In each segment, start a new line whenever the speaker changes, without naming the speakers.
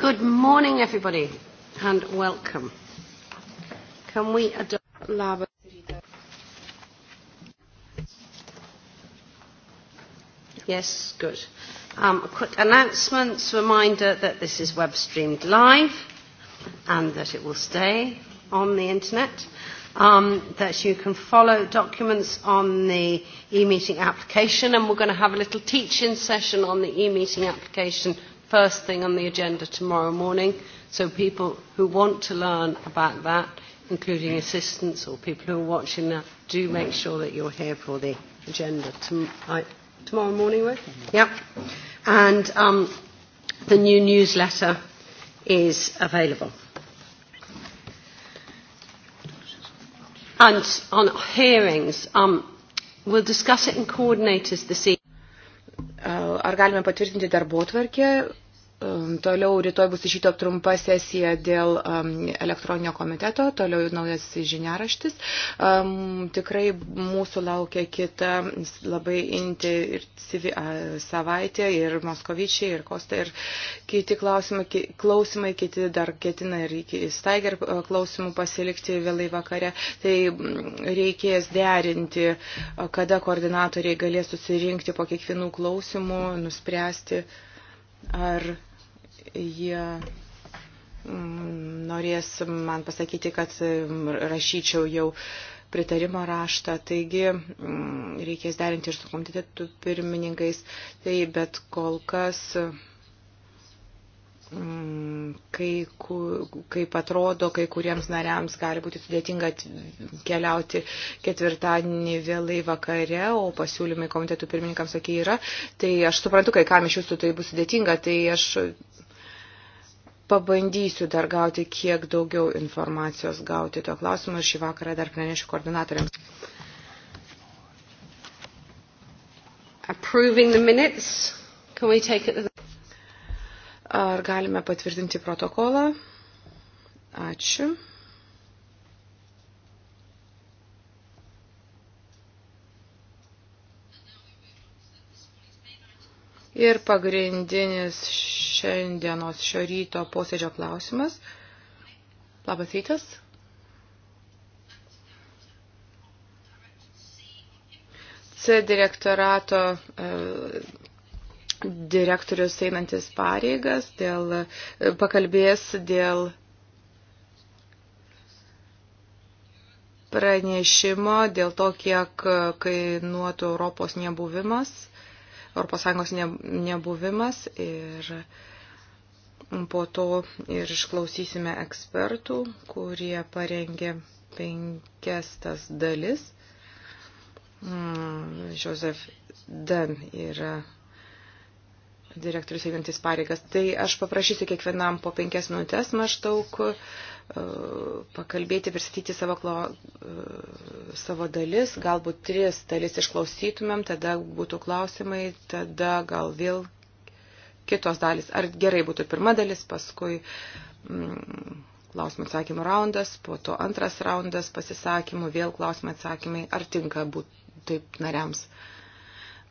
Good morning, everybody, and welcome. Can we adopt... Labas rytas. Yes, good. Um, a quick announcements, reminder that this is web streamed live and that it will stay on the internet. Um, that you can follow documents on the e-meeting application and we're going to have a little teaching session on the e-meeting application first thing on the agenda tomorrow morning. So people who want to learn about that, including assistants or people who are watching that, do make sure that you're here for the agenda tom- I, tomorrow morning. Right? Yep. And um, the new newsletter is available. And on hearings, um, we'll discuss it in
coordinators this evening. Ar galime patvirtinti darbo tvarkę? Um, toliau rytoj bus išyto trumpa sesija dėl um, elektroninio komiteto, toliau naujas žiniaraštis. Um, tikrai mūsų laukia kita labai intensyvi savaitė ir Moskovičiai, ir Kosta, ir kiti klausimai, klausimai kiti dar ketina ir iki Steiger uh, klausimų pasilikti vėlai vakare. Tai mm, reikės derinti, kada koordinatoriai galės susirinkti po kiekvienų klausimų, nuspręsti. Ar jie mm, norės man pasakyti, kad mm, rašyčiau jau pritarimo raštą, taigi mm, reikės derinti ir su komitetų pirmininkais, tai bet kol kas kai, kaip atrodo, kai kuriems nariams gali būti sudėtinga keliauti ketvirtadienį vėlai vakare, o pasiūlymai komitetų pirmininkams sakė yra, tai aš suprantu, kai kam iš jūsų tai bus sudėtinga, tai aš pabandysiu dar gauti kiek daugiau informacijos gauti to klausimu ir šį vakarą dar pranešiu koordinatoriams. Approving the minutes. Can we take it? Ar galime patvirtinti protokolą? Ačiū. Ir pagrindinis šiandienos šio ryto posėdžio klausimas. Labas rytas. C direktorato e, direktorius einantis pareigas dėl, e, pakalbės dėl pranešimo dėl to, kiek e, kainuotų Europos nebuvimas. ES nebuvimas ir po to ir išklausysime ekspertų, kurie parengė penkiastas dalis. Mm, Joseph Dan yra direktorius einantis pareigas. Tai aš paprašysiu kiekvienam po penkias minutės maždaug e, pakalbėti, pristatyti savo, klo, e, savo dalis, galbūt tris dalis išklausytumėm, tada būtų klausimai, tada gal vėl kitos dalis. Ar gerai būtų pirma dalis, paskui mm, klausimų atsakymų raundas, po to antras raundas pasisakymų, vėl klausimų atsakymai, ar tinka būtų taip nariams. Uh,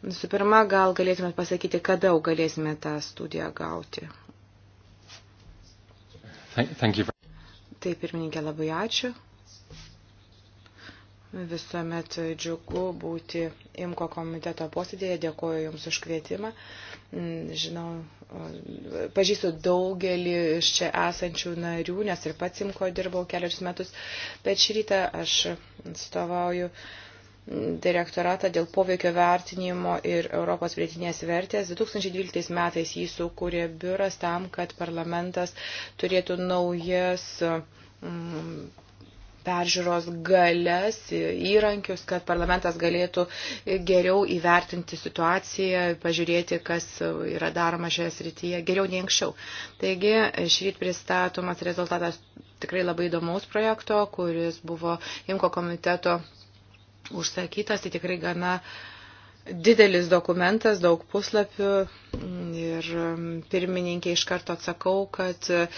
Visų pirma, gal galėtumėt pasakyti, kada galėsime tą studiją gauti. Thank, thank you. Tai pirmininkė, labai ačiū. Visuomet džiugu būti IMKO komiteto posėdėje, dėkoju Jums už kvietimą. Mm, žinau, pažįstu daugelį iš čia esančių narių, nes ir pats IMKO dirbau kelius metus, bet šį rytą aš atstovauju uh, direktoratą dėl poveikio vertinimo ir Europos pridėtinės vertės. 2012 metais jį sukūrė biuras tam, kad parlamentas turėtų naujas mm, peržiūros galės, įrankius, kad parlamentas galėtų geriau įvertinti situaciją, pažiūrėti, kas yra daroma šioje srityje, geriau nei anksčiau. Taigi, šryt pristatomas rezultatas tikrai labai įdomaus projekto, kuris buvo Imko komiteto užsakytas, tai tikrai gana didelis dokumentas, daug puslapių ir um, pirmininkė iš karto atsakau, kad uh,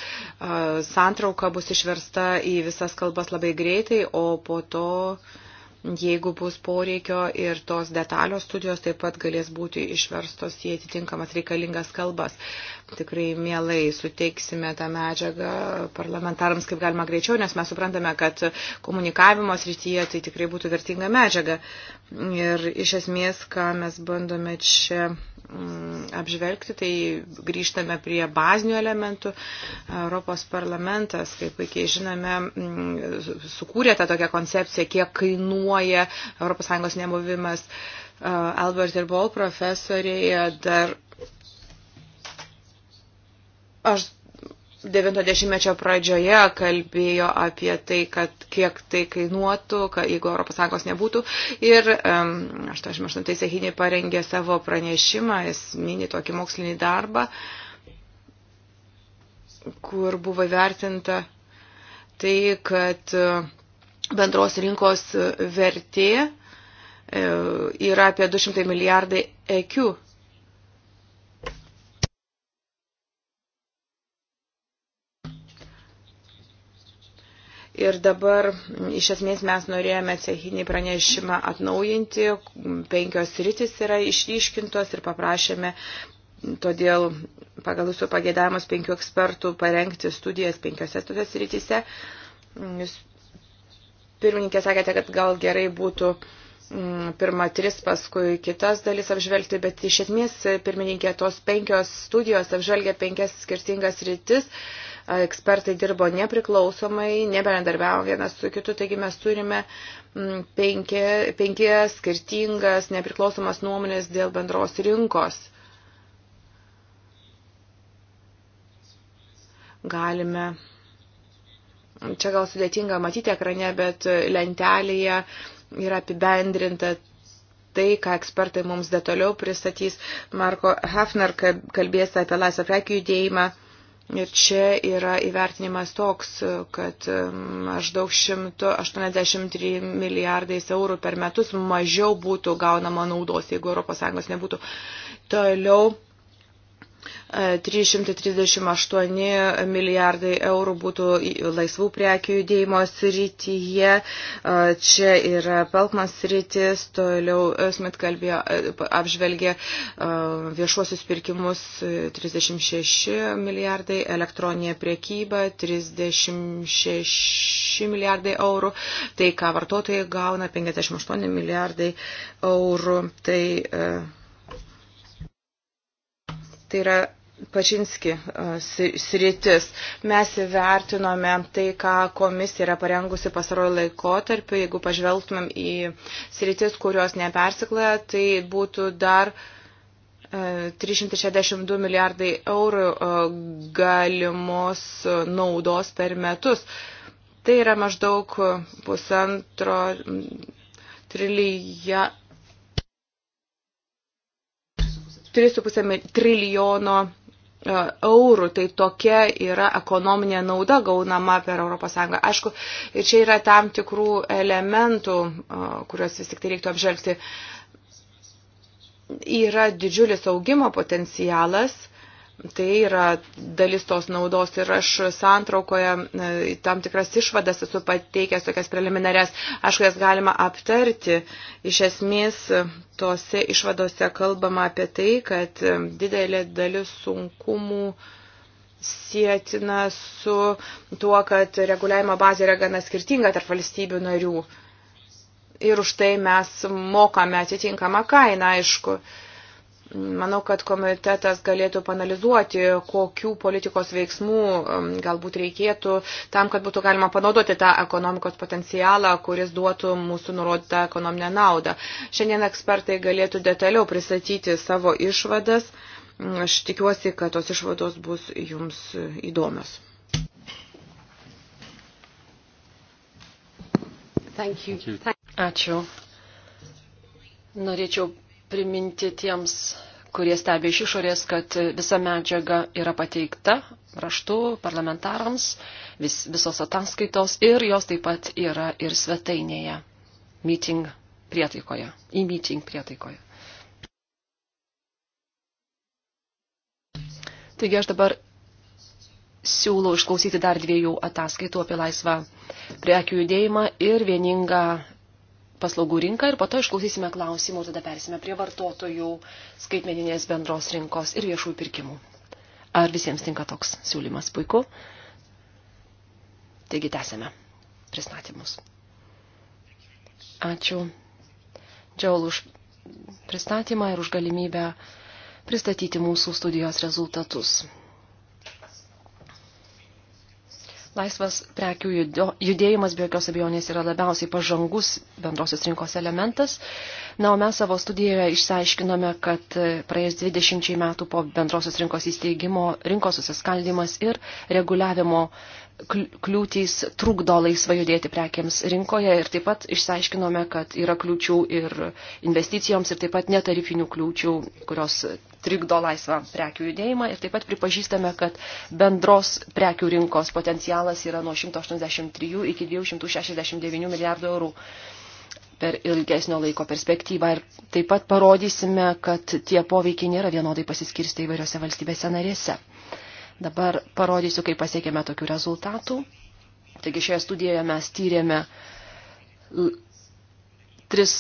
santrauka bus išversta į visas kalbas labai greitai, o po to uh, jeigu bus poreikio ir tos detalios studijos taip pat galės būti išverstos į atitinkamas reikalingas kalbas. Tikrai mielai suteiksime tą medžiagą parlamentarams kaip galima greičiau, nes mes suprantame, kad komunikavimo srityje tai tikrai būtų vertinga medžiaga. Ir iš esmės, ką mes bandome čia Mm, apžvelgti, tai grįžtame prie bazinių elementų. Europos parlamentas, kaip puikiai žinome, mm, sukūrė tą tokią koncepciją, kiek kainuoja ES nebuvimas. Albert ir Bol profesoriai dar aš 90-mečio pradžioje kalbėjo apie tai, kad kiek tai kainuotų, kad jeigu ES nebūtų. Ir 88-aisiais um, Hinė parengė savo pranešimą, jis mini tokį mokslinį darbą, kur buvo įvertinta tai, kad e, bendros rinkos vertė e, yra apie 200 milijardai ekių Ir dabar mm, iš esmės mes norėjome cehinį pranešimą atnaujinti, penkios rytis yra išryškintos ir paprašėme todėl pagal jūsų pagėdavimus penkių ekspertų parengti studijas penkiose studijos rytise. Mm, jūs pirmininkė sakėte, kad gal gerai būtų mm, pirma tris, paskui kitas dalis apžvelgti, bet iš esmės pirmininkė tos penkios studijos apžvelgia penkias skirtingas rytis. Uh, ekspertai dirbo nepriklausomai, nebendarbiavo vienas su kitu, taigi mes turime mm, penki, penkias skirtingas nepriklausomas nuomonės dėl bendros rinkos. Galime čia gal sudėtinga matyti ekrane, bet lentelėje yra apibendrinta tai, ką ekspertai mums detaliau pristatys. Marko Hafner kalbės apie laisvą prekių judėjimą. Ir čia yra įvertinimas toks, kad maždaug 183 milijardais eurų per metus mažiau būtų gaunama naudos, jeigu ES nebūtų toliau 338 milijardai eurų būtų laisvų prekių judėjimo srityje. Čia yra Pelkmas sritis, toliau Smith kalbėjo, apžvelgė viešuosius pirkimus 36 milijardai, elektroninė priekyba 36 milijardai eurų, tai ką vartotojai gauna 58 milijardai eurų. Tai, Tai yra Pačinski e, sritis. Mes įvertinome tai, ką komisija yra parengusi pasarojų laikotarpiu. Jeigu pažvelgtumėm į sritis, kurios nepersikloja, tai būtų dar 362 e, milijardai eurų e, galimos naudos per metus. Tai yra maždaug pusantro trilyje 3,5 trilijono E, eurų, tai tokia yra ekonominė nauda gaunama per ES. Aišku, ir čia yra tam tikrų elementų, e, kuriuos vis tik tai reiktų apžvelgti. Yra didžiulis augimo potencialas Tai yra dalis tos naudos ir aš santraukoje e, tam tikras išvadas esu pateikęs tokias preliminarias, aš jas galima aptarti. Iš esmės tose išvadose kalbama apie tai, kad e, didelė dalis sunkumų sėtina su tuo, kad reguliavimo bazė yra gana skirtinga tarp valstybių narių. Ir už tai mes mokame atitinkamą kainą, aišku. Manau, kad komitetas galėtų panalizuoti, kokių politikos veiksmų um, galbūt reikėtų tam, kad būtų galima panaudoti tą ekonomikos potencialą, kuris duotų mūsų nurodytą ekonominę naudą. Šiandien ekspertai galėtų detaliau pristatyti savo išvadas. Mm, aš tikiuosi, kad tos išvados bus jums įdomios. Ačiū.
Norėčiau priminti tiems, kurie stebė iš išorės, kad visa medžiaga yra pateikta raštu parlamentarams, vis, visos ataskaitos ir jos taip pat yra ir svetainėje, meeting prietaikoje, į e meeting prietaikoje. Taigi aš dabar siūlau išklausyti dar dviejų ataskaitų apie laisvą prekių judėjimą ir vieningą paslaugų rinką ir po to išklausysime klausimų ir tada persime prie vartotojų skaitmeninės bendros rinkos ir viešųjų pirkimų. Ar visiems tinka toks siūlymas? Puiku. Taigi tęsėme pristatymus. Ačiū Džiaul už pristatymą ir už galimybę pristatyti mūsų studijos rezultatus. Laisvas prekių judėjimas be jokios abejonės yra labiausiai pažangus bendrosios rinkos elementas. Na, o mes savo studijoje išsiaiškinome, kad e, praėjus 20 metų po bendrosios rinkos įsteigimo rinkos susiskaldimas ir reguliavimo kliūtys trukdo laisvai judėti prekiams rinkoje ir taip pat išsiaiškinome, kad yra kliūčių ir investicijoms ir taip pat netarifinių kliūčių, kurios trikdo laisvą prekių judėjimą ir taip pat pripažįstame, kad bendros prekių rinkos potencialas yra nuo 183 iki 269 milijardų eurų per ilgesnio laiko perspektyvą ir taip pat parodysime, kad tie poveikiai nėra vienodai pasiskirsti įvairiose valstybėse narėse. Dabar parodysiu, kaip pasiekėme tokių rezultatų. Taigi šioje studijoje mes tyrėme tris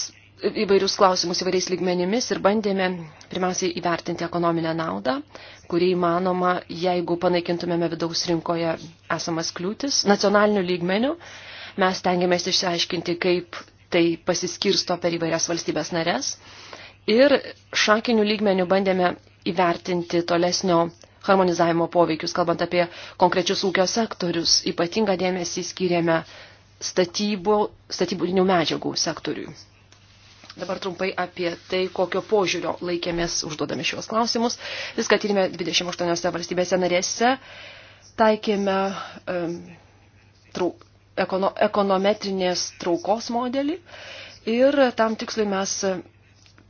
įvairius klausimus įvairiais lygmenimis ir bandėme pirmiausiai įvertinti ekonominę naudą, kurį įmanoma, jeigu panaikintumėme vidaus rinkoje esamas kliūtis nacionaliniu lygmeniu. Mes tengiamės išsiaiškinti, kaip tai pasiskirsto per įvairias valstybės narės. Ir šakinių lygmenių bandėme įvertinti tolesnio harmonizavimo poveikius, kalbant apie konkrečius ūkio sektorius. Ypatingą dėmesį skiriame statybų, statybinių medžiagų sektoriui. Dabar trumpai apie tai, kokio požiūrio laikėmės užduodami šios klausimus. Viską tyrime 28 valstybėse narėse. Taikėme um, trau, ekono, ekonometrinės traukos modelį ir tam tikslui mes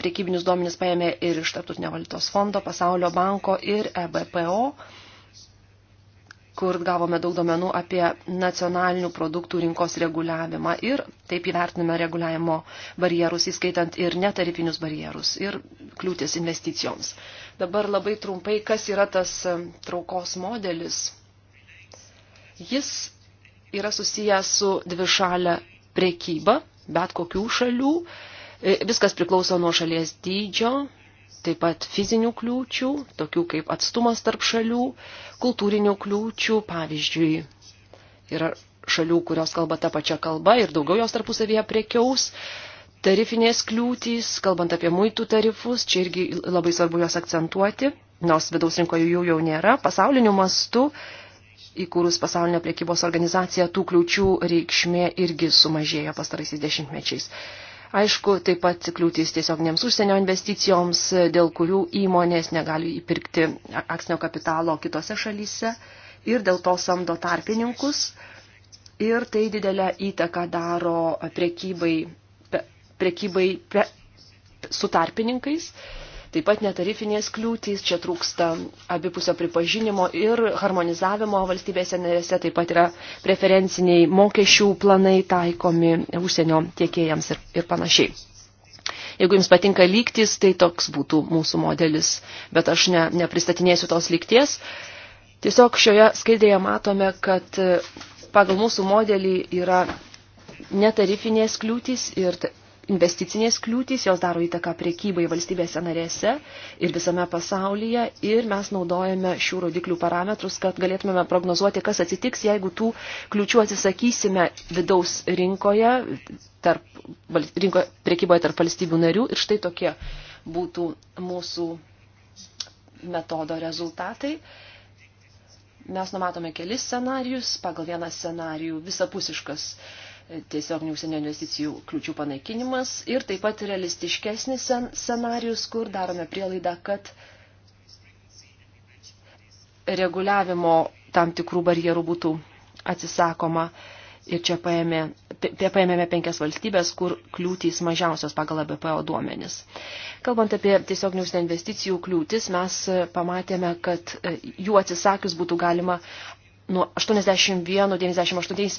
priekybinius duomenis paėmė ir iš Tartutinio valiutos fondo, Pasaulio banko ir EBPO, kur gavome daug duomenų apie nacionalinių produktų rinkos reguliavimą ir taip įvertiname reguliavimo barjerus, įskaitant ir netarifinius barjerus ir kliūtis investicijoms. Dabar labai trumpai, kas yra tas traukos modelis. Jis yra susijęs su dvišalė prekyba, bet kokių šalių, E, viskas priklauso nuo šalies dydžio, taip pat fizinių kliūčių, tokių kaip atstumas tarp šalių, kultūrinių kliūčių, pavyzdžiui, yra šalių, kurios kalba tą pačią kalbą ir daugiau jos tarpusavėje priekiaus. Tarifinės kliūtys, kalbant apie muitų tarifus, čia irgi labai svarbu juos akcentuoti, nors vidaus rinkoje jų jau nėra. Pasauliniu mastu, įkūrus pasaulinio priekybos organizaciją, tų kliūčių reikšmė irgi sumažėjo pastaraisiais dešimtmečiais. Aišku, taip pat kliūtis tiesioginėms užsienio investicijoms, dėl kurių įmonės negali įpirkti akcinio kapitalo kitose šalyse ir dėl to samdo tarpininkus. Ir tai didelę įtaką daro prekybai, prekybai pre, su tarpininkais. Uh, Taip pat netarifinės kliūtys, čia trūksta abipusio pripažinimo ir harmonizavimo valstybėse narėse, taip pat yra preferenciniai mokesčių planai taikomi užsienio tiekėjams ir, ir panašiai. Jeigu jums patinka lygtis, tai toks būtų mūsų modelis, bet aš ne, nepristatinėsiu tos lygties. Tiesiog šioje skaidrėje matome, kad pagal mūsų modelį yra netarifinės kliūtys ir investicinės kliūtys, jos daro įtaką priekybai valstybėse narėse ir visame pasaulyje ir mes naudojame šių rodiklių parametrus, kad galėtumėme prognozuoti, kas atsitiks, jeigu tų kliūčių atsisakysime vidaus rinkoje, tarp, rinko, priekyboje tarp valstybių narių ir štai tokie būtų mūsų metodo rezultatai. Mes numatome kelis scenarius, pagal vieną scenarijų visapusiškas uh, tiesioginių užsienio investicijų kliučių panaikinimas ir taip pat realistiškesnis scenarius, kur darome prielaidą, kad reguliavimo tam tikrų barjerų būtų atsisakoma. Ir čia paėmė, paėmėme penkias valstybės, kur kliūtys mažiausios pagal BPO duomenis. Kalbant apie tiesiog neusinio investicijų kliūtis, mes pamatėme, kad e, jų atsisakius būtų galima nuo 81-98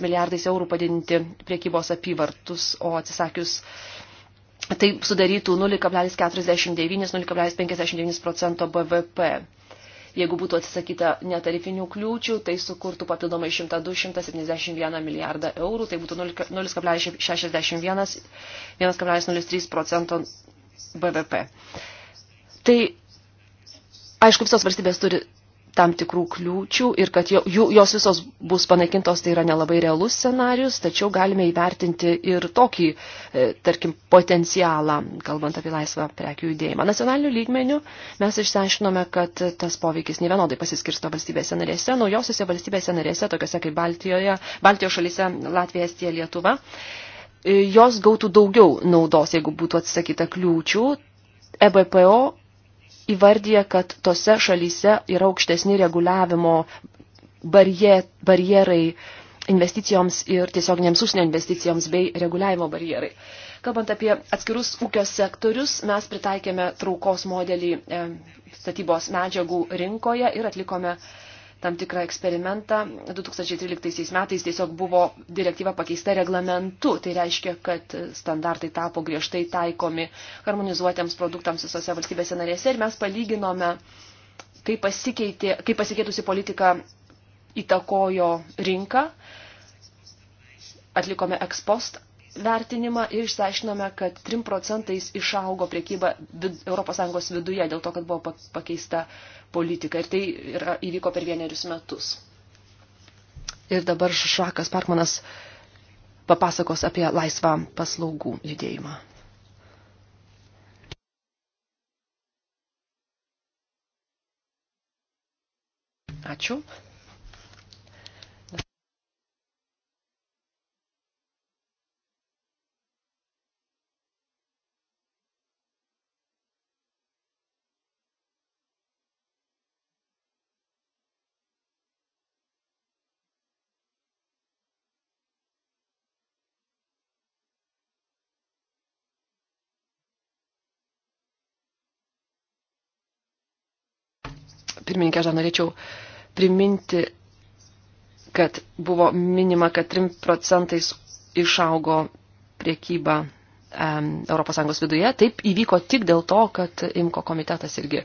milijardais eurų padidinti priekybos apyvartus, o atsisakius tai sudarytų 0,49-0,59 procento BVP. Jeigu būtų atsisakyta netarifinių kliūčių, tai sukurtų papildomai 102-171 milijardą eurų, tai būtų 0,61-1,03 procento BVP. Tai, aišku, visos valstybės turi tam tikrų kliūčių ir kad jo, jos visos bus panaikintos, tai yra nelabai realus scenarius, tačiau galime įvertinti ir tokį, e, tarkim, potencialą, kalbant apie laisvą prekių judėjimą. Nacionaliniu lygmeniu mes išsiaiškinome, kad tas poveikis nevienodai pasiskirsto valstybėse narėse, naujosiuose valstybėse narėse, tokiuose kaip Baltijoje, Baltijos šalyse, Latvija, Estija, Lietuva. E, jos gautų daugiau naudos, jeigu būtų atsisakyta kliūčių. EBPO įvardyje, kad tose šalyse yra aukštesni reguliavimo barje, barjerai investicijoms ir tiesioginėms užsienio investicijoms bei reguliavimo barjerai. Kalbant apie atskirus ūkio sektorius, mes pritaikėme traukos modelį e, statybos medžiagų rinkoje ir atlikome uh, tam tikrą eksperimentą. 2013 metais tiesiog buvo direktyva pakeista reglamentu. Tai reiškia, kad standartai tapo griežtai taikomi harmonizuotiems produktams visose valstybėse narėse ir mes palyginome, kaip, pasikeitė, kaip pasikeitusi politika įtakojo rinką. Atlikome ekspost vertinimą ir išsiaiškinome, kad 3 procentais išaugo priekyba ES viduje dėl to, kad buvo pakeista politika. Ir tai yra, įvyko per vienerius metus. Ir dabar Šakas Parkmanas papasakos apie laisvą paslaugų judėjimą. Ačiū. pirmininkė, aš dar norėčiau priminti, kad buvo minima, kad 3 procentais išaugo priekyba ES viduje. Taip įvyko tik dėl to, kad IMKO komitetas irgi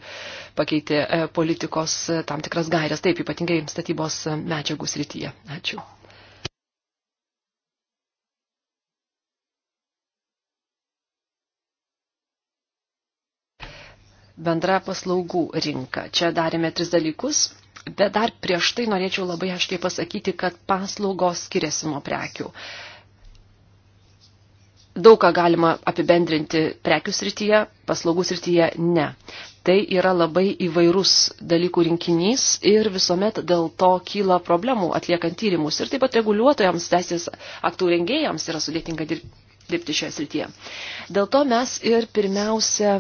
pakeitė e, politikos e, tam tikras gairias, taip ypatingai statybos e, medžiagų srityje. Ačiū. bendra paslaugų rinka. Čia darėme tris dalykus, bet dar prieš tai norėčiau labai aiškiai pasakyti, kad paslaugos skiriasi nuo prekių. Daug ką galima apibendrinti prekių srityje, paslaugų srityje ne. Tai yra labai įvairus dalykų rinkinys ir visuomet dėl to kyla problemų atliekant tyrimus. Ir taip pat reguliuotojams, teisės aktų rengėjams yra sudėtinga dirbti dirbti šioje srityje. Dėl to mes ir pirmiausia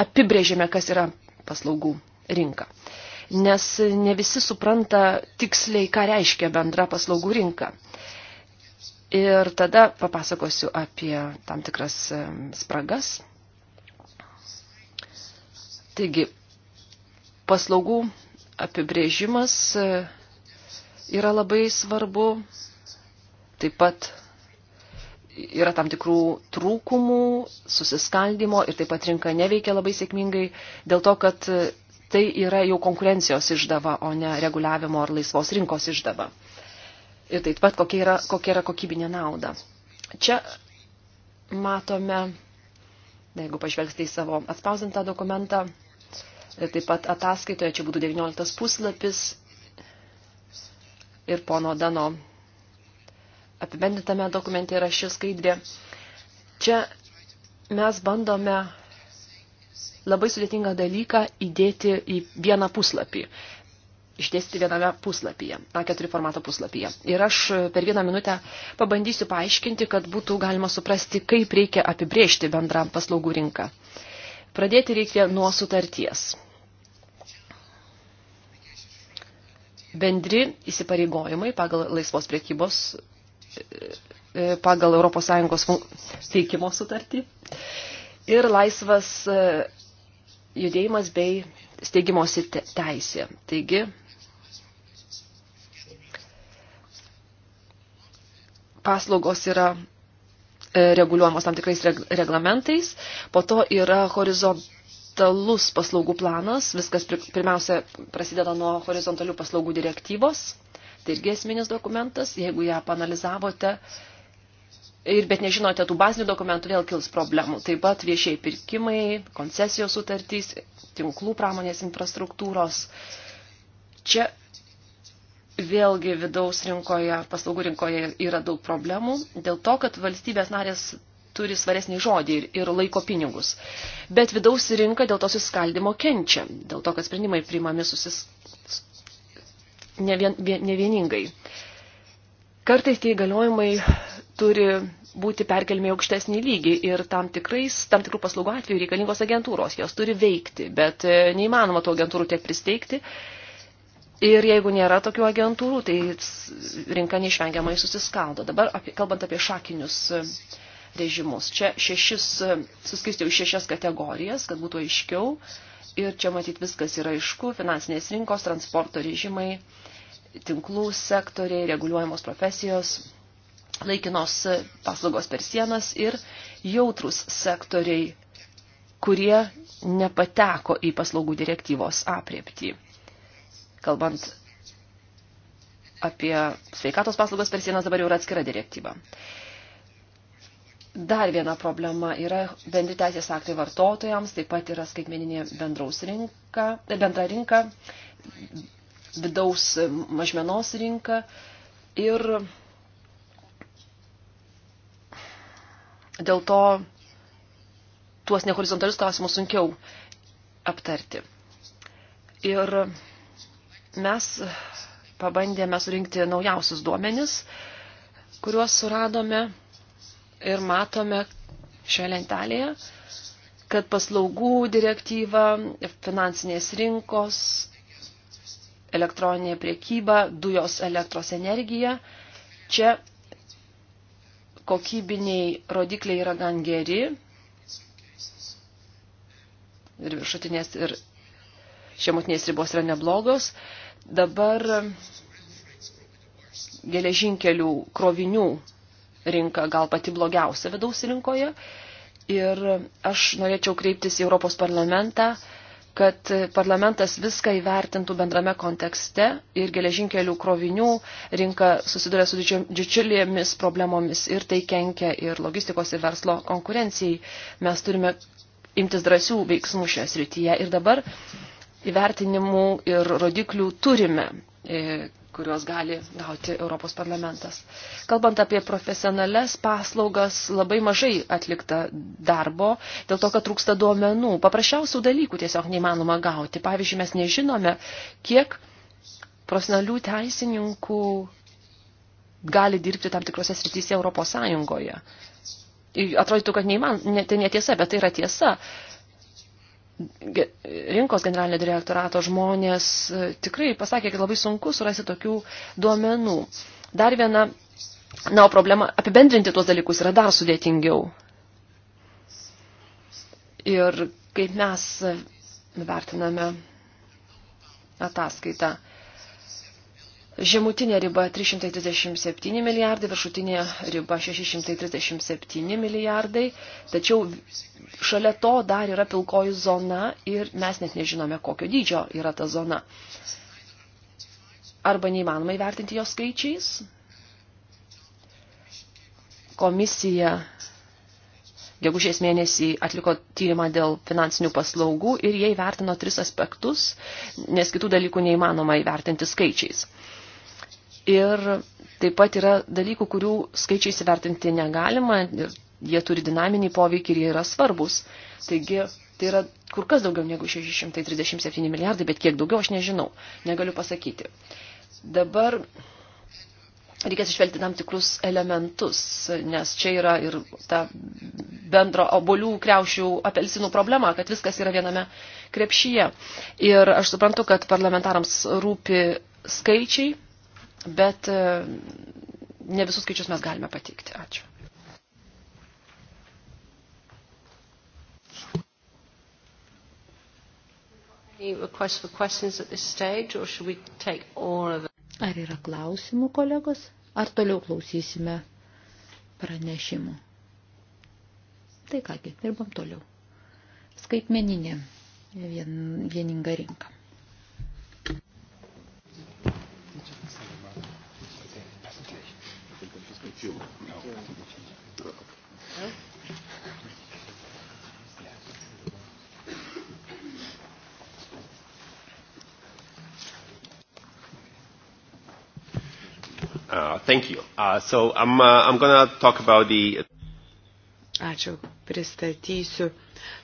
apibrėžėme, kas yra paslaugų rinka. Nes ne visi supranta tiksliai, ką reiškia bendra paslaugų rinka. Ir tada papasakosiu apie tam tikras spragas. Taigi, paslaugų apibrėžimas e, yra labai svarbu. Taip pat yra tam tikrų trūkumų, susiskaldimo ir taip pat rinka neveikia labai sėkmingai dėl to, kad tai yra jau konkurencijos išdava, o ne reguliavimo ar laisvos rinkos išdava. Ir taip pat kokia yra, kokia yra kokybinė nauda. Čia matome, jeigu pažvelgsite į savo atspausdintą dokumentą, taip pat ataskaitoje, čia būtų 19 puslapis ir pono Dano apibendintame dokumente yra ši skaidrė. Čia mes bandome labai sudėtingą dalyką įdėti į vieną puslapį. Išdėstyti viename puslapyje, A4 formato puslapyje. Ir aš per vieną minutę pabandysiu paaiškinti, kad būtų galima suprasti, kaip reikia apibrėžti bendrą paslaugų rinką. Pradėti reikia nuo sutarties. Bendri įsipareigojimai pagal laisvos priekybos pagal ES teikimo sutartį ir laisvas e, judėjimas bei steigimosi teisė. Taigi, paslaugos yra e, reguliuojamos tam tikrais reglamentais, po to yra horizontalus paslaugų planas, viskas pirmiausia prasideda nuo horizontalių paslaugų direktyvos Tai irgi esminis dokumentas, jeigu ją panalizavote, ir bet nežinote tų bazinių dokumentų, vėl kils problemų. Taip pat viešiai pirkimai, koncesijos sutartys, tinklų pramonės infrastruktūros. Čia vėlgi vidaus rinkoje, paslaugų rinkoje yra daug problemų dėl to, kad valstybės narės turi svaresnį žodį ir, ir laiko pinigus. Bet vidaus rinka dėl to susiskaldimo kenčia, dėl to, kad sprendimai priimami susis, nevien, nevieningai. Kartais tie įgaliojimai turi būti perkelmi aukštesnį lygį ir tam, tikrais, tam tikrų paslaugų atveju reikalingos agentūros, jos turi veikti, bet e, neįmanoma tų agentūrų tiek pristeigti. Ir jeigu nėra tokių agentūrų, tai rinka neišvengiamai susiskaldo. Dabar apie, kalbant apie šakinius e, režimus, čia šešis, e, suskirstiau šešias kategorijas, kad būtų aiškiau. Ir čia matyt viskas yra aišku, finansinės rinkos, transporto režimai, tinklų sektoriai, reguliuojamos profesijos, laikinos paslaugos per sienas ir jautrus sektoriai, kurie nepateko į paslaugų direktyvos aprieptį. Kalbant apie sveikatos paslaugos per sienas dabar jau yra atskira direktyva. Dar viena problema yra bendri teisės aktai vartotojams, taip pat yra skaitmeninė bendraus rinka, bendra rinka, vidaus mažmenos rinką ir dėl to tuos nehorizontalius klausimus sunkiau aptarti. Ir mes pabandėme surinkti naujausius duomenis, kuriuos suradome ir matome šioje lentelėje, kad paslaugų direktyva, finansinės rinkos, elektroninė priekyba, dujos elektros energija. Čia kokybiniai rodikliai yra gan geri ir viršutinės ir žemutinės ribos yra neblogos. Dabar geležinkelių krovinių rinka gal pati blogiausia vidaus rinkoje. Ir aš norėčiau kreiptis į Europos parlamentą kad parlamentas viską įvertintų bendrame kontekste ir geležinkelių krovinių rinka susiduria su didžiulėmis problemomis ir tai kenkia ir logistikos ir verslo konkurencijai. Mes turime imtis drąsių veiksmų šioje srityje ir dabar įvertinimų ir rodiklių turime e, kuriuos gali gauti Europos parlamentas. Kalbant apie profesionales paslaugas, labai mažai atlikta darbo, dėl to, kad trūksta duomenų. Paprasčiausių dalykų tiesiog neįmanoma gauti. Pavyzdžiui, mes nežinome, kiek profesionalių teisininkų gali dirbti tam tikrose srityse Europos Sąjungoje. Atrodytų, kad neįman, ne, tai netiesa, bet tai yra tiesa rinkos generalinio direktorato žmonės e, tikrai pasakė, kad labai sunku surasti tokių duomenų. Dar viena, na, o problema apibendrinti tuos dalykus yra dar sudėtingiau. Ir kaip mes e, vertiname ataskaitą. Žemutinė riba 337 milijardai, viršutinė riba 637 milijardai, tačiau šalia to dar yra pilkoji zona ir mes net nežinome, kokio dydžio yra ta zona. Arba neįmanoma įvertinti jos skaičiais. Komisija gegužės mėnesį atliko tyrimą dėl finansinių paslaugų ir jie įvertino tris aspektus, nes kitų dalykų neįmanoma įvertinti skaičiais. Ir taip pat yra dalykų, kurių skaičiai įsivertinti negalima, ir jie turi dinaminį poveikį ir jie yra svarbus. Taigi tai yra kur kas daugiau negu 637 milijardai, bet kiek daugiau aš nežinau, negaliu pasakyti. Dabar reikės išvelgti tam tikrus elementus, nes čia yra ir ta bendro obolių, kreušių, apelsinų problema, kad viskas yra viename krepšyje. Ir aš suprantu, kad parlamentarams rūpi skaičiai, bet e, ne visus skaičius mes galime pateikti. Ačiū.
Ar yra klausimų, kolegos? Ar toliau klausysime pranešimų? Tai kągi, dirbam toliau. Skaitmeninė vien, vieninga rinka.
thank you. Uh, so I'm, uh, I'm gonna talk about the...
Ačiū. Pristatysiu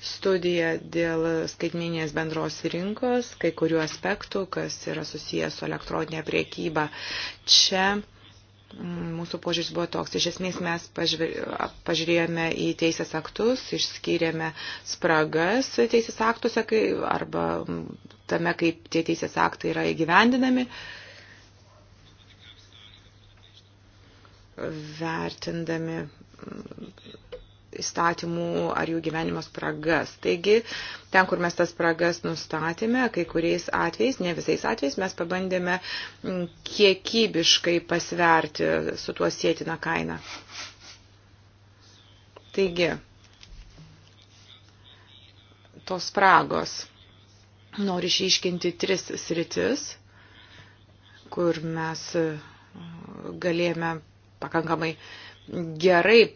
studiją dėl skaitminės bendros rinkos, kai kurių aspektų, kas yra susijęs su elektroninė priekyba. Čia mm, mūsų požiūris buvo toks. Iš esmės mes pažiūrėjome į teisės aktus, išskyrėme spragas teisės aktuose arba mm, tame, kaip tie teisės aktai yra įgyvendinami. Uh, vertindami mm, įstatymų ar jų gyvenimo spragas. Taigi, ten, kur mes tas spragas nustatėme, kai kuriais atvejais, ne visais atvejais, mes pabandėme mm, kiekybiškai pasverti su tuo sėtiną kainą. Taigi, tos spragos. Noriu išryškinti tris sritis, kur mes mm, galėjome pakankamai uh, gerai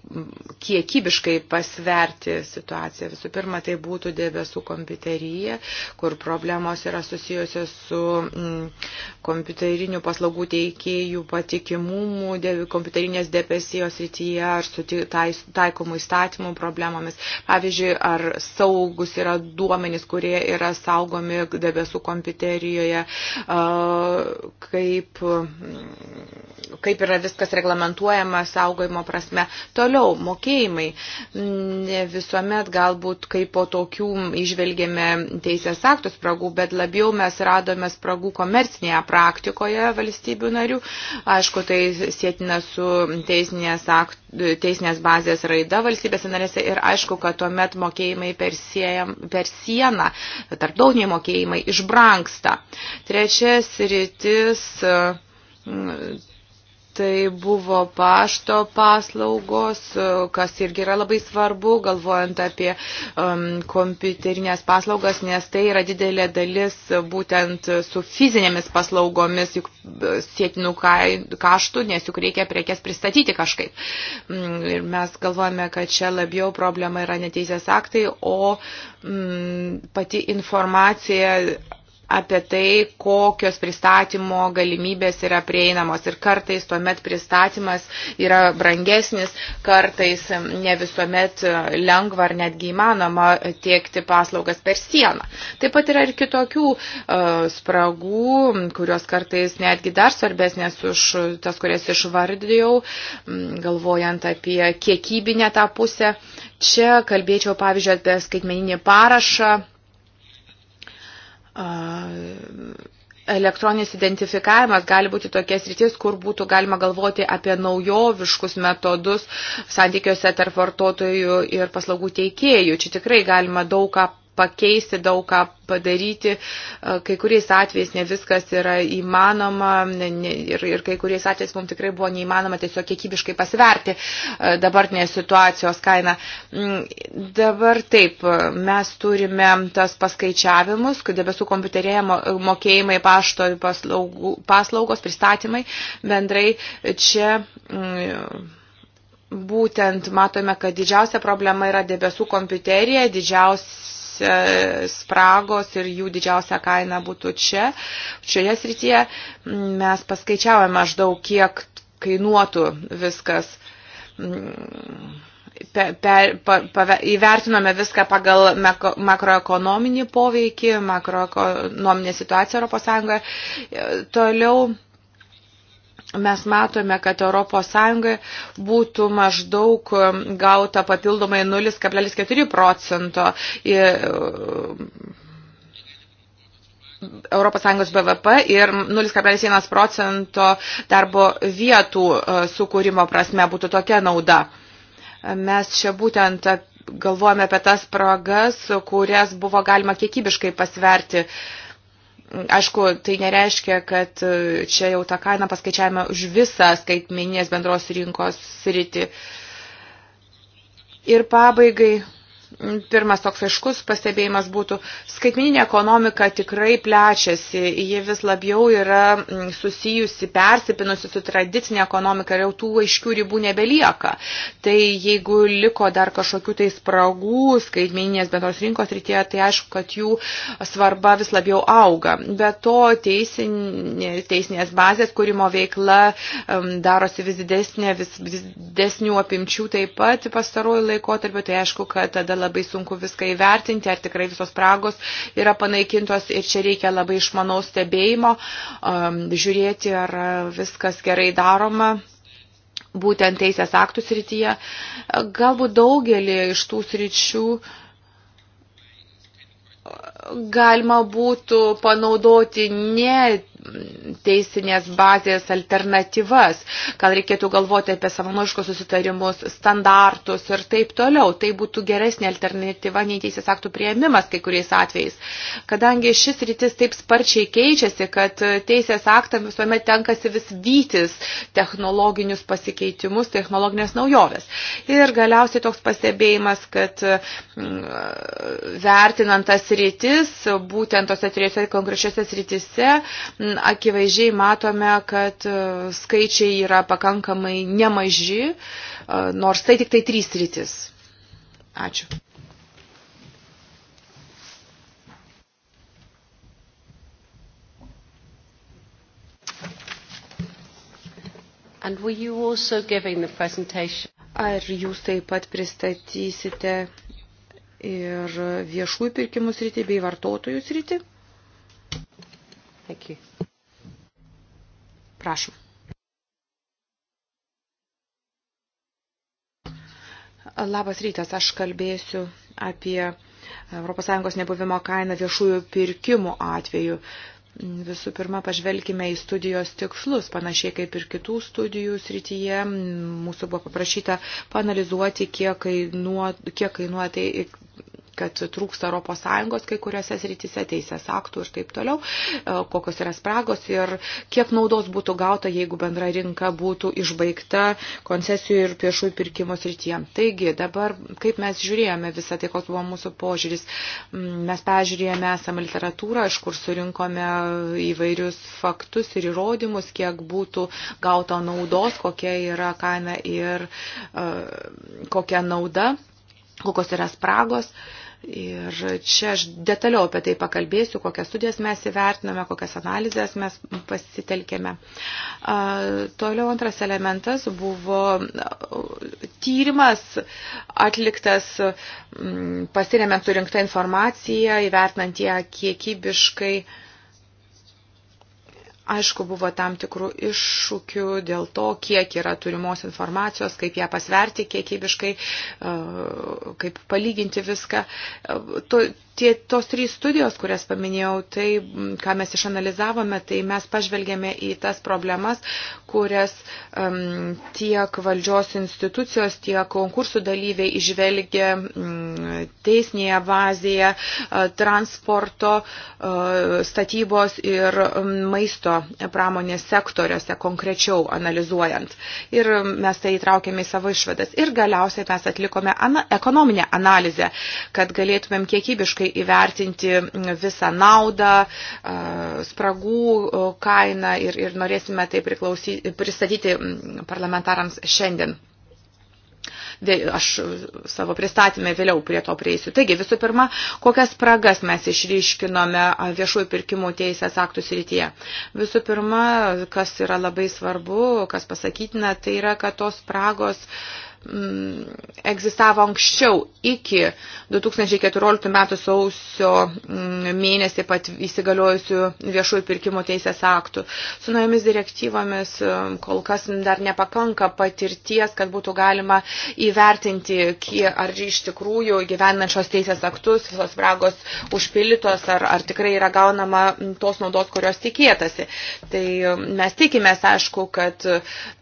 kiekybiškai pasverti situaciją. Visų pirma, tai būtų debesų kompiuterija, kur problemos yra susijusios su mm, kompiuterinių paslaugų teikėjų patikimumu, kompiuterinės debesijos rytyje ar su tai, taikomų įstatymų problemomis. Pavyzdžiui, ar saugus yra duomenys, kurie yra saugomi debesų kompiuterijoje, kaip, mm, kaip yra viskas reglamentuojama saugojimo taikymo prasme. Toliau, mokėjimai. Mm, ne visuomet galbūt kaip po tokių išvelgėme teisės aktų spragų, bet labiau mes radome spragų komercinėje praktikoje valstybių narių. Aišku, tai sėtina su teisinės, akt, teisinės bazės raida valstybėse narėse ir aišku, kad tuomet mokėjimai per, siejam, per sieną, tarptautiniai mokėjimai išbranksta. Trečias rytis mm, Tai buvo pašto paslaugos, kas irgi yra labai svarbu, galvojant apie um, kompiuterinės paslaugas, nes tai yra didelė dalis būtent su fizinėmis paslaugomis, juk e, sėtinų kaštų, nes juk reikia prekes pristatyti kažkaip. Mm, ir mes galvojame, kad čia labiau problema yra neteisės aktai, o um, pati informacija apie tai, kokios pristatymo galimybės yra prieinamos. Ir kartais tuomet pristatymas yra brangesnis, kartais ne visuomet lengva ar netgi įmanoma tiekti paslaugas per sieną. Taip pat yra ir kitokių uh, spragų, kurios kartais netgi dar svarbesnės už tas, kurias išvardėjau, galvojant apie kiekybinę tą pusę. Čia kalbėčiau pavyzdžiui apie skaitmeninį parašą elektroninis identifikavimas gali būti tokie sritis, kur būtų galima galvoti apie naujoviškus metodus santykiuose tarp vartotojų ir paslaugų teikėjų. Čia tikrai galima daug ką pakeisti daug ką padaryti. E, kai kuriais atvejais ne viskas yra įmanoma ne, ne, ir, ir kai kuriais atvejais mums tikrai buvo neįmanoma tiesiog kiekybiškai pasiverti e, dabartinės situacijos kainą. Mm, dabar taip, mes turime tas paskaičiavimus, kad debesų kompiuterėje mokėjimai pašto paslaugų, paslaugos, pristatymai bendrai čia. Mm, būtent matome, kad didžiausia problema yra debesų kompiuterija, didžiausia E, spragos ir jų didžiausia kaina būtų čia. Šioje srityje mes paskaičiavome maždaug, kiek kainuotų viskas. Per, mm, per, pa, pa, įvertinome viską pagal makroekonominį poveikį, makroekonominę situaciją ES. E, toliau mes matome, kad ES būtų maždaug um, gauta papildomai 0,4 procento. Į, ES BVP ir 0,1 procento darbo vietų uh, sukūrimo prasme būtų tokia nauda. Mes čia būtent uh, galvojame apie tas spragas, kurias buvo galima kiekybiškai pasverti uh, Aišku, tai nereiškia, kad e, čia jau tą kainą paskaičiavime už visą skaitmeninės bendros rinkos sritį. Ir pabaigai Pirmas toks aiškus pastebėjimas būtų, skaitmininė ekonomika tikrai plečiasi, ji vis labiau yra mm, susijusi, persipinusi su tradicinė ekonomika ir jau tų aiškių ribų nebelieka. Tai jeigu liko dar kažkokių tai spragų skaitmininės bendros rinkos rytėje, tai aišku, kad jų svarba vis labiau auga. Be to teisinė, teisinės bazės kūrimo veikla um, darosi vis didesnė, vis, vis didesnių apimčių taip pat pastaruoju laikotarpiu, tai aišku, kad tada labai sunku viską įvertinti, ar tikrai visos spragos yra panaikintos ir čia reikia labai išmanaus stebėjimo, um, žiūrėti, ar viskas gerai daroma būtent teisės aktų srityje. Galbūt daugelį iš tų sričių galima būtų panaudoti ne teisinės bazės alternatyvas, gal reikėtų galvoti apie savanoriškus susitarimus, standartus ir taip toliau. Tai būtų geresnė alternatyva nei teisės aktų prieimimas kai kuriais atvejais. Kadangi šis rytis taip sparčiai keičiasi, kad teisės aktam visuomet tenkasi vis vytis technologinius pasikeitimus, technologinės naujoves. Ir galiausiai toks pastebėjimas, kad mm, vertinant tas rytis, būtent tose trijose konkrečiose rytise, Ten akivaizdžiai matome, kad e, skaičiai yra pakankamai nemaži, e, nors tai tik tai trys rytis. Ačiū.
And were you also giving the presentation?
Ar jūs taip pat pristatysite ir viešųjų pirkimų sritį bei vartotojų sritį? Thank you. Prašom. Labas rytas, aš kalbėsiu apie ES nebuvimo kainą viešųjų pirkimų atveju. Visų pirma, pažvelkime į studijos tikslus, panašiai kaip ir kitų studijų srityje. Mūsų buvo paprašyta panalizuoti, kiek kainuoja, kiek kainuoja tai kad trūksta ES kai kuriuose srityse teisės aktų ir taip toliau, e, kokios yra spragos ir kiek naudos būtų gauta, jeigu bendra rinka būtų išbaigta koncesijų ir viešųjų pirkimo srityje. Taigi dabar, kaip mes žiūrėjome visą tai, koks buvo mūsų požiūris, mm, mes peržiūrėjome esamą literatūrą, iš kur surinkome įvairius faktus ir įrodymus, kiek būtų gauta naudos, kokia yra kaina ir uh, kokia nauda kokios yra spragos. Uh, Ir čia aš detaliau apie tai pakalbėsiu, kokias studijas mes įvertiname, kokias analizės mes pasitelkėme. Toliau antras elementas buvo tyrimas atliktas pasiremiant surinktą informaciją, įvertinant ją kiekybiškai. Aišku, buvo tam tikrų iššūkių dėl to, kiek yra turimos informacijos, kaip ją pasverti kiekybiškai, e, kaip palyginti viską. E, tie, tos trys studijos, kurias paminėjau, tai, ką mes išanalizavome, tai mes pažvelgėme į tas problemas, kurias um, tiek valdžios institucijos, tiek konkursų dalyviai išvelgia um, teisinėje bazėje, uh, transporto, uh, statybos ir um, maisto pramonės sektoriuose konkrečiau analizuojant. Ir mes tai įtraukėme į savo išvadas. Ir galiausiai mes atlikome ana ekonominę analizę, kad galėtumėm kiekybiškai visiškai įvertinti visą naudą, spragų kainą ir, ir norėsime tai pristatyti parlamentarams šiandien. Aš savo pristatymę vėliau prie to prieisiu. Taigi, visų pirma, kokias spragas mes išryškinome viešųjų pirkimų teisės aktų srityje. Visų pirma, kas yra labai svarbu, kas pasakytina, tai yra, kad tos spragos uh, Mm, egzistavo anksčiau, iki 2014 metų sausio mm, mėnesį pat įsigaliojusių viešųjų pirkimų teisės aktų. Su naujomis direktyvomis mm, kol kas dar nepakanka patirties, kad būtų galima įvertinti, kie, ar iš tikrųjų gyvenančios teisės aktus visos spragos užpildytos, ar, ar tikrai yra gaunama tos naudos, kurios tikėtasi. Tai mes tikimės, aišku, kad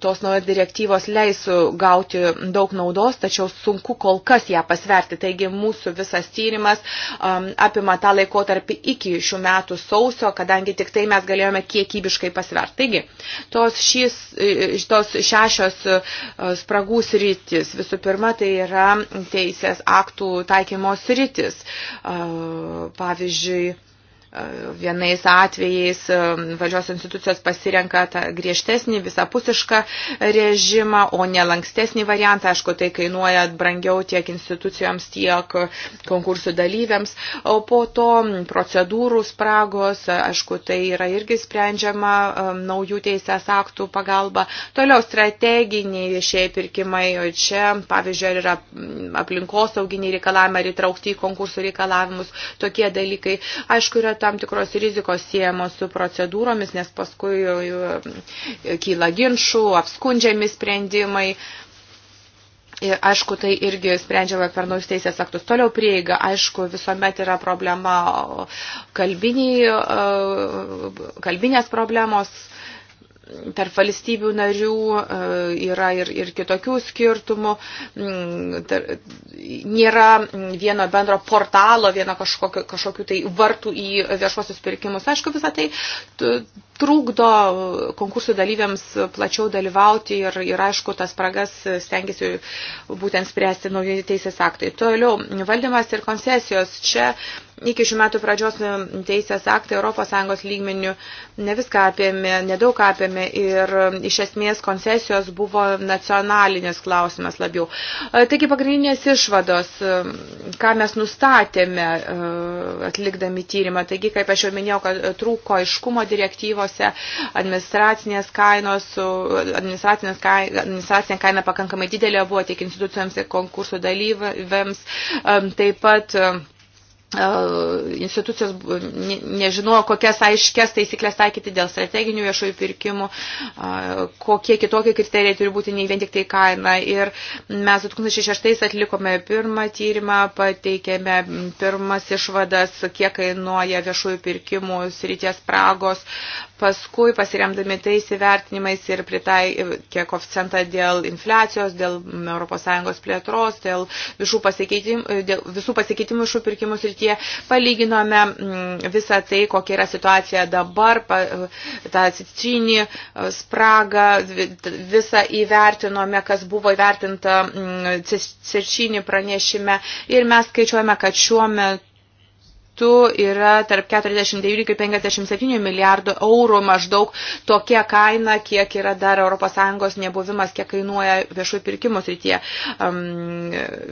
tos naujos direktyvos leis gauti daug naudos, tačiau sunku kol kas ją pasverti. Taigi mūsų visas tyrimas um, apima tą laikotarpį iki šių metų sausio, kadangi tik tai mes galėjome kiekybiškai pasverti. Taigi, tos, šis, e, tos šešios e, spragų sritis, visų pirma, tai yra teisės aktų taikymos sritis. Uh, pavyzdžiui, Vienais atvejais um, valdžios institucijos pasirenka tą griežtesnį, visapusišką režimą, o ne lankstesnį variantą. Aišku, tai kainuoja brangiau tiek institucijoms, tiek konkursų dalyviams. O po to procedūrų spragos, aišku, tai yra irgi sprendžiama um, naujų teisės aktų pagalba. Toliau strateginiai viešieji pirkimai. Čia, pavyzdžiui, yra mm, aplinkosauginiai reikalavimai ar įtraukti į konkursų reikalavimus tokie dalykai. Aišku, yra tam tikros rizikos siejamos su procedūromis, nes paskui e, kyla ginšų, apskundžiami sprendimai. Ir e, aišku, tai irgi sprendžiama per naujus teisės aktus. Toliau prieiga, aišku, visuomet yra problema kalbiniai, kalbinės problemos tarp valstybių narių e, yra ir, ir kitokių skirtumų, mm, nėra vieno bendro portalo, vieno kažkokio, kažkokių tai vartų į viešuosius pirkimus. Aišku, visą tai trukdo konkursų dalyviams plačiau dalyvauti ir, ir aišku, tas spragas stengiasi būtent spręsti nauji teisės aktai. Toliau, valdymas ir koncesijos. Čia iki šių metų pradžios teisės aktai ES lygmenių ne viską apėmė, nedaug apėmė ir iš esmės koncesijos buvo nacionalinis klausimas labiau. Taigi pagrindinės išvados, ką mes nustatėme atlikdami tyrimą. Taigi, kaip aš jau minėjau, kad trūko aiškumo direktyvos rinkose, administracinės kainos, administracinės kaina, administracinė kaina pakankamai didelė buvo tiek institucijoms, tiek konkursų dalyviams, taip pat institucijos nežinojo, kokias aiškias taisyklės taikyti dėl strateginių viešųjų pirkimų, kokie kitokie kriterijai turi būti, nei vien tik tai kaina. Ir mes 2006 atlikome pirmą tyrimą, pateikėme pirmas išvadas, kiek kainuoja viešųjų pirkimų srities pragos. Paskui, pasiremdami tais įvertinimais ir pritaikė koficentą dėl infliacijos, dėl ES plėtros, dėl visų pasikeitimų, dėl visų pasikeitimų šių pirkimų srityje srityje. Palyginome mm, visą tai, kokia yra situacija dabar, tą atsitrinį e, spragą, visą įvertinome, kas buvo įvertinta atsitinį mm, pranešime ir mes skaičiuojame, kad šiuo metu metu yra tarp 49 ir 57 milijardų eurų maždaug tokia kaina, kiek yra dar ES nebuvimas, kiek kainuoja viešųjų pirkimų srityje. Um,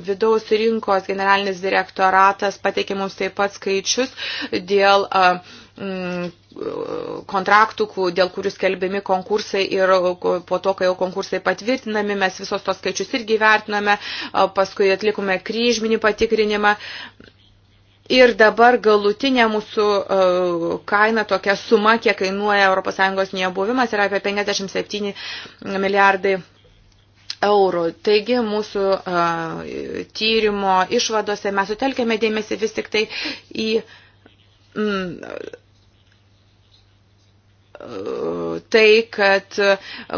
vidaus rinkos generalinis direktoratas pateikė mums taip pat skaičius dėl um, kontraktų, dėl kurių skelbiami konkursai ir po to, kai jau konkursai patvirtinami, mes visos tos skaičius irgi vertiname, paskui atlikome kryžminį patikrinimą Ir dabar galutinė mūsų e, kaina, tokia suma, kiek kainuoja ES nebuvimas, yra apie 57 milijardai eurų. Taigi mūsų uh, tyrimo išvadose mes sutelkėme dėmesį vis tik tai į mm, tai, kad e,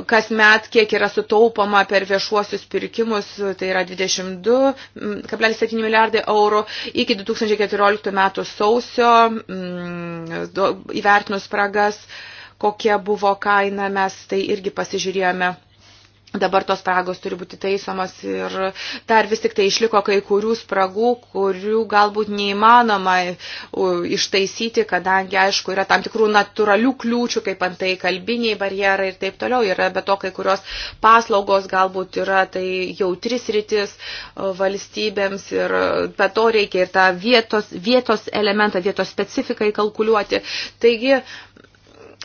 kas met kiek yra sutaupama per viešuosius pirkimus, tai yra 22,7 milijardai eurų iki 2014 metų sausio įvertinus spragas, kokia buvo kaina, mes tai irgi pasižiūrėjome Dabar tos spragos turi būti taisomas ir dar vis tik tai išliko kai kurių spragų, kurių galbūt neįmanoma ištaisyti, kadangi, aišku, yra tam tikrų natūralių kliūčių, kaip antai kalbiniai barjerai ir taip toliau. Yra be to kai kurios paslaugos galbūt yra tai jautris rytis valstybėms ir be to reikia ir tą vietos, vietos elementą, vietos specifiką įkalkuliuoti. Taigi,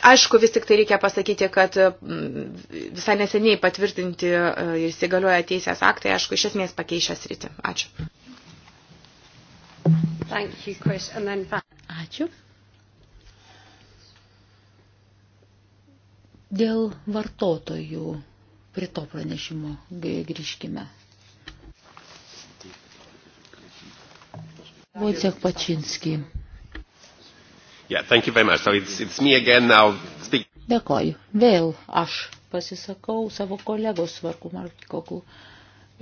Aišku, vis tik tai reikia pasakyti, kad mm, visai neseniai patvirtinti e, ir įsigalioja teisės aktai, aišku, iš esmės pakeišę sritį. Ačiū.
Thank you, Chris. And then back.
Ačiū. Dėl vartotojų prie to pranešimo grįžkime. Vojciech Pačinski.
Yeah, thank you very much. So it's, it's me again now. Speak.
Dėkoju. Vėl aš pasisakau savo kolegos Varku Markikoku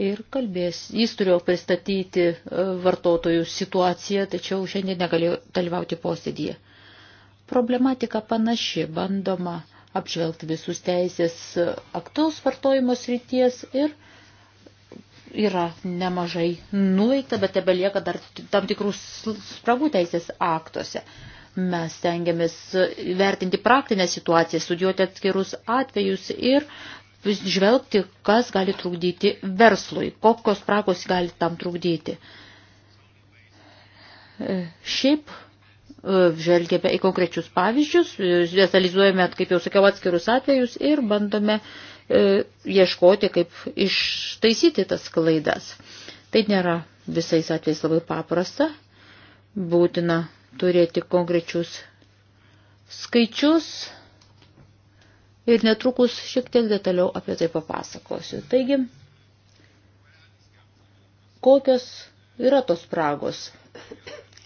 ir kalbės. Jis turėjo pristatyti e, vartotojų situaciją, tačiau šiandien negalėjo dalyvauti posėdyje. Problematika panaši, bandoma apžvelgti visus teisės aktus vartojimo srities ir yra nemažai nuveikta, bet tebelieka dar tam tikrų spragų teisės aktuose. Mes tengiamės vertinti praktinę situaciją, studijuoti atskirus atvejus ir žvelgti, kas gali trukdyti verslui, kokios prakos gali tam trukdyti. E, šiaip e, žvelgėme į konkrečius pavyzdžius, e, detalizuojame, kaip jau sakiau, atskirus atvejus ir bandome ieškoti, kaip ištaisyti tas klaidas. Tai nėra visais atvejais labai paprasta, būtina turėti konkrečius skaičius ir netrukus šiek tiek detaliau apie tai papasakosiu. Taigi, kokios yra tos spragos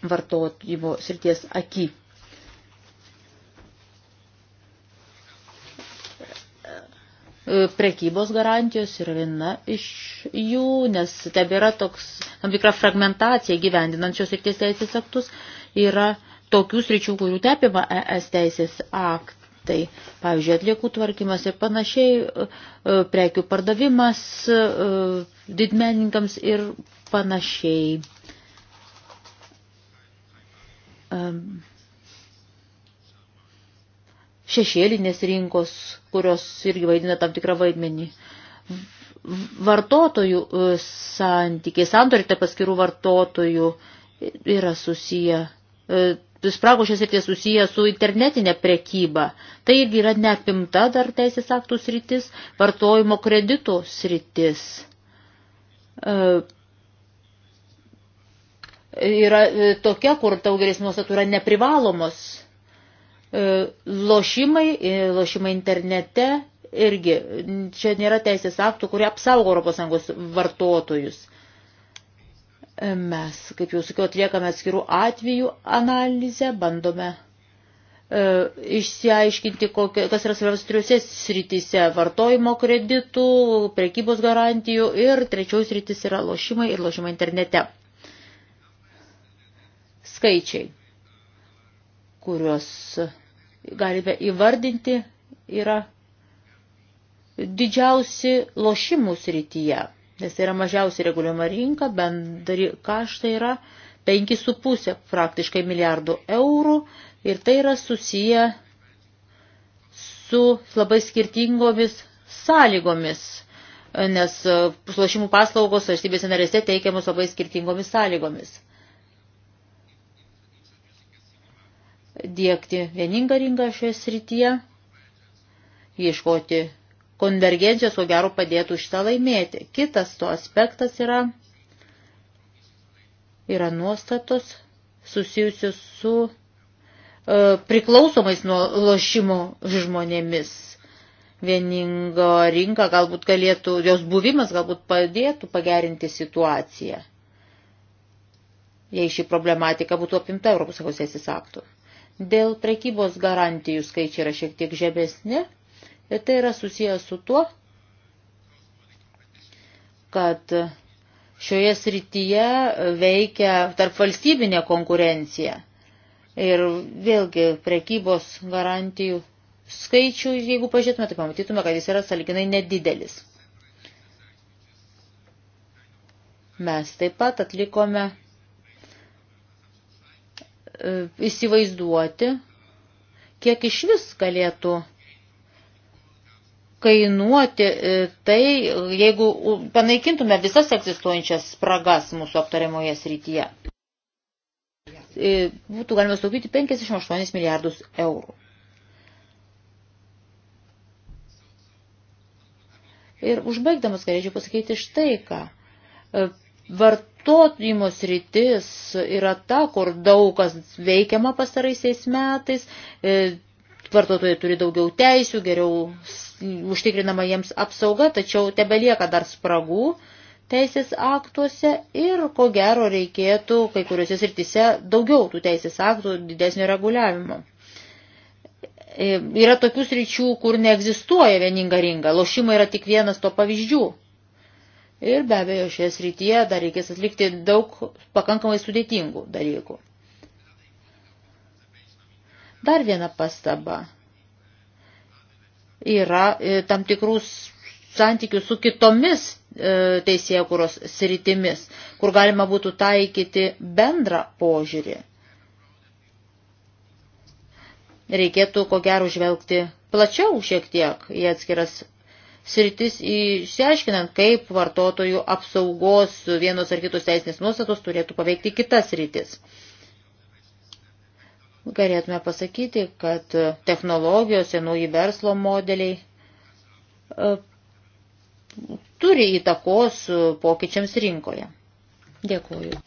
vartojimo srities aki. Prekybos garantijos yra viena iš jų, nes tebėra toks tam tikra fragmentacija gyvendinančios ir teisės aktus yra tokių sričių, kurių tepima ES teisės aktai. Pavyzdžiui, atliekų tvarkymas ir panašiai, e, e, prekių pardavimas e, didmeninkams ir panašiai. Šešėlinės rinkos, kurios irgi vaidina tam tikrą vaidmenį vartotojų santykiai, sandoriai tarp atskirų vartotojų yra susiję E, spragų šias rytis susiję su internetinė prekyba. Tai irgi yra neapimta dar teisės aktų sritis, vartojimo kreditų sritis. E, yra e, tokia, kur daugelis nuostatų yra neprivalomos. E, lošimai, e, lošimai internete irgi, čia nėra teisės aktų, kurie apsaugo ES vartotojus. Mes, kaip jau sakiau, atliekame atskirų atvejų analizę, bandome e, išsiaiškinti, kokie, kas yra svarbiausia trijose srityse - vartojimo kreditų, prekybos garantijų ir trečiaus sritis yra lošimai ir lošimai internete. Skaičiai, kuriuos galime įvardinti, yra didžiausi lošimų srityje nes tai yra mažiausiai reguliuojama rinka, bendri kaštai yra 5,5 praktiškai milijardų eurų ir tai yra susiję su labai skirtingomis sąlygomis, nes lošimų paslaugos valstybėse narėse teikiamos labai skirtingomis sąlygomis. Dėkti vieningą rinką šioje srityje, ieškoti konvergencijos, ko gero, padėtų šitą laimėti. Kitas to aspektas yra, yra nuostatos susijusios su e, priklausomais nuo lošimo žmonėmis. Vieningo rinka galbūt galėtų, jos buvimas galbūt padėtų pagerinti situaciją, jei ši problematika būtų apimta Europos Sąjungos aktų. Dėl prekybos garantijų skaičiai yra šiek tiek žemesni, Ir tai yra susijęs su tuo, kad šioje srityje veikia tarp valstybinė konkurencija. Ir vėlgi prekybos garantijų skaičių, jeigu pažiūrėtume, tai pamatytume, kad jis yra saliginai nedidelis. Mes taip pat atlikome e, įsivaizduoti, kiek iš vis galėtų kainuoti e, tai, jeigu panaikintume visas egzistuojančias spragas mūsų aptariamoje srityje. E, būtų galima sutaupyti 58 milijardus eurų. Ir užbaigdamas galėčiau pasakyti štai ką. E, vartojimo sritis yra ta, kur daug kas veikiama pastaraisiais metais, vartotojai turi daugiau teisių, geriau užtikrinama jiems apsauga, tačiau tebelieka dar spragų teisės aktuose ir ko gero reikėtų kai kuriuose srityse daugiau tų teisės aktų didesnio reguliavimo. E, yra tokių sričių, kur neegzistuoja vieninga rinka, lošimai yra tik vienas to pavyzdžių. Ir be abejo, šioje srityje dar reikės atlikti daug pakankamai sudėtingų dalykų. Dar viena pastaba. Yra e, tam tikrus santykių su kitomis e, teisėkuros sritimis, kur galima būtų taikyti bendrą požiūrį. Reikėtų, ko gero, žvelgti plačiau šiek tiek į atskiras sritis, išsiaiškinant, kaip vartotojų apsaugos vienos ar kitos teisinės nuostatos turėtų paveikti kitas sritis galėtume pasakyti, kad e, technologijos ir nauji verslo modeliai e, turi įtakos e, pokyčiams rinkoje. Dėkuoju.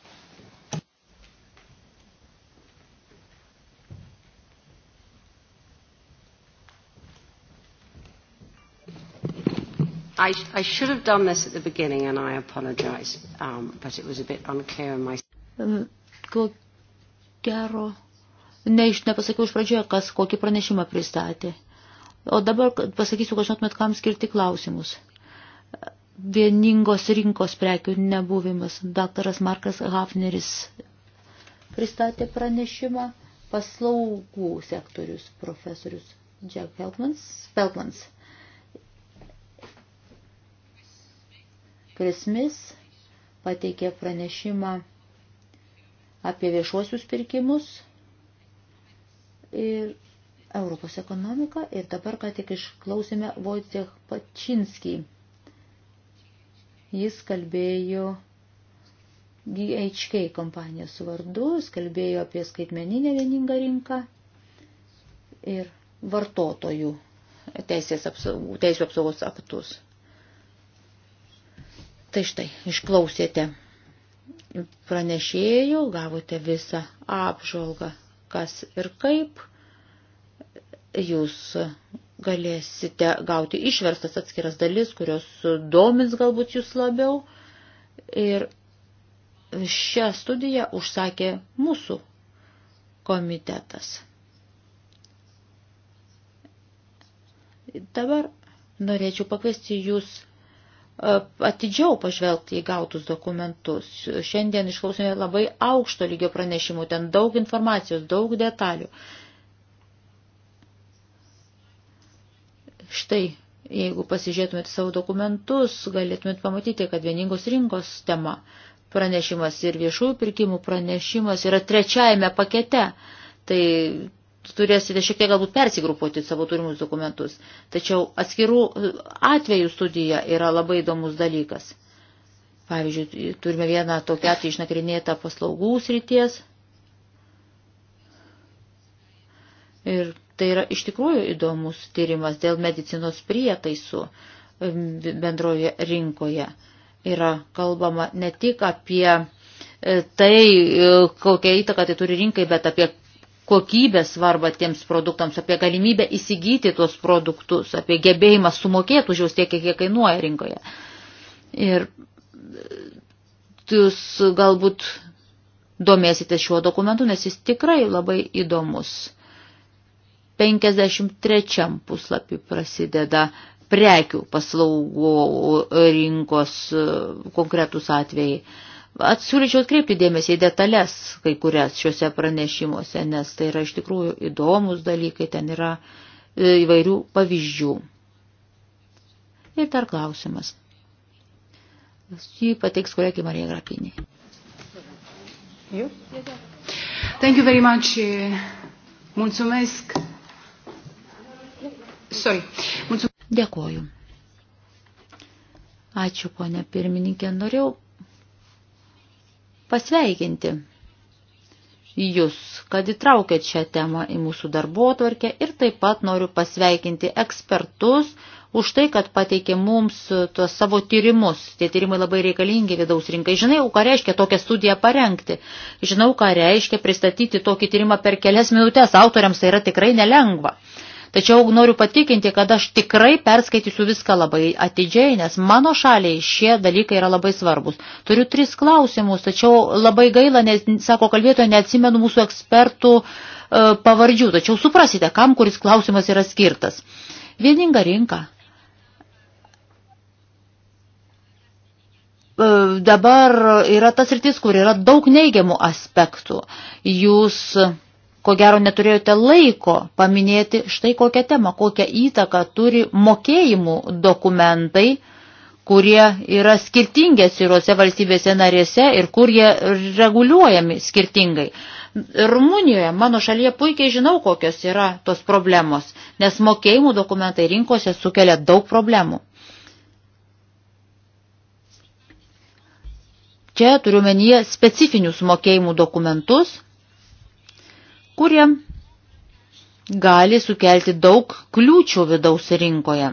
I, I should have done this at the beginning and I apologize, um, but it was a bit unclear in my...
Ko gero Ne, iš nepasakiau iš pradžioje, kas kokį pranešimą pristatė. O dabar pasakysiu, kad žinotumėt, kam skirti klausimus. Vieningos rinkos prekių nebuvimas. Daktaras Markas Hafneris pristatė pranešimą. Paslaugų sektorius profesorius Jack Pelkmans. Pelkmans. Krismis pateikė pranešimą apie viešuosius pirkimus ir Europos ekonomiką. Ir dabar ką tik išklausėme Vojtech Pačinskį. Jis kalbėjo GHK kompanijos vardu, jis kalbėjo apie skaitmeninę vieningą rinką ir vartotojų teisės apsaugų, teisės apsaugos aktus. Tai štai, išklausėte pranešėjų, gavote visą apžvalgą kas ir kaip, jūs galėsite gauti išverstas atskiras dalis, kurios domins galbūt jūs labiau. Ir šią studiją užsakė mūsų komitetas. Dabar norėčiau pakviesti jūs E, atidžiau pažvelgti į gautus dokumentus. Šiandien išklausėme labai aukšto lygio pranešimų, ten daug informacijos, daug detalių. Štai, jeigu pasižiūrėtumėte savo dokumentus, galėtumėte pamatyti, kad vieningos rinkos tema pranešimas ir viešųjų pirkimų pranešimas yra trečiajame pakete. Tai turėsite šiek tiek galbūt persigrupuoti savo turimus dokumentus. Tačiau atskirų e, atvejų studija yra labai įdomus dalykas. Pavyzdžiui, turime vieną tokią atvejį išnagrinėtą paslaugų srities. Ir tai yra iš tikrųjų įdomus tyrimas dėl medicinos prietaisų bendroje rinkoje. Yra kalbama ne tik apie e, tai, e, kokią įtaką tai turi rinkai, bet apie kokybės svarbą tiems produktams, apie galimybę įsigyti tuos produktus, apie gebėjimą sumokėti už juos tiek, kiek jie kainuoja rinkoje. Ir jūs galbūt domėsite šiuo dokumentu, nes jis tikrai labai įdomus. 53 puslapį prasideda prekių paslaugų rinkos e, konkretus atvejai. Atsiūlyčiau atkreipti dėmesį į detalės kai kurias šiuose pranešimuose, nes tai yra iš tikrųjų įdomus dalykai, ten yra e, įvairių pavyzdžių. Ir dar klausimas. Jį pateiks kolegė Marija Grapinė. Thank you very much. E, mulțumesc. Sorry. Mulțumesc. Dėkoju. Ačiū, ponė pirmininkė. Norėjau pasveikinti jūs, kad įtraukėt šią temą į mūsų darbo tvarkę ir taip pat noriu pasveikinti ekspertus už tai, kad pateikė mums tuos savo tyrimus. Tie tyrimai labai reikalingi vidaus rinkai. Žinai, ką reiškia tokią studiją parengti. Žinau, ką reiškia pristatyti tokį tyrimą per kelias minutės. Autoriams tai yra tikrai nelengva. Tačiau noriu patikinti, kad aš tikrai perskaitysiu viską labai atidžiai, nes mano šaliai šie dalykai yra labai svarbus. Turiu tris klausimus, tačiau labai gaila, nes, sako kalbėtoja, neatsimenu mūsų ekspertų e, pavardžių, tačiau suprasite, kam kuris klausimas yra skirtas. Vieninga rinka. E, dabar yra tas rytis, kur yra daug neigiamų aspektų. Jūs ko gero neturėjote laiko paminėti štai kokią temą, kokią įtaką turi mokėjimų dokumentai, kurie yra skirtingi atskiruose valstybėse narėse ir kur jie reguliuojami skirtingai. Rumunijoje, mano šalyje puikiai žinau, kokios yra tos problemos, nes mokėjimų dokumentai rinkose sukelia daug problemų. Čia turiu menyje specifinius mokėjimų dokumentus, kurie gali sukelti daug kliūčių vidaus rinkoje.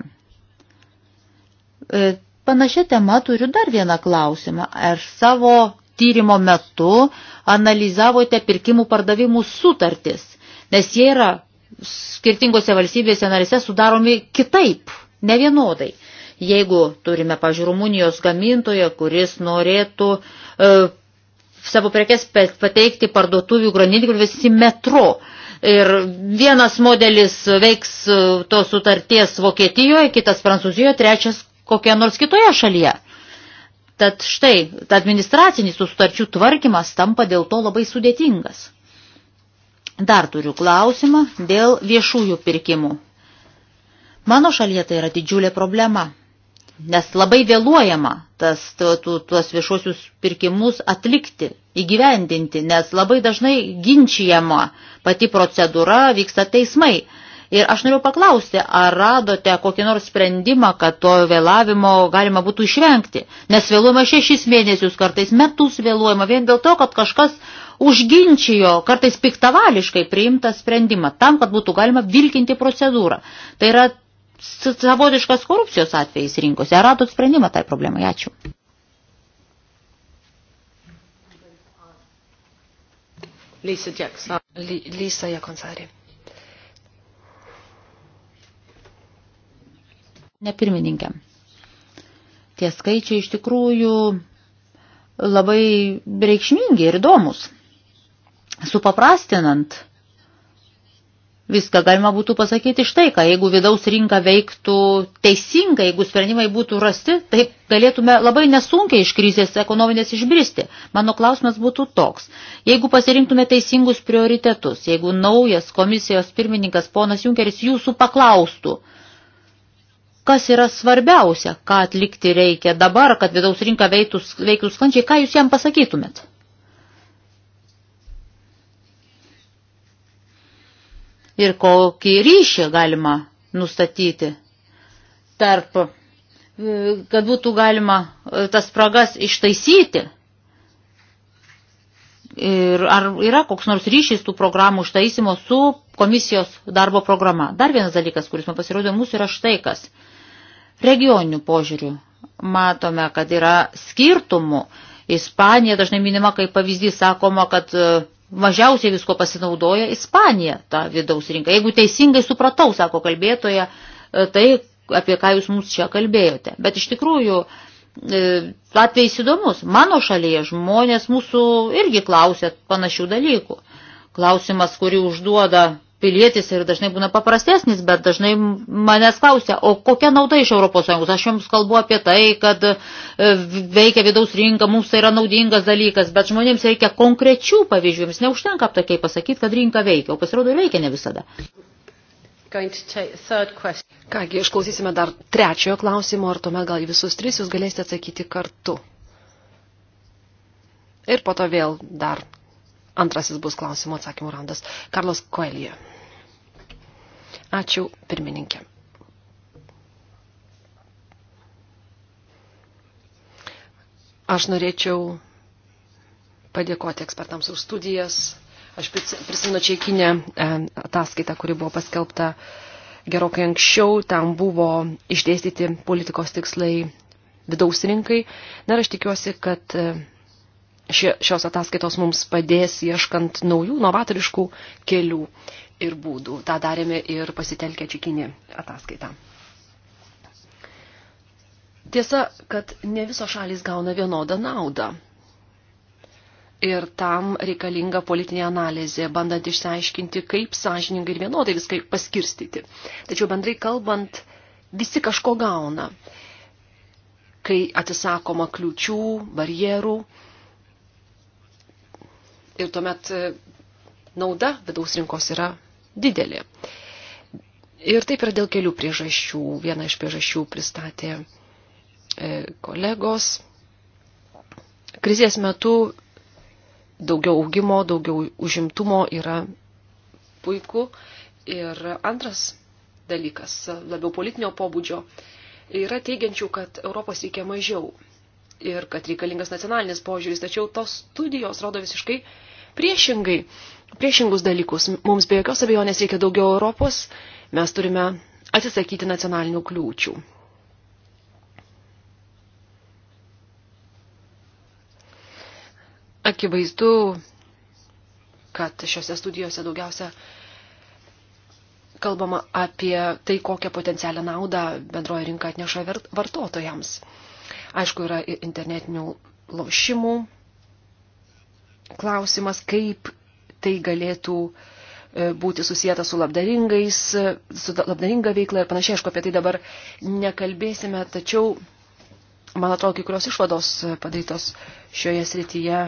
E, panašia tema turiu dar vieną klausimą. Ar savo tyrimo metu analizavote pirkimų pardavimų sutartis, nes jie yra skirtingose valstybėse narėse sudaromi kitaip, nevienodai. Jeigu turime, pažiūrėjau, Rumunijos gamintoją, kuris norėtų e, savo prekes pateikti parduotuvių grandinkurvis į metro. Ir vienas modelis veiks e, tos sutarties Vokietijoje, kitas Prancūzijoje, trečias kokia nors kitoje šalyje. Tad štai, administracinis tų sutarčių tvarkymas tampa dėl to labai sudėtingas. Dar turiu klausimą dėl viešųjų pirkimų. Mano šalyje tai yra didžiulė problema nes labai vėluojama tas, tu, tuos viešuosius pirkimus atlikti, įgyvendinti, nes labai dažnai ginčiama pati procedūra vyksta teismai. Ir aš noriu paklausti, ar radote kokį nors sprendimą, kad to vėlavimo galima būtų išvengti? Nes vėluojama šešis mėnesius, kartais metus vėluojama vien dėl to, kad kažkas užginčijo kartais piktavališkai priimtą sprendimą tam, kad būtų galima vilkinti procedūrą. Tai yra savotiškas korupcijos atvejais rinkose. Ar radot sprendimą tai problemai? Ačiū.
Lisa Jackson. Lisa Jakonsari.
Ne pirmininkė. Tie skaičiai iš tikrųjų labai reikšmingi ir įdomus. Supaprastinant viską galima būtų pasakyti štai ką. Jeigu vidaus rinka veiktų teisingai, jeigu sprendimai būtų rasti, tai galėtume labai nesunkiai iš krizės ekonominės išbristi. Mano klausimas būtų toks. Jeigu pasirinktume teisingus prioritetus, jeigu naujas komisijos pirmininkas ponas Junkeris jūsų paklaustų, kas yra svarbiausia, ką atlikti reikia dabar, kad vidaus rinka veiktų sklandžiai, ką jūs jam pasakytumėt? ir kokį ryšį galima nustatyti tarp, kad būtų galima e, tas spragas ištaisyti. Ir ar yra koks nors ryšys tų programų ištaisimo su komisijos darbo programa. Dar vienas dalykas, kuris man pasirodė mūsų, yra štai kas. Regioninių požiūrių matome, kad yra skirtumų. Ispanija dažnai minima kaip pavyzdys, sakoma, kad e, mažiausiai visko pasinaudoja Ispanija tą vidaus rinką. Jeigu teisingai supratau, sako kalbėtoja, e, tai apie ką jūs mums čia kalbėjote. Bet iš tikrųjų, e, atvejs įdomus. Mano šalyje žmonės mūsų irgi klausia panašių dalykų. Klausimas, kurį užduoda pilietis ir dažnai būna paprastesnis, bet dažnai manęs klausia, o kokia nauda iš ES? Aš jums kalbu apie tai, kad e, veikia vidaus rinka, mums tai yra naudingas dalykas, bet žmonėms reikia konkrečių pavyzdžių, jums neužtenka aptakiai pasakyti, kad rinka veikia, o pasirodo veikia ne visada.
Kągi, išklausysime dar trečiojo klausimo, ar tuomet gal į visus tris jūs galėsite atsakyti kartu. Ir po to vėl dar antrasis bus klausimų atsakymų randas. Karlos Koelija. Ačiū, pirmininkė. Aš norėčiau padėkoti ekspertams už studijas. Aš prisimenu čekinę e, ataskaitą, kuri buvo paskelbta gerokai anksčiau. Tam buvo išdėstyti politikos tikslai vidaus rinkai. Na ir aš tikiuosi, kad e, šios ataskaitos mums padės ieškant naujų novatoriškų kelių ir būdų. Ta darėme ir pasitelkę čikinį ataskaitą. Tiesa, kad ne visos šalys gauna vienodą naudą. Ir tam reikalinga politinė analizė, bandant išsiaiškinti, kaip sąžiningai ir vienodai viską paskirstyti. Tačiau bendrai kalbant, visi kažko gauna, kai atsisakoma kliučių, barjerų ir tuomet e, nauda vidaus rinkos yra didelė. Ir taip yra dėl kelių priežasčių. Viena iš priežasčių pristatė e, kolegos. Krizės metu daugiau augimo, daugiau užimtumo yra puiku. Ir antras dalykas, labiau politinio pobūdžio, yra teigiančių, kad Europos reikia mažiau ir kad reikalingas nacionalinis požiūris, tačiau tos studijos rodo visiškai priešingai, priešingus dalykus. Mums be jokios abejonės reikia daugiau Europos, mes turime atsisakyti nacionalinių kliūčių. Akivaizdu, kad šiuose studijose daugiausia kalbama apie tai, kokią potencialią naudą bendroji rinka atneša vartotojams. Aišku, yra internetinių lošimų, klausimas, kaip tai galėtų e, būti susijęta su labdaringais, e, su labdaringa veikla ir panašiai, aišku, apie tai dabar nekalbėsime, tačiau, man atrodo, kai kurios išvados e, padarytos šioje srityje,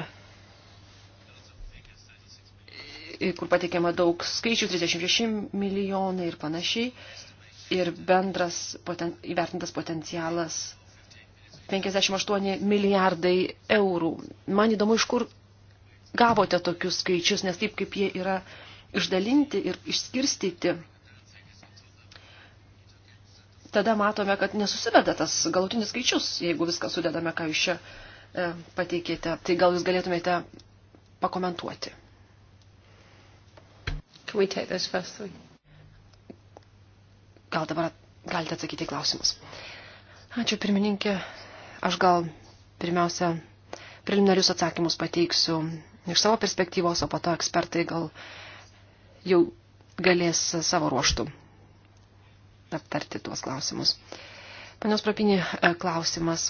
kur pateikiama daug skaičių, 36 milijonai ir panašiai, ir bendras poten, įvertintas potencialas 58 milijardai eurų. Man įdomu, iš kur gavote tokius skaičius, nes taip kaip jie yra išdalinti ir išskirstyti, tada matome, kad nesusiveda tas galutinis skaičius, jeigu viską sudedame, ką jūs čia e, pateikėte. Tai gal jūs galėtumėte pakomentuoti. Gal dabar galite atsakyti klausimus. Ačiū pirmininkė. Aš gal pirmiausia preliminarius atsakymus pateiksiu iš savo perspektyvos, o po to ekspertai gal jau galės savo ruoštų aptarti tuos klausimus. Panios Propinį e, klausimas.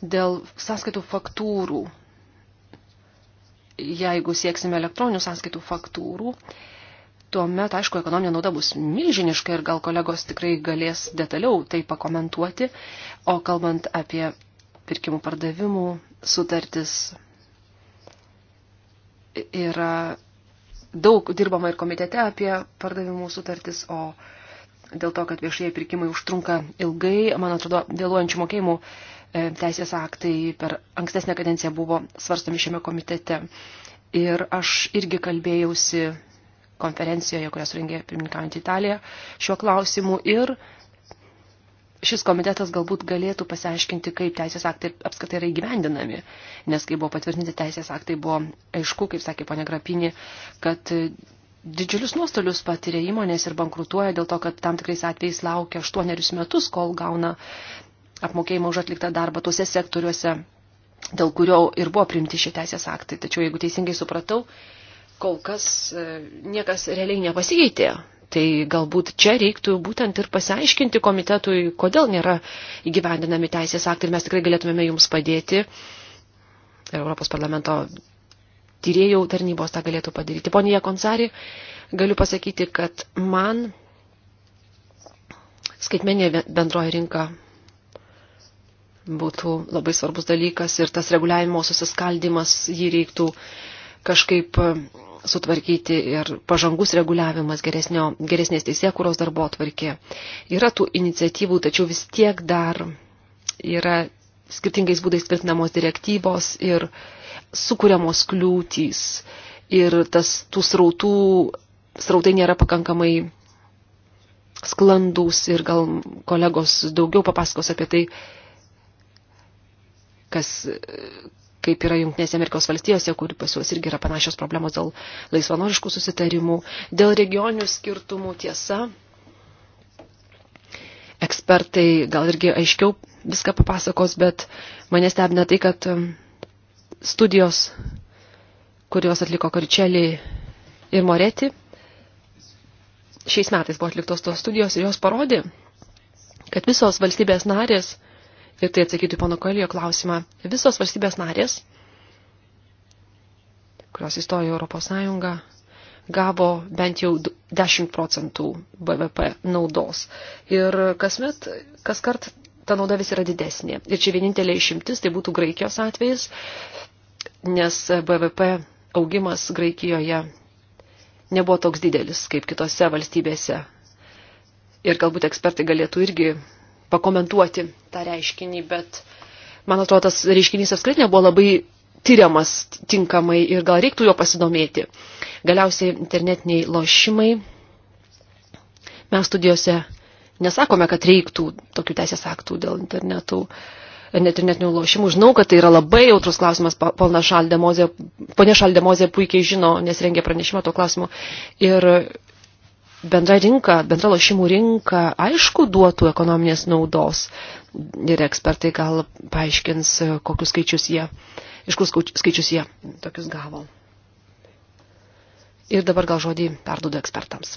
Dėl sąskaitų faktūrų, jeigu sieksime elektroninių sąskaitų faktūrų, tuomet, aišku, ekonominė nauda bus milžiniška ir gal kolegos tikrai galės detaliau tai pakomentuoti. O kalbant apie pirkimų pardavimų sutartis, yra daug dirbama ir komitete apie pardavimų sutartis, o dėl to, kad viešieji pirkimai užtrunka ilgai, man atrodo, vėluojančių mokėjimų e, teisės aktai per ankstesnę kadenciją buvo svarstomi šiame komitete. Ir aš irgi kalbėjausi konferencijoje, kurią surengė pirmininkaujant Italiją šiuo klausimu ir šis komitetas galbūt galėtų pasiaiškinti, kaip teisės aktai apskritai yra įgyvendinami, nes kai buvo patvirtinti teisės aktai, buvo aišku, kaip sakė ponė Grapinė, kad didžiulius nuostolius patiria įmonės ir bankrutuoja dėl to, kad tam tikrais atvejais laukia aštuonerius metus, kol gauna apmokėjimą už atliktą darbą tuose sektoriuose, dėl kurio ir buvo primti šie teisės aktai. Tačiau, jeigu teisingai supratau, kol kas e, niekas realiai nepasikeitė. Tai galbūt čia reiktų būtent ir pasiaiškinti komitetui, kodėl nėra įgyvendinami teisės aktai ir mes tikrai galėtumėme jums padėti. Ir Europos parlamento tyriejų tarnybos tą galėtų padaryti. Ponija Konsari, galiu pasakyti, kad man skaitmenė bendroji rinka būtų labai svarbus dalykas ir tas reguliavimo susiskaldimas jį reiktų uh, kažkaip e, sutvarkyti ir pažangus reguliavimas geresnio, geresnės teisėkūros darbo atvarkė. Yra tų iniciatyvų, tačiau vis tiek dar yra skirtingais būdais tvirtinamos direktyvos ir sukūriamos kliūtys ir tas tų srautų, srautai nėra pakankamai sklandus ir gal kolegos daugiau papasakos apie tai, kas, kaip yra Junktinėse Amerikos valstijose, kur pas juos irgi yra panašios problemos dėl laisvanoriškų susitarimų, dėl regioninių skirtumų tiesa. Ekspertai gal irgi aiškiau viską papasakos, bet mane stebina tai, kad um, studijos, kurios atliko Karčelį ir Moreti, šiais metais buvo atliktos tos studijos ir jos parodė, kad visos valstybės narės – ir tai atsakytų pono Koelio klausimą, visos valstybės narės, kurios įstojo Europos Sąjungą, gavo bent jau 10 procentų BVP naudos. Ir kasmet, kas kart ta nauda vis yra didesnė. Ir čia vienintelė išimtis, tai būtų Graikijos atvejis, nes BVP augimas Graikijoje nebuvo toks didelis kaip kitose valstybėse. Ir galbūt ekspertai galėtų irgi pakomentuoti tą reiškinį, bet man atrodo, tas reiškinys apskritai nebuvo labai tyriamas tinkamai ir gal reiktų jo pasidomėti. Galiausiai internetiniai lošimai. Mes studijose nesakome, kad reiktų tokių teisės aktų dėl internetų internetinių lošimų. Žinau, kad tai yra labai jautrus klausimas, ponė Šaldemozė puikiai žino, nes rengė pranešimą to klausimu. Ir bendra rinka, bendra lošimų rinka, aišku, duotų ekonominės naudos. Ir ekspertai gal paaiškins, kokius skaičius jie, iš kur skaičius jie tokius gavo. Ir dabar gal žodį perduodu ekspertams.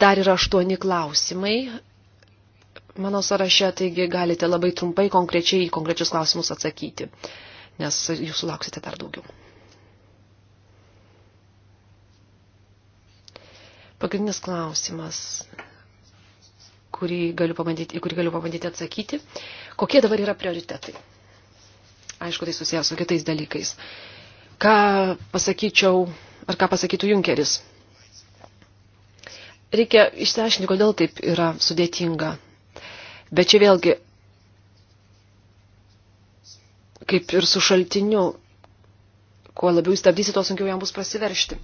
Dar yra aštuoni klausimai mano sąraše, taigi galite labai trumpai, konkrečiai į konkrečius klausimus atsakyti, nes jūs lauksite dar daugiau. Pagrindinis klausimas, kurį galiu pabandyti, į kurį galiu pabandyti atsakyti, kokie dabar yra prioritetai. Aišku, tai susijęs su kitais dalykais. Ką pasakyčiau, ar ką pasakytų Junkeris? Reikia išsiaiškinti, kodėl taip yra sudėtinga Bet čia vėlgi, kaip ir su šaltiniu, kuo labiau stabdysi, to sunkiau jam bus prasiveršti.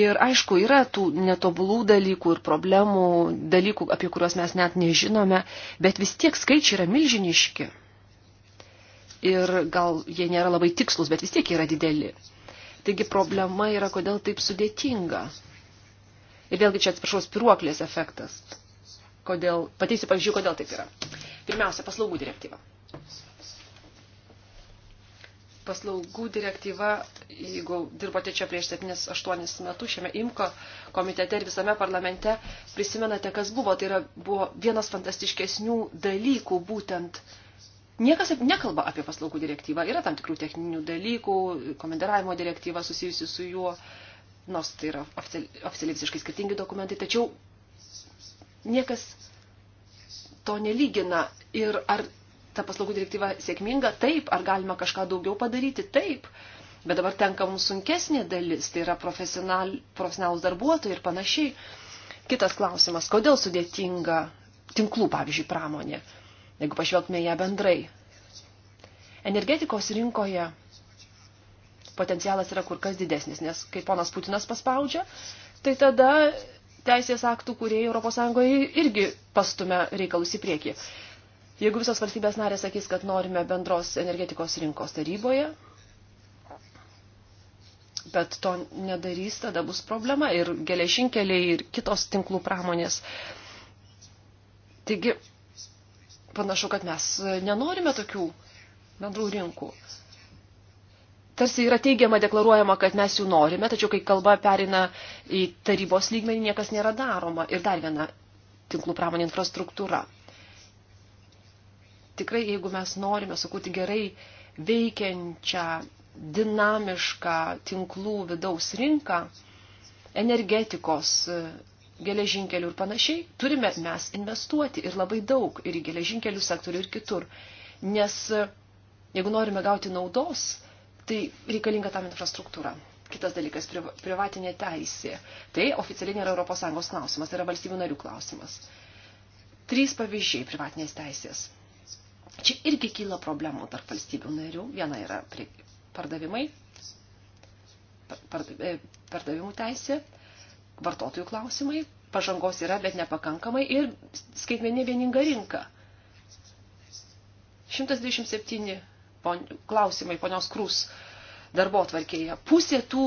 Ir aišku, yra tų netobulų dalykų ir problemų, dalykų, apie kuriuos mes net nežinome, bet vis tiek skaičiai yra milžiniški. Ir gal jie nėra labai tikslus, bet vis tiek yra dideli. Taigi problema yra, kodėl taip sudėtinga. Ir vėlgi čia atsiprašau, spiruoklės efektas kodėl, pateisiu pavyzdžių, kodėl taip yra. Pirmiausia, paslaugų direktyva. Paslaugų direktyva, jeigu dirbote čia prieš 7-8 metus šiame IMKO komitete ir visame parlamente, prisimenate, kas buvo. Tai yra, buvo vienas fantastiškesnių dalykų būtent Niekas nekalba apie paslaugų direktyvą. Yra tam tikrų techninių dalykų, komendaravimo direktyva susijusi su juo, nors tai yra oficialiai visiškai skirtingi dokumentai, tačiau Niekas to nelygina. Ir ar ta paslaugų direktyva sėkminga? Taip. Ar galima kažką daugiau padaryti? Taip. Bet dabar tenka mums sunkesnė dalis, tai yra profesional, profesionalus darbuotojai ir panašiai. Kitas klausimas, kodėl sudėtinga tinklų, pavyzdžiui, pramonė, jeigu pažvelgtume ją bendrai. Energetikos rinkoje potencialas yra kur kas didesnis, nes kai ponas Putinas paspaudžia, tai tada teisės aktų, kurie ES irgi pastumia reikalus į priekį. Jeigu visos valstybės narės sakys, kad norime bendros energetikos rinkos taryboje, bet to nedarys, tada bus problema ir geležinkeliai ir kitos tinklų pramonės. Taigi, panašu, kad mes nenorime tokių bendrų rinkų tarsi yra teigiama deklaruojama, kad mes jų norime, tačiau kai kalba perina į tarybos lygmenį, niekas nėra daroma. Ir dar viena tinklų pramonė infrastruktūra. Tikrai, jeigu mes norime sukurti gerai veikiančią, dinamišką tinklų vidaus rinką, energetikos, e, geležinkelių ir panašiai, turime mes investuoti ir labai daug ir į geležinkelių sektorių ir kitur. Nes e, jeigu norime gauti naudos, tai reikalinga tam infrastruktūra. Kitas dalykas - privatinė teisė. Tai oficialiai nėra ES klausimas, tai yra valstybių narių klausimas. Trys pavyzdžiai privatinės teisės. Čia irgi kyla problemų tarp valstybių narių. Viena yra pardavimai, e, pardavimų teisė, vartotojų klausimai, pažangos yra, bet nepakankamai ir skaitmenė vieninga rinka. 127 pon, klausimai ponios Krūs darbo tvarkėje. Pusė tų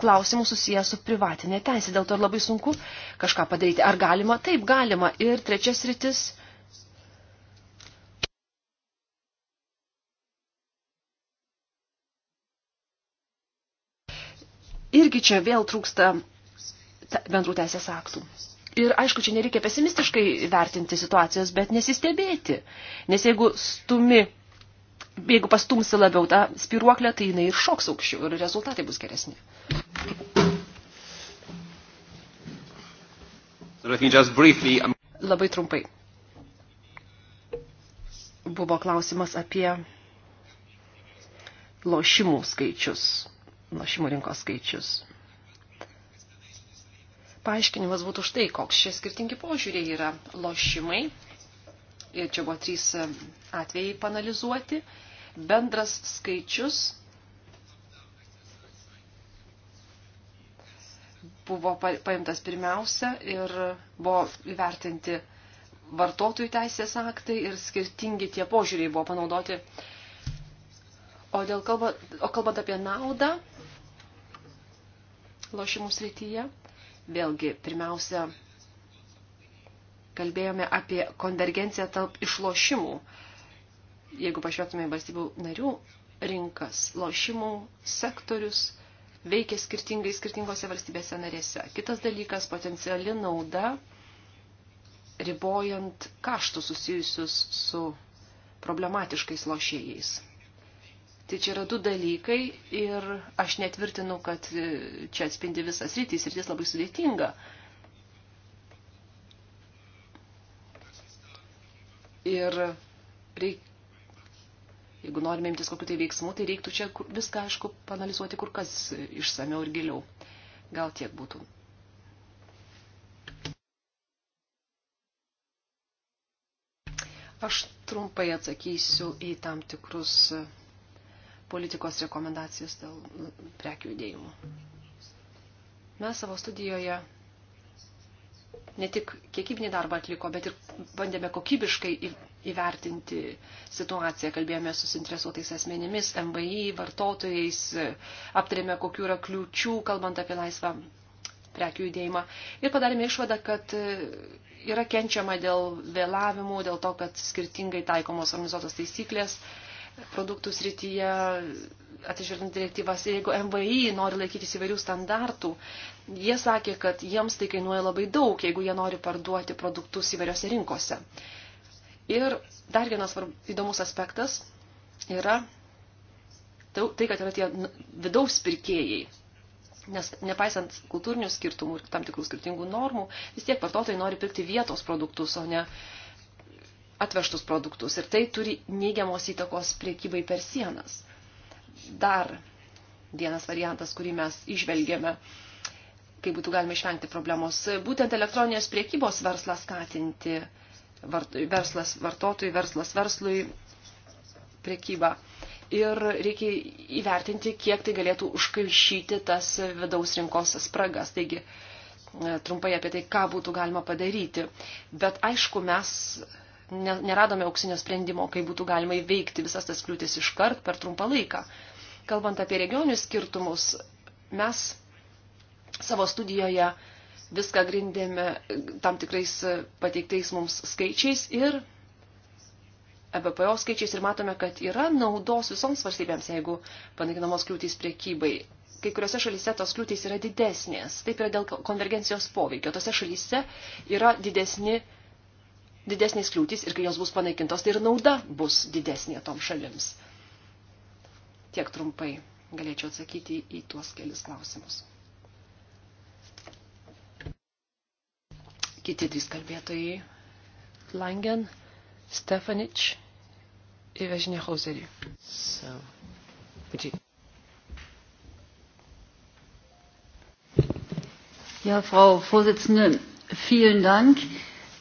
klausimų susiję su privatinė teisė, dėl to ir labai sunku kažką padaryti. Ar galima? Taip, galima. Ir trečias rytis. Irgi čia vėl trūksta bendrų teisės aktų. Ir aišku, čia nereikia pesimistiškai vertinti situacijos, bet nesistebėti. Nes jeigu stumi jeigu pastumsi labiau tą spiruoklę, tai jinai ir šoks aukščiau ir rezultatai bus geresni.
Um,
Labai trumpai. Buvo klausimas apie lošimų skaičius, lošimų rinkos skaičius. Paaiškinimas būtų štai, koks šie skirtingi požiūriai yra lošimai. Ir čia buvo trys um, atvejai panalizuoti bendras skaičius buvo paimtas pirmiausia ir buvo įvertinti vartotojų teisės aktai ir skirtingi tie požiūriai buvo panaudoti. O, dėl kalba, o kalbant apie naudą lošimų srityje, vėlgi pirmiausia kalbėjome apie konvergenciją tarp išlošimų. Uh, jeigu pažvelgtume į valstybių narių rinkas, lošimų sektorius veikia skirtingai skirtingose valstybėse narėse. Kitas dalykas - potenciali nauda, ribojant kaštus susijusius su problematiškais lošėjais. Tai čia yra du dalykai ir aš netvirtinu, kad čia atspindi visas rytis ir jis labai sudėtinga. Ir reik, jeigu norime imtis kokiu tai veiksmu, tai reiktų čia viską, aišku, panalizuoti kur kas išsameu ir giliau. Gal tiek būtų. Aš trumpai atsakysiu į tam tikrus e, politikos rekomendacijas dėl e, prekių judėjimų. Mes savo studijoje ne tik kiekybinį darbą atliko, bet ir bandėme kokybiškai įvertinti situaciją. Kalbėjome su suinteresuotais asmenimis, MBI, vartotojais, aptarėme, kokiu yra kliūčių, kalbant apie laisvą prekių judėjimą. Ir padarėme išvadą, kad yra kenčiama dėl vėlavimų, dėl to, kad skirtingai taikomos organizuotos taisyklės produktų srityje, atsižvelgiant direktyvas, jeigu MVI nori laikytis įvairių standartų, jie sakė, kad jiems tai kainuoja labai daug, jeigu jie nori parduoti produktus įvairiose rinkose. Ir dar vienas svarb, įdomus aspektas yra tai, kad yra tie vidaus pirkėjai. Nes nepaisant kultūrinių skirtumų ir tam tikrų skirtingų normų, vis tiek vartotojai nori pirkti vietos produktus, o ne atvežtus produktus. Ir tai turi neigiamos įtakos priekybai per sienas. Dar vienas variantas, kurį mes išvelgėme, kaip būtų galima išvengti problemos, būtent elektroninės priekybos verslą skatinti vart, verslas vartotojui, verslas verslui, priekyba. Ir reikia įvertinti, kiek tai galėtų užkalšyti tas vidaus rinkos spragas. Taigi, e, trumpai apie tai, ką būtų galima padaryti. Bet aišku, mes neradome auksinio sprendimo, kaip būtų galima įveikti visas tas kliūtis iškart per trumpą laiką. Kalbant apie regionius skirtumus, mes savo studijoje uh, viską grindėme e, tam tikrais e, pateiktais mums skaičiais ir EBPO skaičiais ir matome, kad yra naudos visoms valstybėms, jeigu panaikinamos kliūtys priekybai. Kai kuriuose šalyse tos kliūtys yra didesnės, taip yra dėl konvergencijos poveikio. Tose šalyse yra didesni, didesnės kliūtys ir kai jos bus panaikintos, tai ir nauda bus didesnė tom šalims. Tiek trumpai galėčiau atsakyti į tuos kelis klausimus. Kiti trys kalbėtojai – Langen, Stefanič ir Vežinė Hauserį. So, would you...
Ja, Frau Vorsitzende, vielen Dank.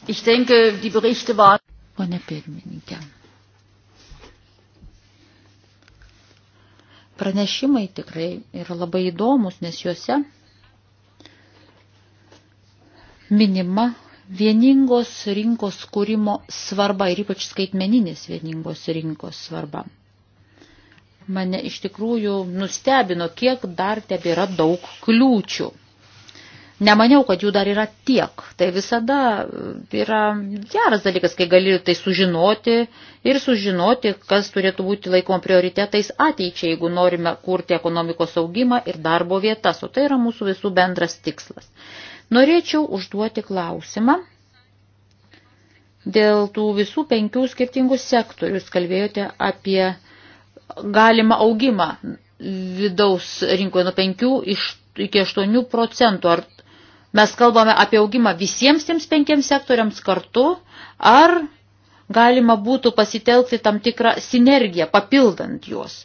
Ich denke, die Berichte waren. Pone pirmininkė. Pranešimai tikrai yra labai įdomus, nes juose minima vieningos rinkos kūrimo svarba ir ypač skaitmeninės vieningos rinkos svarba. Mane iš tikrųjų nustebino, kiek dar tebėra daug kliūčių. Nemaniau, kad jų dar yra tiek. Tai visada yra geras dalykas, kai gali tai sužinoti ir sužinoti, kas turėtų būti laikoma prioritetais ateičiai, jeigu norime kurti ekonomikos augimą ir darbo vietas. O tai yra mūsų visų bendras tikslas. Norėčiau užduoti klausimą dėl tų visų penkių skirtingų sektorių. Jūs kalbėjote apie galimą augimą vidaus rinkoje nuo 5 iš, iki 8 procentų. Ar mes kalbame apie augimą visiems tiems penkiems sektoriams kartu, ar galima būtų pasitelkti tam tikrą sinergiją, papildant juos?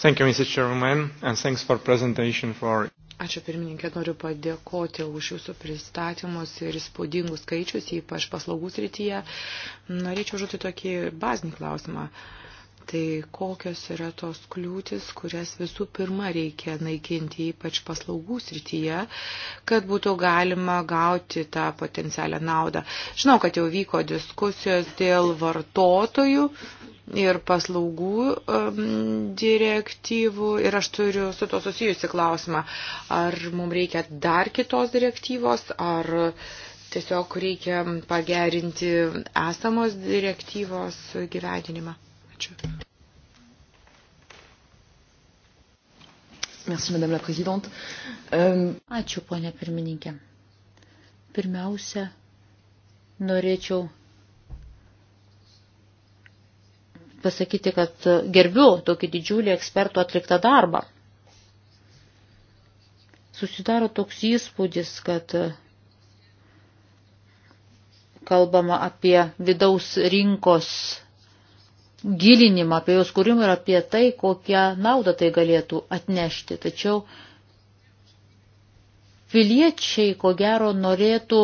Thank you, Mr. Chairman, and thanks for presentation for... Ačiū pirmininkė, noriu padėkoti už jūsų pristatymus ir įspūdingus skaičius, ypač paslaugų srityje. Norėčiau žodžiu tokį bazinį klausimą. Tai kokios yra tos kliūtis, kurias visų pirma reikia naikinti, ypač paslaugų srityje, kad būtų galima gauti tą potencialią naudą. Žinau, kad jau vyko diskusijos dėl vartotojų, ir paslaugų direktyvų. Ir aš turiu su to susijusi klausimą, ar mums reikia dar kitos direktyvos, ar tiesiog reikia pagerinti esamos direktyvos gyvenimą. Ačiū.
Merci, Madame la Présidente.
Um... Ačiū, ponė pirmininkė. Pirmiausia, norėčiau pasakyti, kad gerbiu tokį didžiulį ekspertų atliktą darbą. Susidaro toks įspūdis, kad kalbama apie vidaus rinkos gilinimą, apie jos kūrimą ir apie tai, kokią naudą tai galėtų atnešti. Tačiau piliečiai, ko gero, norėtų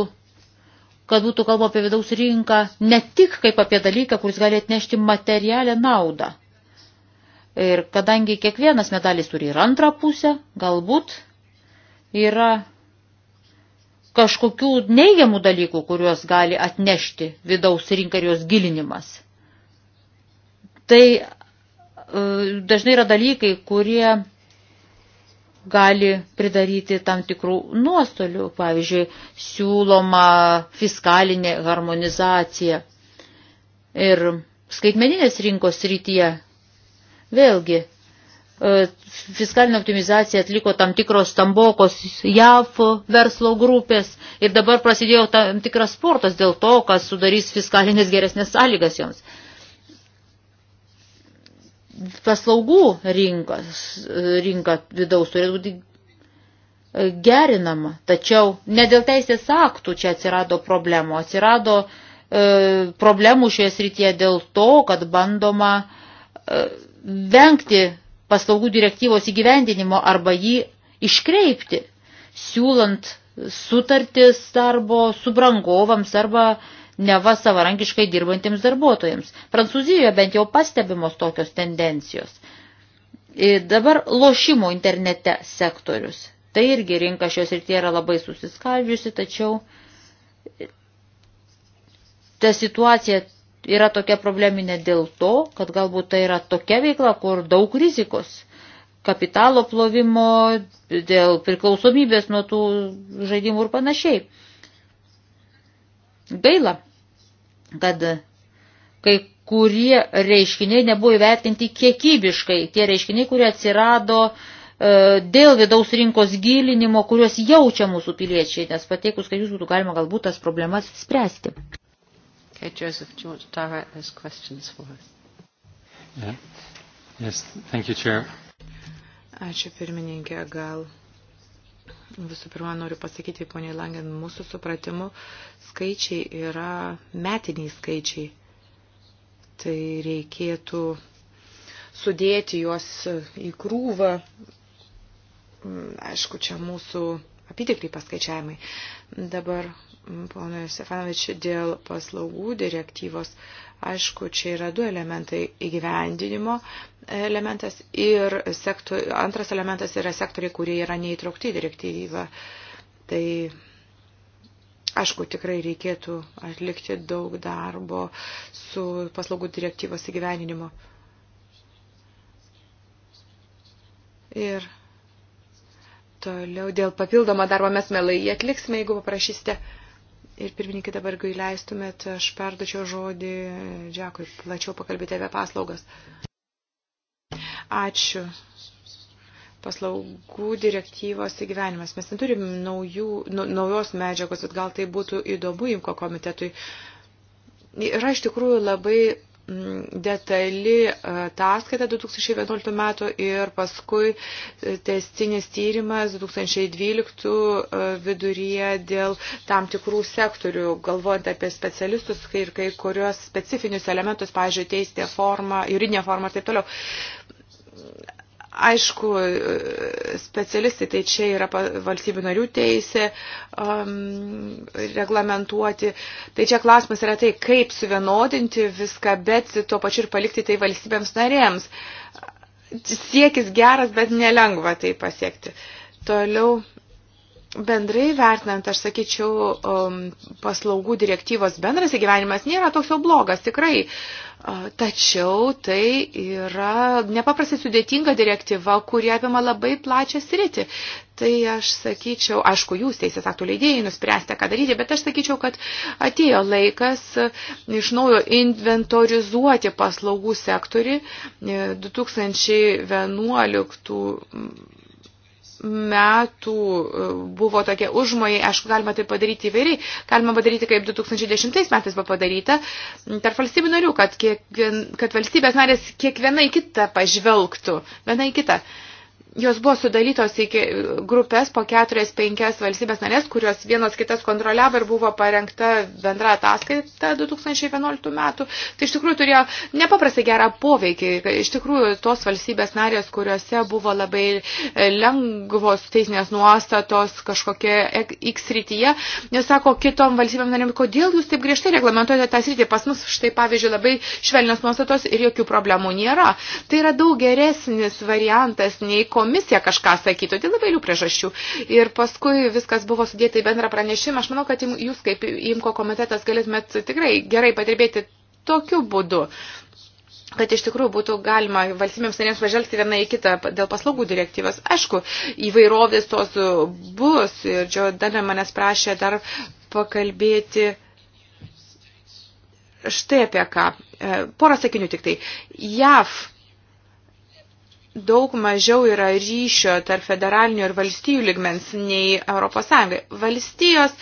kad būtų kalba apie vidaus rinką ne tik kaip apie dalyką, kuris gali atnešti materialę naudą. Ir kadangi kiekvienas medalis turi ir antrą pusę, galbūt yra kažkokių neigiamų dalykų, kuriuos gali atnešti vidaus rinka ir jos gilinimas. Tai e, dažnai yra dalykai, kurie gali pridaryti tam tikrų nuostolių, pavyzdžiui, siūloma fiskalinė harmonizacija. Ir skaitmeninės rinkos rytyje vėlgi e, fiskalinė optimizacija atliko tam tikros stambokos JAV verslo grupės ir dabar prasidėjo tam tikras sportas dėl to, kas sudarys fiskalinės geresnės sąlygas joms paslaugų rinkas, rinka vidaus turėtų būti e, gerinama. Tačiau ne dėl teisės aktų čia atsirado problemų. Atsirado e, problemų šioje srityje dėl to, kad bandoma e, vengti paslaugų direktyvos įgyvendinimo arba jį iškreipti, siūlant sutartis darbo subrangovams arba e, neva savarankiškai dirbantiems darbuotojams. Prancūzijoje bent jau pastebimos tokios tendencijos. Ir dabar lošimo internete sektorius. Tai irgi rinka šios ir tie yra labai susiskaldžiusi, tačiau ta situacija yra tokia probleminė dėl to, kad galbūt tai yra tokia veikla, kur daug rizikos kapitalo plovimo, dėl priklausomybės nuo tų žaidimų ir panašiai. Gaila, kad kai kurie reiškiniai nebuvo įvertinti kiekybiškai, tie reiškiniai, kurie atsirado e, dėl vidaus rinkos gilinimo, kuriuos jaučia mūsų piliečiai, nes pateikus, kad jūs būtų galima galbūt tas problemas spręsti. Okay, Joseph, do you want to direct those questions for us?
Yeah.
Yes, thank you, Chair. Ačiū pirmininkė, gal Visų pirma, noriu pasakyti, poniai Langen, mūsų supratimu skaičiai yra metiniai skaičiai. Tai reikėtų sudėti juos į krūvą. Aišku, čia mūsų apitikliai paskaičiavimai. Dabar, ponai Stefanovič, dėl paslaugų direktyvos Aišku, čia yra du elementai įgyvendinimo elementas ir sektor, antras elementas yra sektoriai, kurie yra neįtraukti į direktyvą. Tai Aišku, tikrai reikėtų atlikti daug darbo su paslaugų direktyvos įgyveninimu. Ir toliau dėl papildomą darbą mes melai jį atliksime, jeigu paprašysite. Ir pirmininkai dabar, jeigu leistumėt, aš perdučiau žodį Džekui plačiau pakalbėti apie paslaugas. Ačiū. Paslaugų direktyvos įgyvenimas. Mes neturim naujų, nu, naujos medžiagos, bet gal tai būtų įdomu imko komitetui. Yra iš tikrųjų labai Mm, detali e, ataskaita 2011 metų ir paskui e, testinis tyrimas 2012 e, viduryje dėl tam tikrų sektorių, galvojant apie specialistus ir kai kurios specifinius elementus, pavyzdžiui, teisinė forma, juridinė forma ir taip toliau. Aišku, specialistai tai čia yra valstybių narių teisė um, reglamentuoti. Tai čia klausimas yra tai, kaip suvienodinti viską, bet tuo pačiu ir palikti tai valstybėms narėms. Siekis geras, bet nelengva tai pasiekti. Toliau bendrai vertinant, aš sakyčiau, um, paslaugų direktyvos bendras įgyvenimas nėra toks jau blogas, tikrai. Uh, tačiau tai yra nepaprastai sudėtinga direktyva, kuri apima labai plačią sritį. Tai aš sakyčiau, aišku, jūs teisės aktų leidėjai nuspręsite, ką daryti, bet aš sakyčiau, kad atėjo laikas uh, iš naujo inventorizuoti paslaugų sektorį uh, 2011 metų e, buvo tokie užmojai, aišku, galima tai padaryti įvairiai, galima padaryti kaip 2010 metais buvo padaryta, tarp valstybių narių, kad, kiekvien, kad valstybės narės kiekvienai kitą pažvelgtų, vienai kitą. Pažvelgtų, jos buvo sudalytos iki grupės po keturias, penkias valstybės narės, kurios vienos kitas kontroliavo ir buvo parengta bendra ataskaita 2011 metų. Tai iš tikrųjų turėjo nepaprastai gerą poveikį. Iš tikrųjų tos valstybės narės, kuriuose buvo labai lengvos teisinės nuostatos kažkokie X rytyje, nes sako kitom valstybėm narėm, kodėl jūs taip griežtai reglamentuojate tą sritį. Pas mus štai pavyzdžiui labai švelnios nuostatos ir jokių problemų nėra. Tai yra daug geresnis variantas nei kontroliuoti komisija kažką sakytų, dėl įvairių priežasčių. Ir paskui viskas buvo sudėta į bendrą pranešimą. Aš manau, kad jūs kaip imko komitetas galėtumėt tikrai gerai padirbėti tokiu būdu kad iš tikrųjų būtų galima valstybėms narėms pažvelgti vieną į kitą dėl paslaugų direktyvas. Aišku, įvairovės tos bus ir Džiodanė manęs prašė dar pakalbėti štai apie ką. E, porą sakinių tik tai. JAV daug mažiau yra ryšio tarp federalinio ir valstijų ligmens nei Europos Sąjungai. Valstijos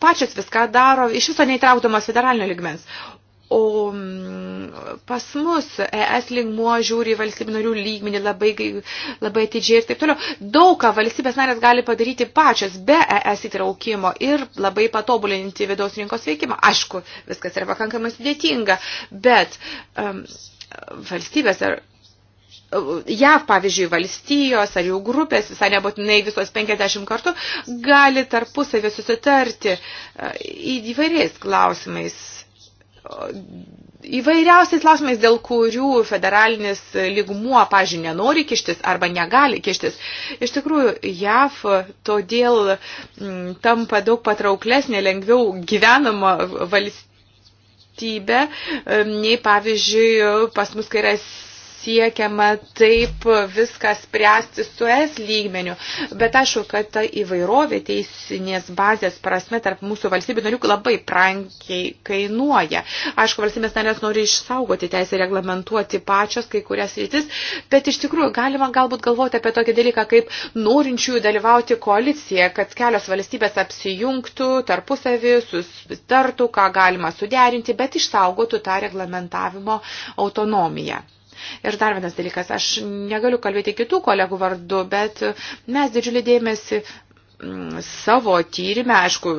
pačios viską daro, iš viso neįtraukdamas federalinio ligmens. O mm, pas mus ES lygmuo žiūri valstybių narių lygmenį labai, labai atidžiai ir taip toliau. Daug ką valstybės narės gali padaryti pačios be ES įtraukimo ir labai patobulinti vidaus rinkos veikimą. Aišku, viskas yra pakankamai sudėtinga, bet um, valstybės ar JAV, pavyzdžiui, valstijos ar jų grupės, visai nebūtinai visos 50 kartų, gali tarpusavį susitarti e, įvairiais klausimais. Įvairiausiais klausimais, dėl kurių federalinis lygmuo, pažiūrėjau, nenori kištis arba negali kištis. Iš tikrųjų, JAV todėl m, mm, tampa daug patrauklesnė, lengviau gyvenama valstybė, e, nei, pavyzdžiui, pas mus, kai yra siekiama taip viską spręsti su es lygmeniu. Bet aišku, kad ta įvairovė teisinės bazės prasme tarp mūsų valstybių narių labai prankiai kainuoja. Aišku, valstybės narės nori išsaugoti teisę reglamentuoti pačios kai kurias rytis, bet iš tikrųjų galima galbūt galvoti apie tokį dalyką kaip norinčiųjų dalyvauti koaliciją, kad kelios valstybės apsijungtų tarpusavį, susitartų, ką galima suderinti, bet išsaugotų tą reglamentavimo autonomiją. Ir dar vienas dalykas, aš negaliu kalbėti kitų kolegų vardu, bet mes didžiulį dėmesį Mm, savo tyrimę, aišku,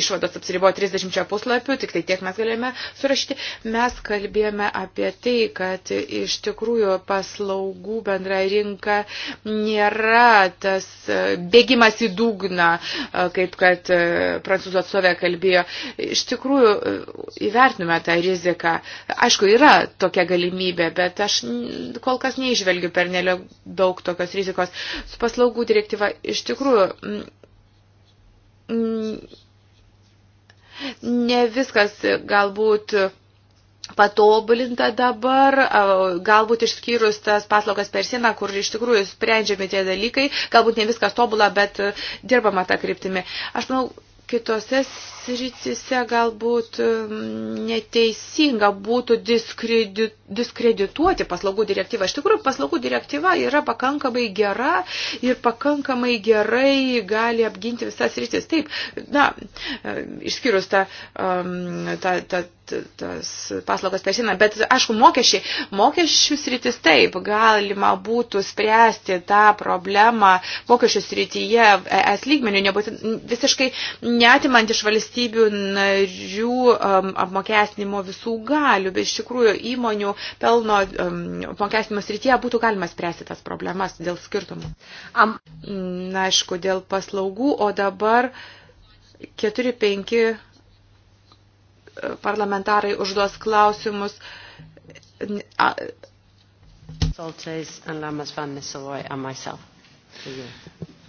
išvados apsiribuoja 30 puslapių, tik tai tiek mes galėjome surašyti, mes kalbėjome apie tai, kad iš tikrųjų paslaugų bendra rinka nėra tas e, bėgimas į dugną, e, kaip kad e, prancūzų atstovė kalbėjo. Iš tikrųjų, įvertinime tą riziką. Aišku, yra tokia galimybė, bet aš kol kas neižvelgiu per nedaug tokios rizikos. Su paslaugų direktyva iš tikrųjų Mm, mm, ne viskas galbūt patobulinta dabar, galbūt išskyrus tas paslaugas per sieną, kur iš tikrųjų sprendžiami tie dalykai, galbūt ne viskas tobula, bet dirbama tą kryptimį. Aš manau, kitose sritise galbūt um, neteisinga būtų diskredi, diskredituoti paslaugų direktyvą. Iš tikrųjų, paslaugų direktyva yra pakankamai gera ir pakankamai gerai gali apginti visas sritis. Taip, na, išskyrus tą, um, tą, tą tas paslaugas per sieną. Bet, aišku, mokesčiai, mokesčių sritis taip, galima būtų spręsti tą problemą mokesčių srityje es lygmenių, nebūt, visiškai netimant iš valstybių narių um, apmokestinimo visų galių, bet iš tikrųjų įmonių pelno um, apmokestinimo srityje būtų galima spręsti tas problemas dėl skirtumų. Am. Na, aišku, dėl paslaugų, o dabar 4-5 parlamentarai užduos klausimus.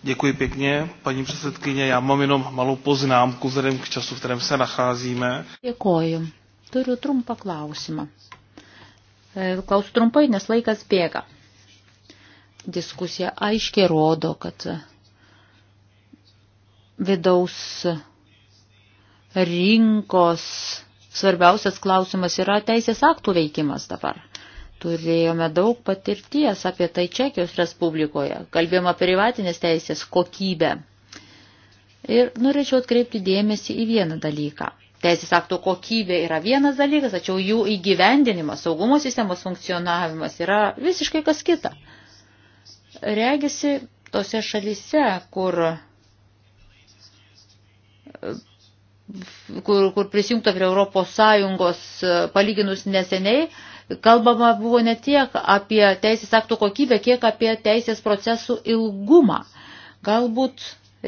Děkuji pěkně, paní předsedkyně. Já mám jenom malou poznámku vzhledem k času, v kterém se nacházíme.
Děkuji. Turiu trumpą klausimą. E, Klausiu trumpai, nes laikas bėga. Diskusija aiškiai rodo, kad vidaus rinkos svarbiausias klausimas yra teisės aktų veikimas dabar. Turėjome daug patirties apie tai Čekijos Respublikoje, kalbėjome apie privatinės teisės kokybę. Ir norėčiau atkreipti dėmesį į vieną dalyką. Teisės aktų kokybė yra vienas dalykas, tačiau jų įgyvendinimas, saugumo sistemos funkcionavimas yra visiškai kas kita. Regisi tose šalise, kur kur, kur prisijungta prie Europos Sąjungos e, palyginus neseniai, kalbama buvo ne tiek apie teisės aktų kokybę, kiek apie teisės procesų ilgumą. Galbūt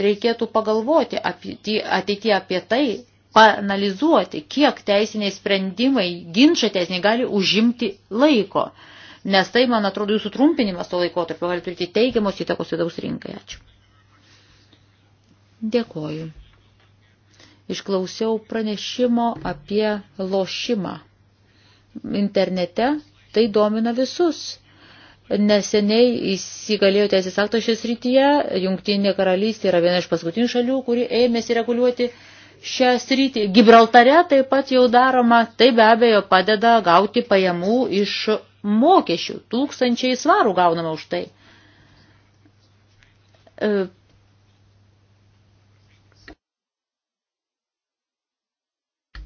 reikėtų pagalvoti apie, ateityje apie tai, panalizuoti, kiek teisiniai sprendimai, ginčia teisiniai gali užimti laiko. Nes tai, man atrodo, jūsų trumpinimas to laikotarpio gali turėti teigiamos įtakos vidaus rinkai. Ačiū. Dėkoju išklausiau pranešimo apie lošimą internete. Tai domina visus. Neseniai įsigalėjo teisės akto šis rytyje. Jungtinė karalystė yra viena iš paskutinių šalių, kuri ėmėsi reguliuoti šią sritį. Gibraltare taip pat jau daroma, tai be abejo padeda gauti pajamų iš mokesčių. Tūkstančiai svarų gaunama už tai. E,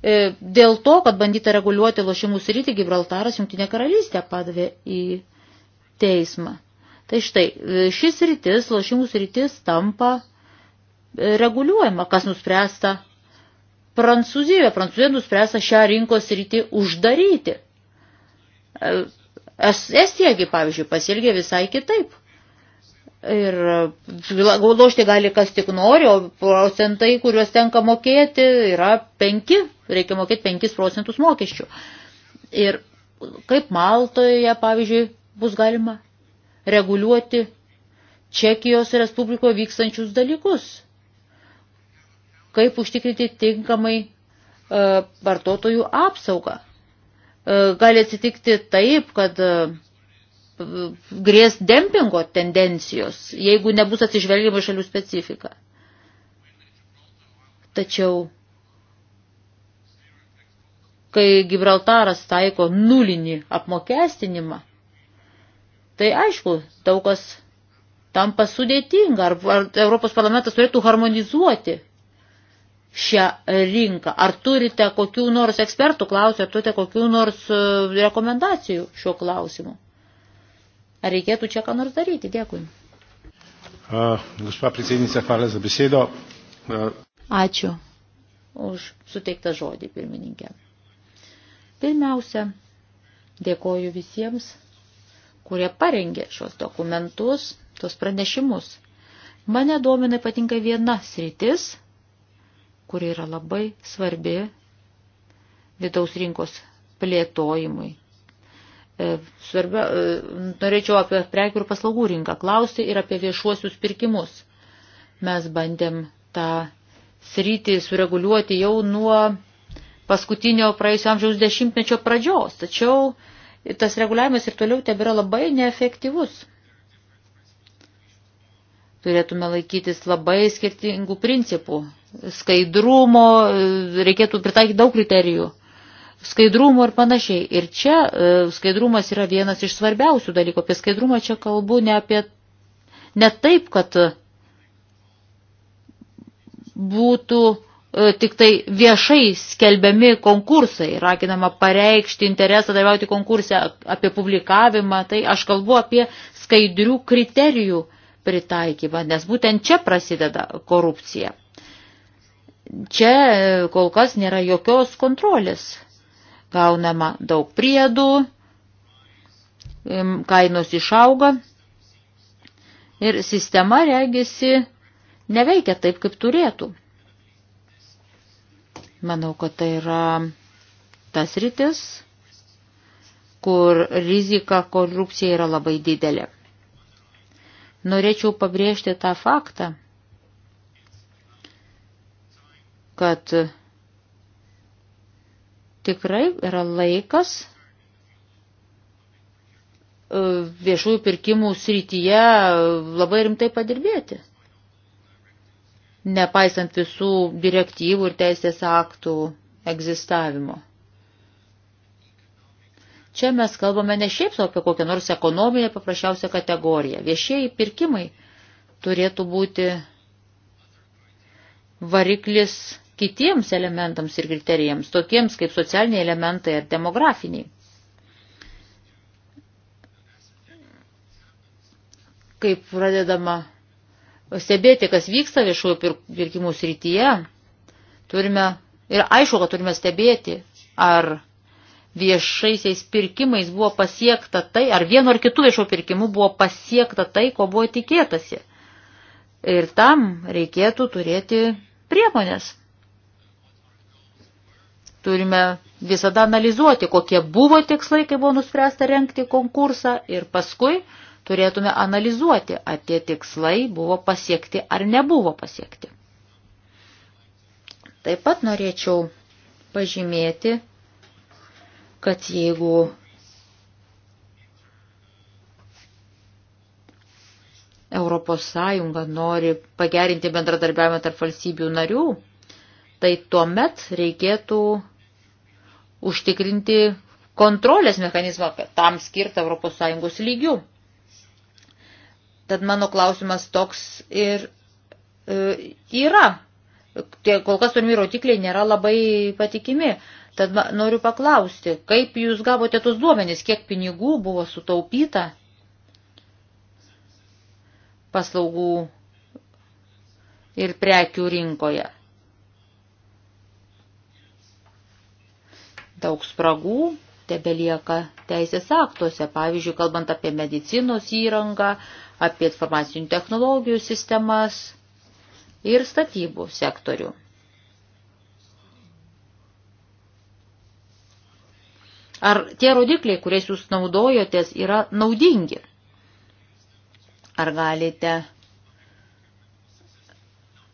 E, dėl to, kad bandyta reguliuoti lošimų sritį, Gibraltaras Jungtinė karalystė padavė į teismą. Tai štai, e, šis sritis, lošimų sritis tampa e, reguliuojama, kas nuspręsta Prancūzijoje. Prancūzijoje nuspręsta šią rinkos sritį uždaryti. Estiegi, pavyzdžiui, pasielgė visai kitaip. Ir lošti gali kas tik nori, o procentai, kuriuos tenka mokėti, yra 5, reikia mokėti 5 procentus mokesčių. Ir kaip Maltoje, pavyzdžiui, bus galima reguliuoti Čekijos Respublikoje vykstančius dalykus. Kaip užtikrinti tinkamai e, vartotojų apsaugą. E, gali atsitikti taip, kad e, grės dempingo tendencijos, jeigu nebus atsižvelgiama šalių specifika. Tačiau, kai Gibraltaras taiko nulinį apmokestinimą, tai aišku, daug kas tampa sudėtinga, ar, ar Europos parlamentas turėtų harmonizuoti šią rinką. Ar turite kokių nors ekspertų klausimų, ar turite kokių nors e, rekomendacijų šiuo klausimu? Ar reikėtų čia ką nors daryti? Dėkui.
Uh, Gospa predsednica, hvala za besedo. Uh.
Ačiū už suteiktą žodį, pirmininkė. Pirmiausia, dėkoju visiems, kurie parengė šios dokumentus, tos pranešimus. Mane domina patinka viena sritis, kuri yra labai svarbi vidaus rinkos plėtojimui E, svarbia, e, norėčiau apie prekių ir paslaugų rinką klausti ir apie viešuosius pirkimus. Mes bandėm tą sritį sureguliuoti jau nuo paskutinio praėjusio amžiaus dešimtmečio pradžios, tačiau tas reguliavimas ir toliau tebėra labai neefektyvus. Turėtume laikytis labai skirtingų principų. Skaidrumo e, reikėtų pritaikyti daug kriterijų skaidrumo ir panašiai. Ir čia e, skaidrumas yra vienas iš svarbiausių dalykų. Apie skaidrumą čia kalbu ne apie, ne taip, kad būtų e, tik tai viešai skelbiami konkursai, raginama pareikšti interesą dalyvauti konkurse apie publikavimą, tai aš kalbu apie skaidrių kriterijų pritaikymą, nes būtent čia prasideda korupcija. Čia e, kol kas nėra jokios kontrolės gaunama daug priedų, kainos išauga ir sistema regisi neveikia taip, kaip turėtų. Manau, kad tai yra tas rytis, kur rizika korupcija yra labai didelė. Norėčiau pabrėžti tą faktą, kad tikrai yra laikas e, viešųjų pirkimų srityje labai rimtai padirbėti. Nepaisant visų direktyvų ir teisės aktų egzistavimo. Čia mes kalbame ne šiaip savo apie kokią nors ekonominę paprasčiausią kategoriją. Viešieji pirkimai turėtų būti variklis kitiems elementams ir kriterijams, tokiems kaip socialiniai elementai ar demografiniai. Kaip pradedama stebėti, kas vyksta viešųjų pirkimų srityje, turime ir aišku, kad turime stebėti, ar viešaisiais pirkimais buvo pasiekta tai, ar vienu ar kitų viešo pirkimu buvo pasiekta tai, ko buvo tikėtasi. Ir tam reikėtų turėti priemonės turime visada analizuoti, kokie buvo tikslai, kai buvo nuspręsta renkti konkursą ir paskui turėtume analizuoti, ar tie tikslai buvo pasiekti ar nebuvo pasiekti. Taip pat norėčiau pažymėti, kad jeigu Europos Sąjunga nori pagerinti bendradarbiavimą tarp valstybių narių, tai tuomet reikėtų užtikrinti kontrolės mechanizmą tam skirtą ES lygių. Tad mano klausimas toks ir e, yra. Tie kol kas turimi rodikliai nėra labai patikimi. Tad noriu paklausti, kaip jūs gavote tos duomenys, kiek pinigų buvo sutaupyta paslaugų ir prekių rinkoje. daug spragų, tebelieka teisės aktuose, pavyzdžiui, kalbant apie medicinos įrangą, apie informacinių technologijų sistemas ir statybų sektorių. Ar tie rodikliai, kuriais jūs naudojotės, yra naudingi? Ar galite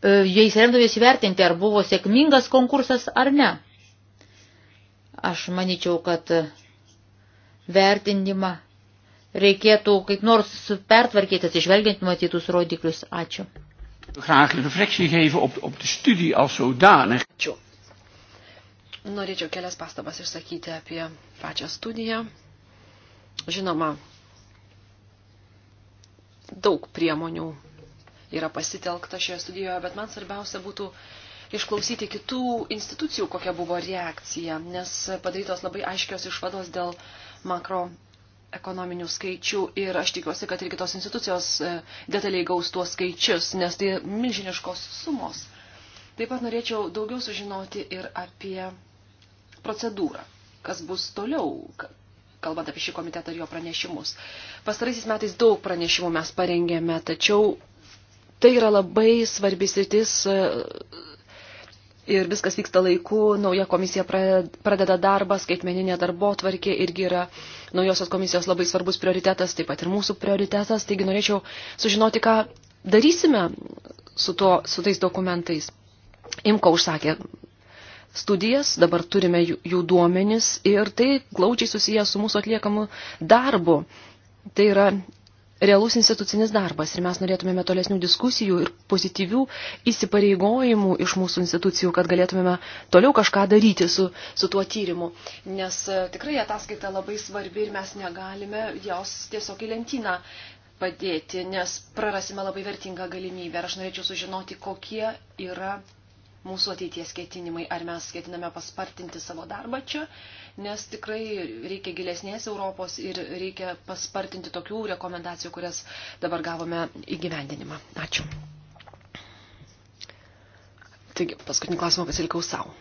e, jais remdavės įvertinti, ar buvo sėkmingas konkursas ar ne? Aš manyčiau, kad vertinimą reikėtų kaip nors pertvarkyti, atsižvelgiant matytus rodiklius. Ačiū.
Ačiū.
Norėčiau kelias pastabas išsakyti apie pačią studiją. Žinoma, daug priemonių yra pasitelkta šioje studijoje, bet man svarbiausia būtų išklausyti kitų institucijų, kokia buvo reakcija, nes padarytos labai aiškios išvados dėl makroekonominių skaičių ir aš tikiuosi, kad ir kitos institucijos e, detaliai gaus tuos skaičius, nes tai milžiniškos sumos. Taip pat norėčiau daugiau sužinoti ir apie procedūrą, kas bus toliau, kalbant apie šį komitetą ir jo pranešimus. Pastaraisiais metais daug pranešimų mes parengėme, tačiau tai yra labai svarbis rytis e, ir viskas vyksta laiku, nauja komisija pradeda darbą, skaitmeninė darbo tvarkė irgi yra naujosios komisijos labai svarbus prioritetas, taip pat ir mūsų prioritetas, taigi norėčiau sužinoti, ką darysime su, to, su tais dokumentais. Imko užsakė studijas, dabar turime jų duomenis ir tai glaudžiai susiję su mūsų atliekamu darbu. Tai yra realus institucinis darbas ir mes norėtumėme tolesnių diskusijų ir pozityvių įsipareigojimų iš mūsų institucijų, kad galėtumėme toliau kažką daryti su, su tuo tyrimu. Nes e, tikrai ataskaita labai svarbi ir mes negalime jos tiesiog į lentyną padėti, nes prarasime labai vertingą galimybę. Ir aš norėčiau sužinoti, kokie yra mūsų ateities ketinimai, ar mes ketiname paspartinti savo darbą čia, nes tikrai reikia gilesnės Europos ir reikia paspartinti tokių rekomendacijų, kurias dabar gavome įgyvendinimą. Ačiū. Taigi, paskutinį klausimą pasilikau savo.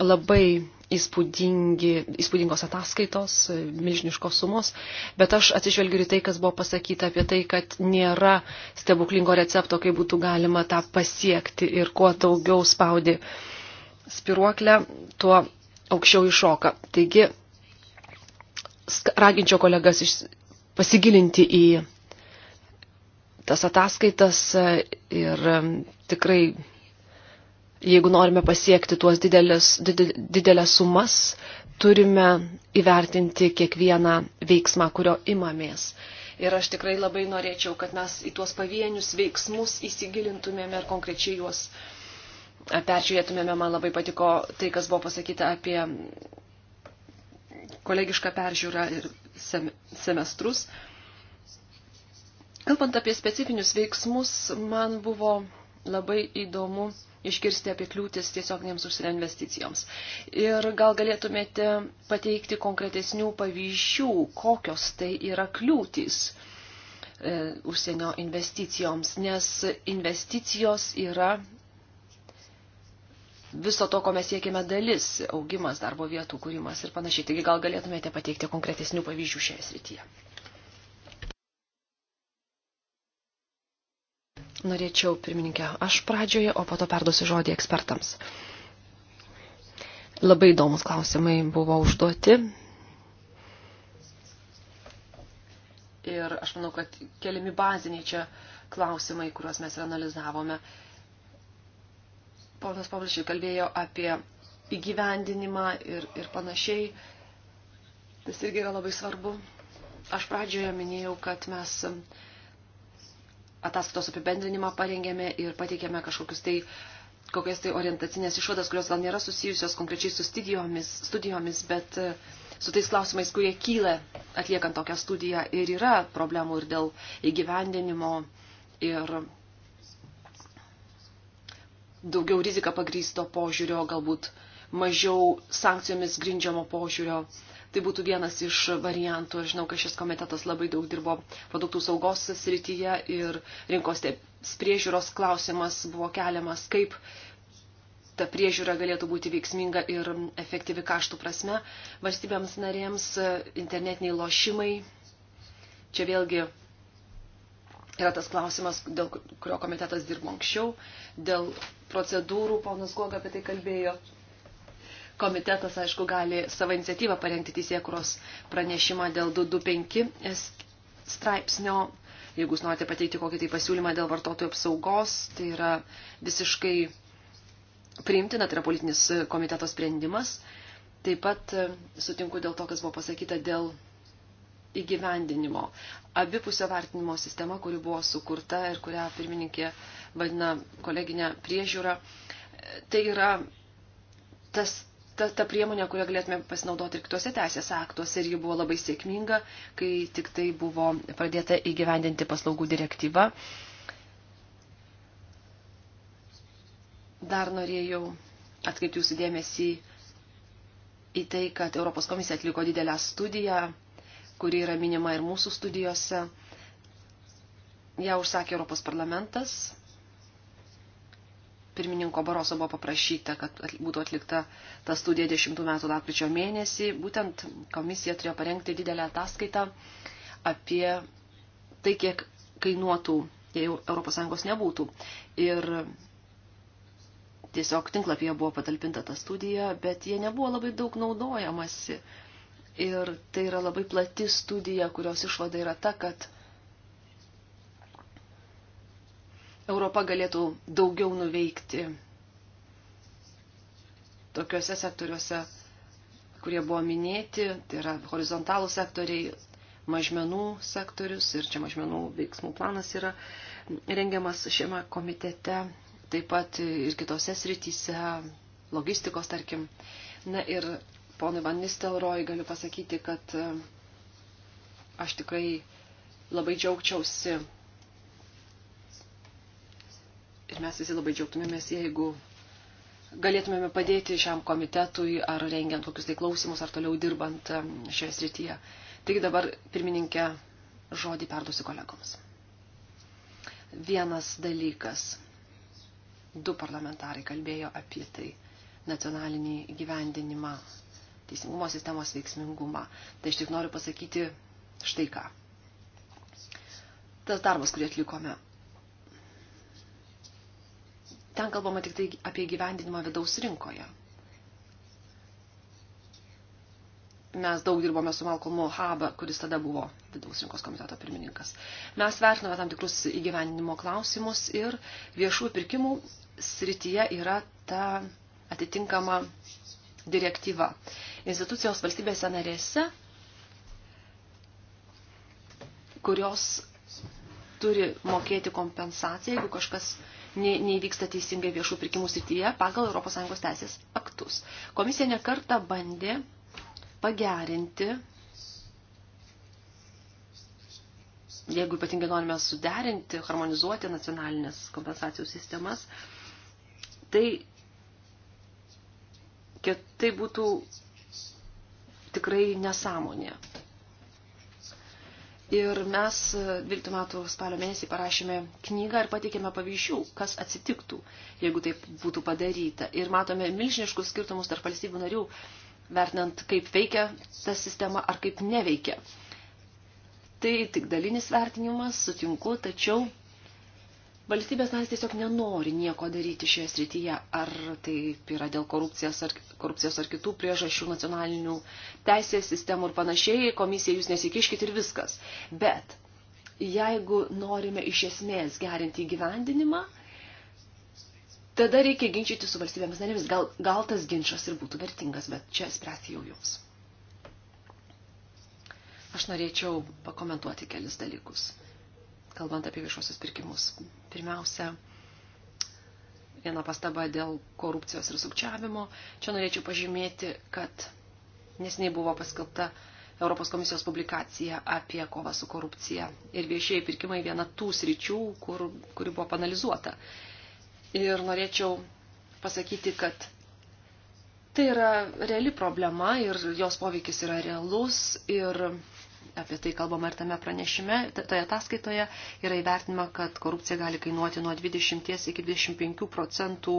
Labai įspūdingos ataskaitos, milžiniškos sumos, bet aš atsižvelgiu į tai, kas buvo pasakyta apie tai, kad nėra stebuklingo recepto, kaip būtų galima tą pasiekti ir kuo daugiau spaudi spiruoklę, tuo aukščiau iššoka. Taigi, raginčiau kolegas iš, pasigilinti į tas ataskaitas ir tikrai jeigu norime pasiekti tuos didelės, did, didelės sumas, turime įvertinti kiekvieną veiksmą, kurio imamės. Ir aš tikrai labai norėčiau, kad mes į tuos pavienius veiksmus įsigilintumėme ir konkrečiai juos peržiūrėtumėme. Man labai patiko tai, kas buvo pasakyta apie kolegišką peržiūrą ir semestrus. Kalbant apie specifinius veiksmus, man buvo labai įdomu išgirsti apie kliūtis tiesioginėms užsienio investicijoms. Ir gal galėtumėte pateikti konkretesnių pavyzdžių, kokios tai yra kliūtis e, užsienio investicijoms, nes investicijos yra viso to, ko mes siekime dalis - augimas, darbo vietų kūrimas ir panašiai. Taigi gal galėtumėte pateikti konkretesnių pavyzdžių šioje srityje. Norėčiau, pirmininkė, aš pradžioje, o po to perduosiu žodį ekspertams. Labai įdomus klausimai buvo užduoti. Ir aš manau, kad keliami baziniai čia klausimai, kuriuos mes analizavome. Ponas Pavlišiai kalbėjo apie įgyvendinimą ir, ir panašiai. Tas irgi yra labai svarbu. Aš pradžioje minėjau, kad mes ataskaitos apibendrinimą parengėme ir pateikėme kažkokius tai kokias tai orientacinės išvadas, kurios gal nėra susijusios konkrečiai su studijomis, studijomis bet e, su tais klausimais, kurie kyla atliekant tokią studiją ir yra problemų ir dėl įgyvendinimo ir daugiau rizika pagrysto požiūrio, galbūt mažiau sankcijomis grindžiamo požiūrio. Tai būtų vienas iš variantų. Aš žinau, kad šis komitetas labai daug dirbo produktų saugos srityje ir rinkos priežiūros klausimas buvo keliamas, kaip ta priežiūra galėtų būti veiksminga ir efektyvi kaštų prasme. Valstybėms narėms internetiniai lošimai. Čia vėlgi yra tas klausimas, dėl kurio komitetas dirbo anksčiau, dėl procedūrų, ponas Goga apie tai kalbėjo, Komitetas, aišku, gali savo iniciatyvą parengti teisėkuros pranešimą dėl 225 straipsnio. Jeigu jūs norite pateikti kokį tai pasiūlymą dėl vartotojų apsaugos, tai yra visiškai priimtina, tai yra politinis komiteto sprendimas. Taip pat e, sutinku dėl to, kas buvo pasakyta dėl įgyvendinimo. Abipusio vertinimo sistema, kuri buvo sukurta ir kurią pirmininkė vadina koleginę priežiūrą, e, tai yra tas ta, ta priemonė, kurią galėtume pasinaudoti ir kitose teisės aktuose, ir ji buvo labai sėkminga, kai tik tai buvo pradėta įgyvendinti paslaugų direktyva. Dar norėjau atkreipti jūsų dėmesį į tai, kad Europos komisija atliko didelę studiją, kuri yra minima ir mūsų studijose. Ja užsakė Europos parlamentas pirmininko Baroso buvo paprašyta, kad būtų atlikta ta studija 10 metų lapkričio mėnesį. Būtent komisija turėjo parengti didelę ataskaitą apie tai, kiek kainuotų, jei ES nebūtų. Ir tiesiog tinklapyje buvo patalpinta ta studija, bet jie nebuvo labai daug naudojamasi. Ir tai yra labai plati studija, kurios išvada yra ta, kad Europa galėtų daugiau nuveikti tokiuose sektoriuose, kurie buvo minėti, tai yra horizontalų sektoriai, mažmenų sektorius ir čia mažmenų veiksmų planas yra rengiamas šiame komitete, taip pat ir kitose srityse, logistikos tarkim. Na ir ponui Van Nistelroj galiu pasakyti, kad e, aš tikrai labai džiaugčiausi ir mes visi labai džiaugtumėmės, jeigu galėtumėme padėti šiam komitetui, ar rengiant kokius tai klausimus, ar toliau dirbant šioje srityje. Taigi dabar pirmininkė žodį perduosiu kolegoms. Vienas dalykas. Du parlamentarai kalbėjo apie tai nacionalinį gyvendinimą, teisingumo sistemos veiksmingumą. Tai aš tik noriu pasakyti štai ką. Tas darbas, kurį atlikome, ten kalbama tik tai apie gyvendinimą vidaus rinkoje. Mes daug dirbome su Malcolmu Haba, kuris tada buvo vidaus rinkos komiteto pirmininkas. Mes vertiname tam tikrus įgyvendinimo klausimus ir viešųjų pirkimų srityje yra ta atitinkama direktyva. Institucijos valstybėse narėse, kurios turi mokėti kompensaciją, jeigu kažkas neįvyksta teisingai viešų pirkimų srityje pagal ES teisės aktus. Komisija nekarta bandė pagerinti, jeigu ypatingai norime suderinti, harmonizuoti nacionalinės kompensacijų sistemas, tai, tai būtų tikrai nesąmonė. Ir mes 12 metų spalio mėnesį parašėme knygą ir pateikėme pavyzdžių, kas atsitiktų, jeigu taip būtų padaryta. Ir matome milžiniškus skirtumus tarp valstybių narių, vertinant, kaip veikia ta sistema ar kaip neveikia. Tai tik dalinis vertinimas, sutinku, tačiau Valstybės narės tiesiog nenori nieko daryti šioje srityje, ar tai yra dėl korupcijos ar, korupcijos ar kitų priežasčių nacionalinių teisės sistemų ir panašiai, komisija jūs nesikiškit ir viskas. Bet jeigu norime iš esmės gerinti įgyvendinimą, tada reikia ginčyti su valstybėmis narėmis. Gal, gal tas ginčas ir būtų vertingas, bet čia spręsti jau jums. Aš norėčiau pakomentuoti kelis dalykus kalbant apie viešuosius pirkimus. Pirmiausia, viena pastaba dėl korupcijos ir sukčiavimo. Čia norėčiau pažymėti, kad nesiniai buvo paskelbta Europos komisijos publikacija apie kovą su korupcija ir viešieji pirkimai viena tų sričių, kur, kuri buvo panalizuota. Ir norėčiau pasakyti, kad tai yra reali problema ir jos poveikis yra realus ir apie tai kalbama ir tame pranešime, toje ataskaitoje yra įvertinima, kad korupcija gali kainuoti nuo 20 iki 25 procentų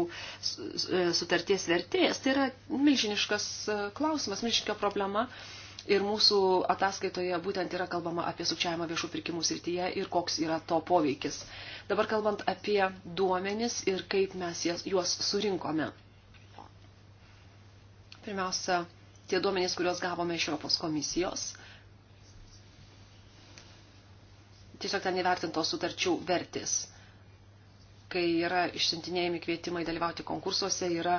sutarties vertės. Tai yra milžiniškas e, klausimas, milžiniška problema. Ir mūsų ataskaitoje būtent yra kalbama apie sukčiavimą viešų pirkimų srityje ir koks yra to poveikis. Dabar kalbant apie duomenis ir kaip mes juos surinkome. Pirmiausia, tie duomenys, kuriuos gavome iš Europos komisijos – tiesiog ten įvertintos sutarčių vertis. Kai yra išsintinėjami kvietimai dalyvauti konkursuose, yra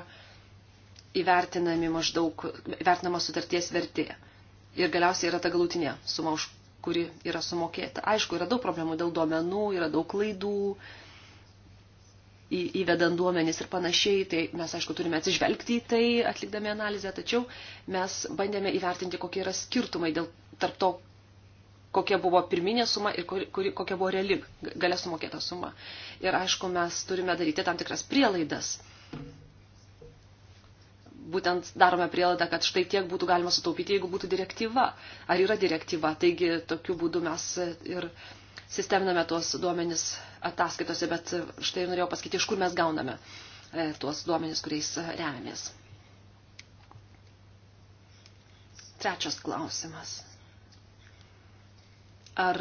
įvertinami maždaug, įvertinama sutarties vertė. Ir galiausiai yra ta galutinė suma, už kuri yra sumokėta. Aišku, yra daug problemų dėl duomenų, yra daug klaidų, į, įvedant duomenis ir panašiai, tai mes, aišku, turime atsižvelgti į tai, atlikdami analizę, tačiau mes bandėme įvertinti, kokie yra skirtumai dėl tarp to, kokia buvo pirminė suma ir kuri, kokia buvo reali galia sumokėta suma. Ir aišku, mes turime daryti tam tikras prielaidas. Būtent darome prielaidą, kad štai tiek būtų galima sutaupyti, jeigu būtų direktyva. Ar yra direktyva? Taigi tokiu būdu mes ir sisteminame tuos duomenis ataskaitose, bet štai norėjau pasakyti, iš kur mes gauname e, tuos duomenis, kuriais remiamės. Trečias klausimas. Ar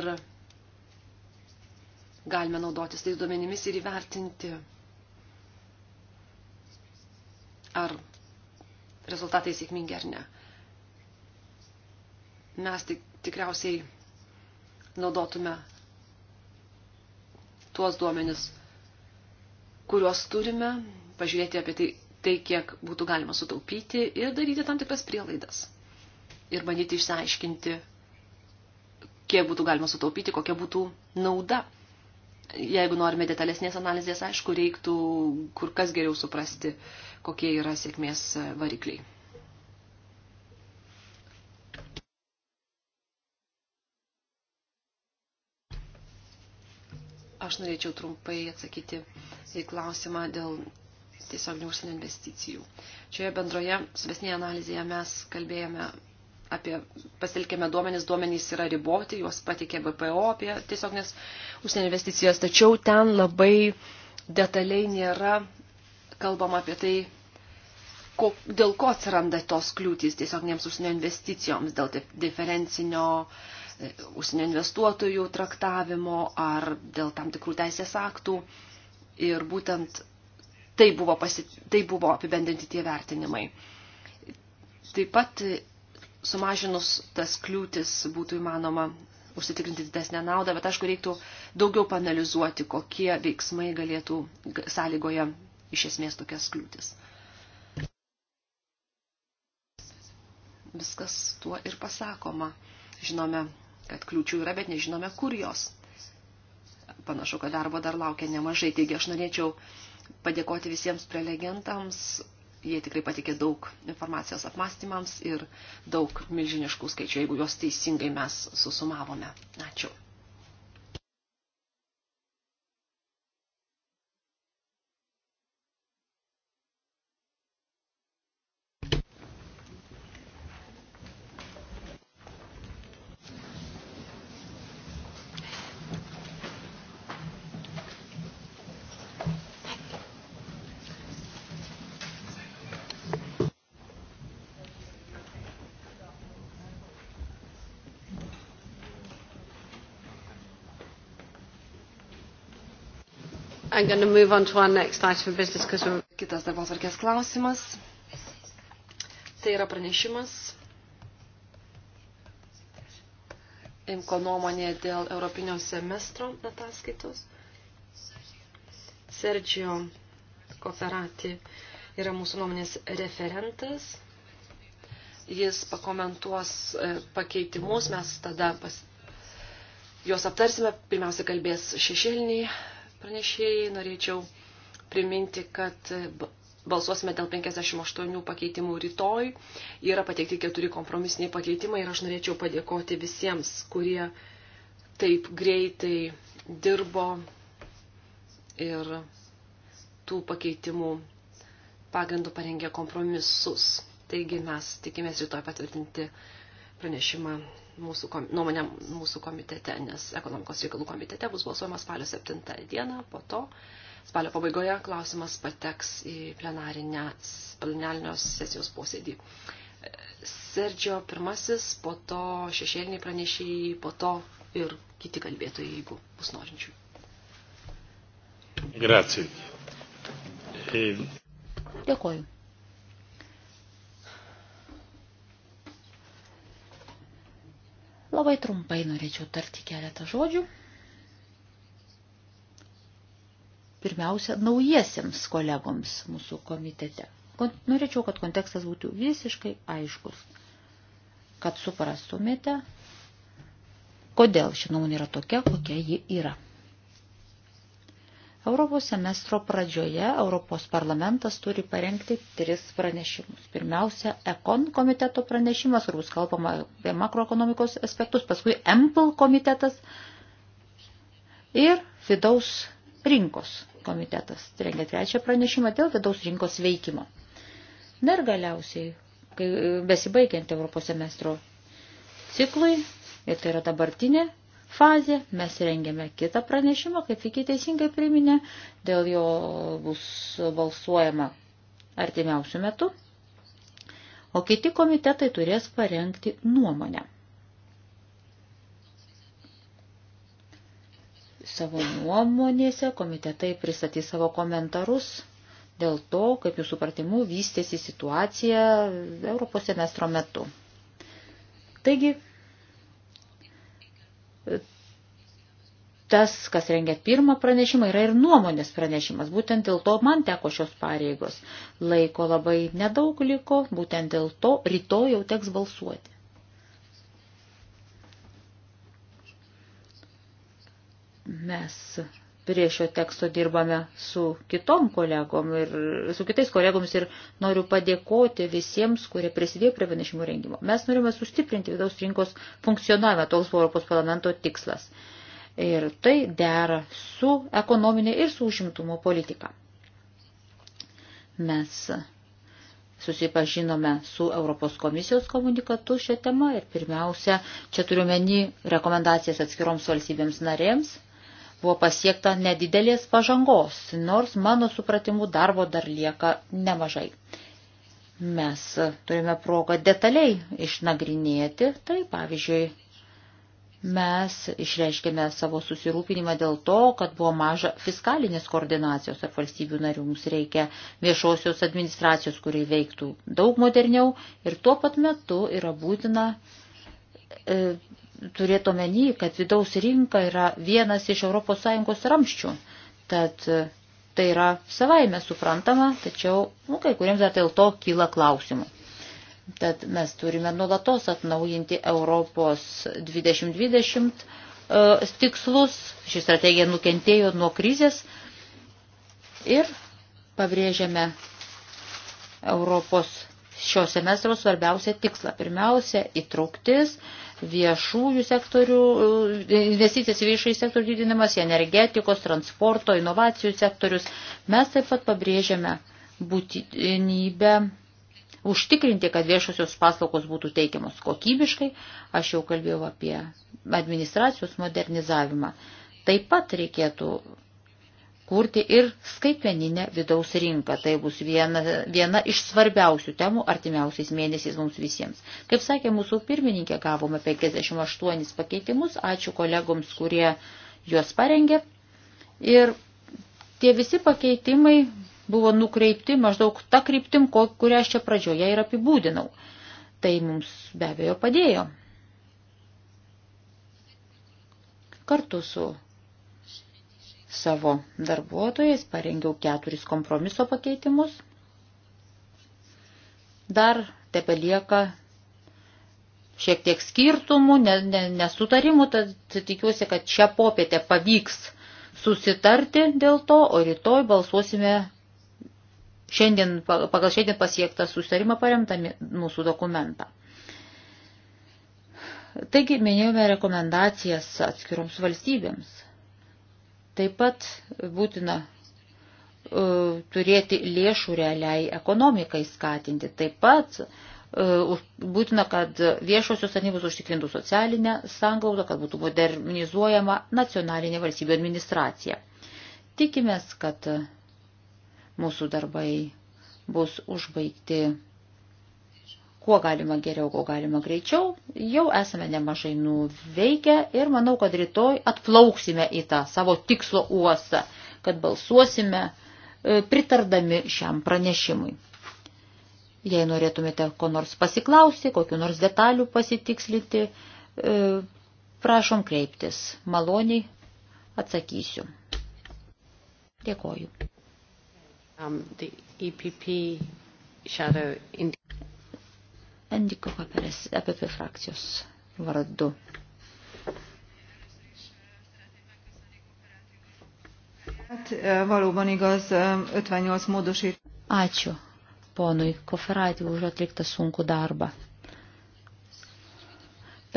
galime naudotis tais duomenimis ir įvertinti, ar rezultatai sėkmingi ar ne. Mes tik, tikriausiai naudotume tuos duomenis, kuriuos turime, pažiūrėti apie tai, tai, kiek būtų galima sutaupyti ir daryti tam tikras prielaidas. Ir bandyti išsiaiškinti, kiek būtų galima sutaupyti, kokia būtų nauda. Jeigu norime detalesnės analizės, aišku, reiktų kur kas geriau suprasti, kokie yra sėkmės varikliai. Aš norėčiau trumpai atsakyti į klausimą dėl tiesiog neužsienio investicijų. Šioje bendroje svesnėje analizėje mes kalbėjome apie pasitelkėme duomenys, duomenys yra riboti, juos patikė BPO apie tiesiog nes užsienio investicijas, tačiau ten labai detaliai nėra kalbama apie tai, ko, dėl ko atsiranda tos kliūtys tiesioginėms užsienio investicijoms, dėl diferencinio e, užsienio investuotojų traktavimo ar dėl tam tikrų teisės aktų. Ir būtent tai buvo, pasi, tai buvo apibendinti tie vertinimai. Taip pat sumažinus tas kliūtis būtų įmanoma užsitikrinti didesnę naudą, bet aišku, reiktų daugiau panalizuoti, kokie veiksmai galėtų sąlygoje iš esmės tokias kliūtis. Viskas tuo ir pasakoma. Žinome, kad kliūčių yra, bet nežinome, kur jos. Panašu, kad darbo dar laukia nemažai, taigi aš norėčiau padėkoti visiems prelegentams, jie tikrai patikė daug informacijos apmastymams ir daug milžiniškų skaičių, jeigu juos teisingai mes susumavome. Ačiū.
Kitas darbos varkės klausimas.
Tai yra pranešimas. Imko nuomonė dėl Europinio semestro ataskaitos. Sergio Koferati yra mūsų nuomonės referentas. Jis pakomentuos e, pakeitimus, mes tada pas... juos aptarsime. Pirmiausia, kalbės šešėliniai pranešėjai, norėčiau priminti, kad balsuosime dėl 58 pakeitimų rytoj. Yra pateikti keturi kompromisiniai pakeitimai ir aš norėčiau padėkoti visiems, kurie taip greitai dirbo ir tų pakeitimų pagrindų parengė kompromisus. Taigi mes tikimės rytoj patvirtinti pranešimą mūsų kom, nuomonę mūsų komitete, nes ekonomikos reikalų komitete bus balsuojama spalio 7 dieną, po to spalio pabaigoje klausimas pateks į plenarinio sesijos posėdį. Sergio pirmasis, po to šešėliniai pranešėjai, po to ir kiti kalbėtojai, jeigu bus norinčių.
Grazie. E-
Dėkoju.
Labai trumpai norėčiau tarti keletą žodžių. Pirmiausia, naujiesiems kolegoms mūsų komitete. Norėčiau, kad kontekstas būtų visiškai aiškus, kad suprastumėte, kodėl ši nuomonė yra tokia, kokia ji yra. Europos semestro pradžioje Europos parlamentas turi parengti tris pranešimus. Pirmiausia, Ekon komiteto pranešimas, kur bus kalbama apie makroekonomikos aspektus, paskui EMPL komitetas ir vidaus rinkos komitetas. Rengia trečią pranešimą dėl vidaus rinkos veikimo. Na ir galiausiai, kai besibaigiant Europos semestro ciklui, ir tai yra dabartinė fazė. Mes rengiame kitą pranešimą, kaip iki teisingai priminė, dėl jo bus balsuojama artimiausių metų. O kiti komitetai turės parengti nuomonę. Savo nuomonėse komitetai pristatys savo komentarus dėl to, kaip jų supratimu vystėsi situacija Europos semestro metu. Taigi, tas, kas rengia pirmą pranešimą, yra ir nuomonės pranešimas. Būtent dėl to man teko šios pareigos. Laiko labai nedaug liko, būtent dėl to rytoj jau teks balsuoti. Mes prie šio teksto dirbame su kitom kolegom ir su kitais kolegomis ir noriu padėkoti visiems, kurie prisidėjo prie pranešimų rengimo. Mes norime sustiprinti vidaus rinkos funkcionavimą, toks buvo Europos parlamento tikslas. Ir tai dera su ekonominė ir su užimtumo politika. Mes susipažinome su Europos komisijos komunikatu šią temą ir pirmiausia, čia turiu meni rekomendacijas atskiroms valstybėms narėms buvo pasiekta nedidelės pažangos, nors mano supratimu darbo dar lieka nemažai. Mes turime progą detaliai išnagrinėti, tai pavyzdžiui, mes išreiškėme savo susirūpinimą dėl to, kad buvo maža fiskalinės koordinacijos ar valstybių narių, mums reikia viešosios administracijos, kuri veiktų daug moderniau ir tuo pat metu yra būtina e, turėtų omeny, kad vidaus rinka yra vienas iš ES ramščių. Tad e, tai yra savaime suprantama, tačiau nu, kai kuriems dar dėl to kyla klausimų. Tad mes turime nuolatos atnaujinti Europos 2020 e, tikslus. Ši strategija nukentėjo nuo krizės ir pabrėžiame Europos šio semestro svarbiausią tikslą. Pirmiausia, įtrauktis viešųjų sektorių, investicijas į viešąjį sektorių didinimas, energetikos, transporto, inovacijų sektorius. Mes taip pat pabrėžiame būtinybę užtikrinti, kad viešosios paslaugos būtų teikiamos kokybiškai. Aš jau kalbėjau apie administracijos modernizavimą. Taip pat reikėtų kurti ir skaitmeninę vidaus rinką. Tai bus viena, viena iš svarbiausių temų artimiausiais mėnesiais mums visiems. Kaip sakė mūsų pirmininkė, gavome 58 pakeitimus. Ačiū kolegoms, kurie juos parengė. Ir tie visi pakeitimai buvo nukreipti maždaug tą kryptim, kurią aš čia pradžioje ir apibūdinau. Tai mums be abejo padėjo. Kartu su savo darbuotojais, parengiau keturis kompromiso pakeitimus. Dar tebe lieka šiek tiek skirtumų, nesutarimų, tad tikiuosi, kad šią popietę pavyks susitarti dėl to, o rytoj balsuosime šiandien, pagal šiandien pasiektą susitarimą paremtą mūsų dokumentą. Taigi minėjome rekomendacijas atskiroms valstybėms. Taip pat būtina uh, turėti lėšų realiai ekonomikai skatinti. Taip pat uh, būtina, kad viešosios tarnybos užtikrintų socialinę sangaudą, kad būtų modernizuojama nacionalinė valstybių administracija. Tikimės, kad e, mūsų darbai bus užbaigti kuo galima geriau, kuo galima greičiau, jau esame nemažai nuveikę ir manau, kad rytoj atplauksime į tą savo tikslo uostą, kad balsuosime e, pritardami šiam pranešimui. Jei norėtumėte ko nors pasiklausti, kokiu nors detalių pasitikslinti, e, prašom kreiptis. Maloniai atsakysiu. Dėkoju.
Um, EPP e shadow in...
Endiko Paperes, EPP frakcijos vardu. E, valóban igaz, 58 e, módosít. Ačiū ponui Koferatį už atliktą sunkų darbą.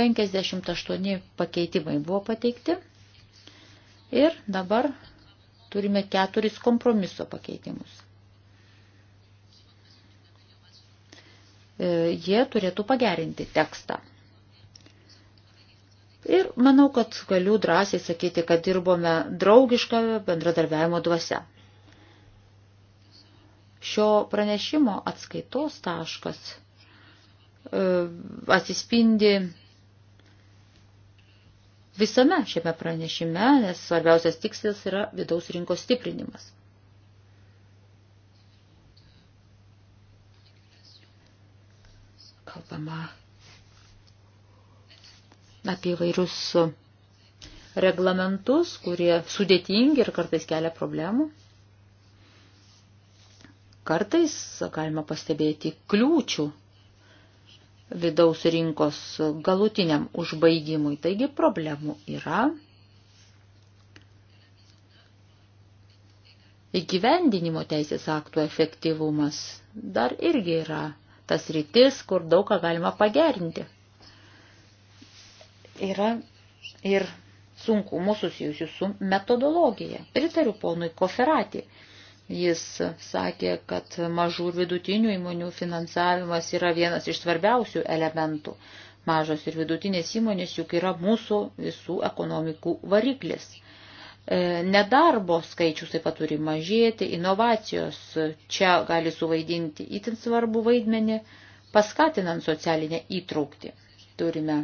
58 pakeitimai buvo pateikti ir dabar turime keturis kompromiso pakeitimus. E, jie turėtų pagerinti tekstą. Ir manau, kad galiu drąsiai sakyti, kad dirbome draugišką bendradarbiavimo dvasę. Šio pranešimo atskaitos taškas e, atsispindi visame šiame pranešime, nes svarbiausias tikslas yra vidaus rinkos stiprinimas. kalbama apie vairius reglamentus, kurie sudėtingi ir kartais kelia problemų. Kartais galima pastebėti kliūčių vidaus rinkos galutiniam užbaigimui. Taigi problemų yra. Įgyvendinimo teisės aktų efektyvumas dar irgi yra tas rytis, kur daug ką galima pagerinti. Yra ir sunkumų susijusių su metodologija. Pritariu ponui Koferatį. Jis sakė, kad mažų ir vidutinių įmonių finansavimas yra vienas iš svarbiausių elementų. Mažos ir vidutinės įmonės juk yra mūsų visų ekonomikų variklis. E, nedarbo skaičius taip pat turi mažėti, inovacijos čia gali suvaidinti itin svarbu vaidmenį, paskatinant socialinę įtraukti. Turime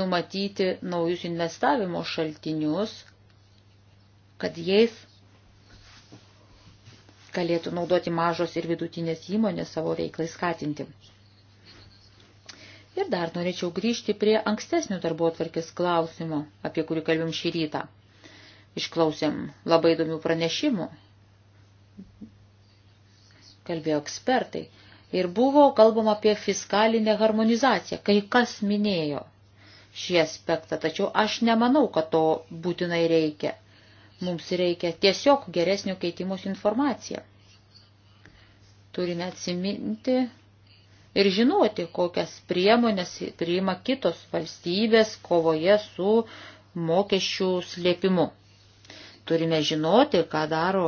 numatyti naujus investavimo šaltinius, kad jais galėtų naudoti mažos ir vidutinės įmonės savo veiklai skatinti. Ir dar norėčiau grįžti prie ankstesnių darbo atvarkės klausimo, apie kurį kalbėm šį rytą. Išklausėm labai įdomių pranešimų. Kalbėjo ekspertai. Ir buvo kalbama apie fiskalinę harmonizaciją. Kai kas minėjo šį aspektą, tačiau aš nemanau, kad to būtinai reikia. Mums reikia tiesiog geresnio keitimos informaciją. Turime atsiminti ir žinoti, kokias priemonės priima kitos valstybės kovoje su mokesčių slėpimu. Turime žinoti, ką daro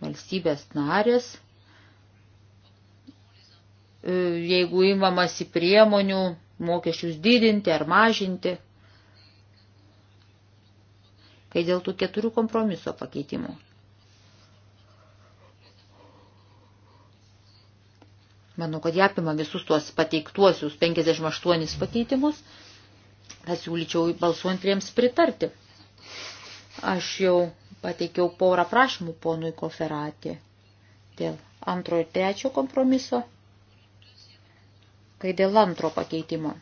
valstybės narės, e, jeigu imamasi priemonių mokesčius didinti ar mažinti, kai dėl tų keturių kompromiso pakeitimų. Manau, kad jie apima visus tuos pateiktuosius 58 pakeitimus. Aš siūlyčiau balsuojant jiems pritarti. Aš jau pateikiau porą prašymų ponui Koferatį dėl antro ir trečio kompromiso, kai dėl antro pakeitimo.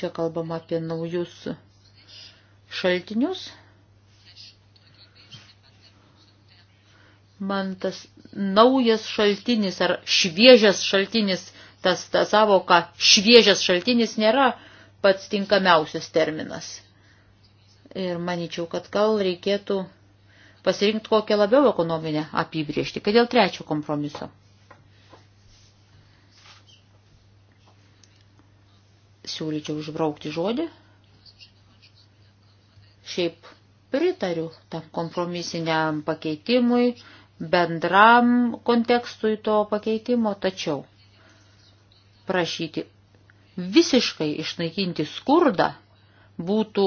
Čia kalbama apie naujus šaltinius. Man tas naujas šaltinis ar šviežias šaltinis tas ta savoka šviežias šaltinis nėra pats tinkamiausias terminas. Ir manyčiau, kad gal reikėtų pasirinkti kokią labiau ekonominę apibriežtį, kad dėl trečio kompromiso. Siūlyčiau užbraukti žodį. Šiaip pritariu tam kompromisiniam pakeitimui, bendram kontekstui to pakeitimo, tačiau prašyti visiškai išnaikinti skurdą būtų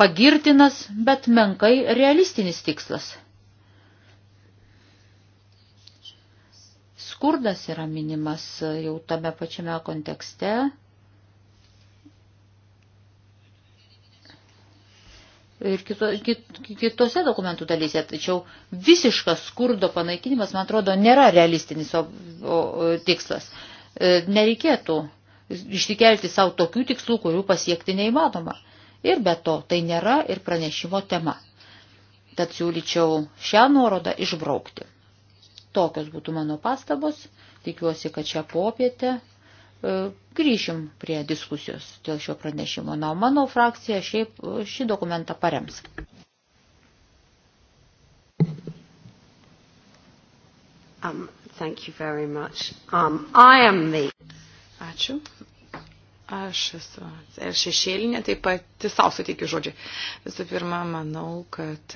pagirtinas, bet menkai realistinis tikslas. Skurdas yra minimas jau tame pačiame kontekste. ir kito, kit, kitose dokumentų dalyse, tačiau visiškas skurdo panaikinimas, man atrodo, nėra realistinis o, o, tikslas. E, nereikėtų ištikelti savo tokių tikslų, kurių pasiekti neįmanoma. Ir be to, tai nėra ir pranešimo tema. Tad siūlyčiau šią nuorodą išbraukti. Tokios būtų mano pastabos. Tikiuosi, kad šią popietę e, grįšim prie diskusijos dėl šio pranešimo. Na, mano frakcija šiaip e, šį dokumentą parems.
Um, Thank you very much.
Um, I am the... Ačiū. Aš esu ir šešėlinė, taip pat savo suteikiu žodžiai. Visų pirma, manau, kad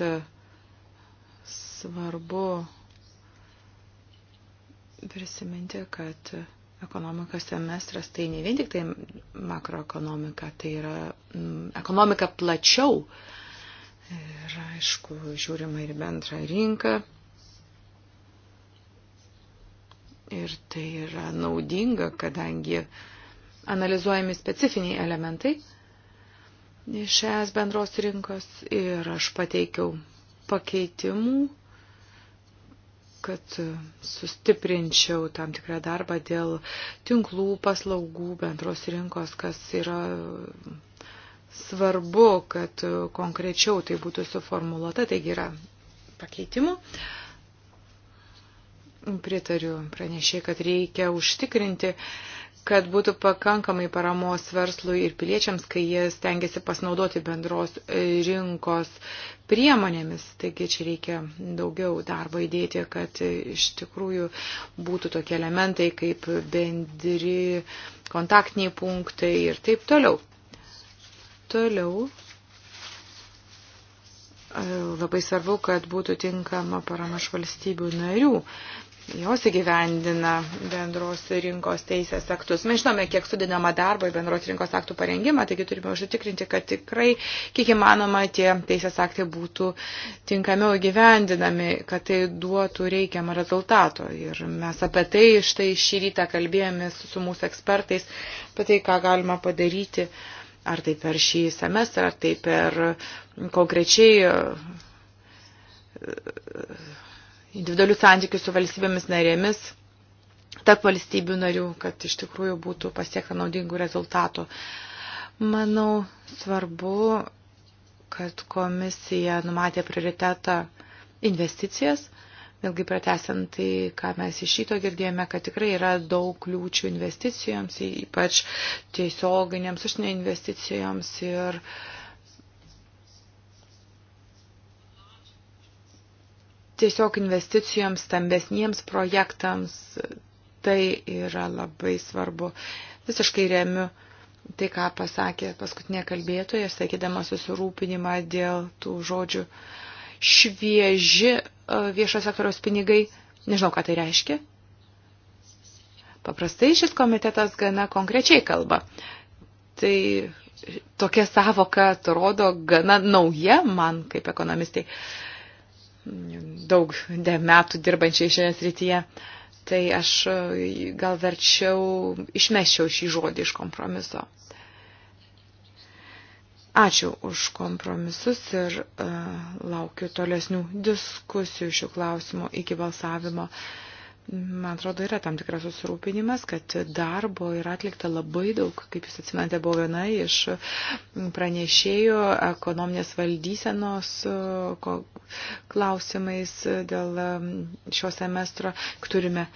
svarbu prisiminti, kad ekonomikos semestras tai ne vien tik tai makroekonomika, tai yra mm, ekonomika plačiau. Ir aišku, žiūrima ir bendrą rinką, Ir tai yra naudinga, kadangi analizuojami specifiniai elementai iš es bendros rinkos ir aš pateikiau pakeitimų, kad sustiprinčiau tam tikrą darbą dėl tinklų paslaugų bendros rinkos, kas yra svarbu, kad konkrečiau tai būtų suformuoluota, taigi yra pakeitimų. Uh, Pritariu pranešė, kad reikia užtikrinti, kad būtų pakankamai paramos verslui ir piliečiams, kai jie stengiasi pasinaudoti bendros rinkos priemonėmis. Taigi čia reikia daugiau darbo įdėti, kad iš tikrųjų būtų tokie elementai kaip bendri kontaktiniai punktai ir taip toliau. Toliau e, labai svarbu, kad būtų tinkama parama iš valstybių narių jos įgyvendina bendros rinkos teisės aktus. Mes žinome, kiek sudinama darbo į bendros rinkos aktų parengimą, taigi turime užtikrinti, kad tikrai, kiek įmanoma, tie teisės aktai būtų tinkamiau įgyvendinami, kad tai duotų reikiamą rezultato. Ir mes apie tai štai šį rytą kalbėjomės su mūsų ekspertais, apie tai, ką galima padaryti, ar tai per šį semestrą, ar tai per konkrečiai individualių santykių su valstybėmis narėmis tarp valstybių narių, kad iš tikrųjų būtų pasiekta naudingų rezultatų. Manau, svarbu, kad komisija numatė prioritetą investicijas. Vėlgi pratesiant tai, ką mes iš šito girdėjome, kad tikrai yra daug kliūčių investicijoms, ypač tiesioginėms užsienio investicijoms ir uh, tiesiog investicijoms, stambesniems projektams. Tai yra labai svarbu. Visiškai remiu tai, ką pasakė paskutinė kalbėtoja, sakydama susirūpinimą dėl tų žodžių švieži e, viešo sektoriaus pinigai. Nežinau, ką tai reiškia. Paprastai šis komitetas gana konkrečiai kalba. Tai tokia savoka atrodo gana nauja man kaip ekonomistai. Uh, daug metų dirbančiai šioje srityje, tai aš e, gal verčiau išmeščiau šį žodį iš kompromiso. Ačiū už kompromisus ir uh, laukiu tolesnių diskusijų šių klausimų iki balsavimo. Uh, Man atrodo, yra tam tikras susirūpinimas, kad darbo yra atlikta labai daug. Kaip jūs atsimenate, buvo viena iš pranešėjų ekonominės valdysenos e, klausimais dėl šio semestro. Turime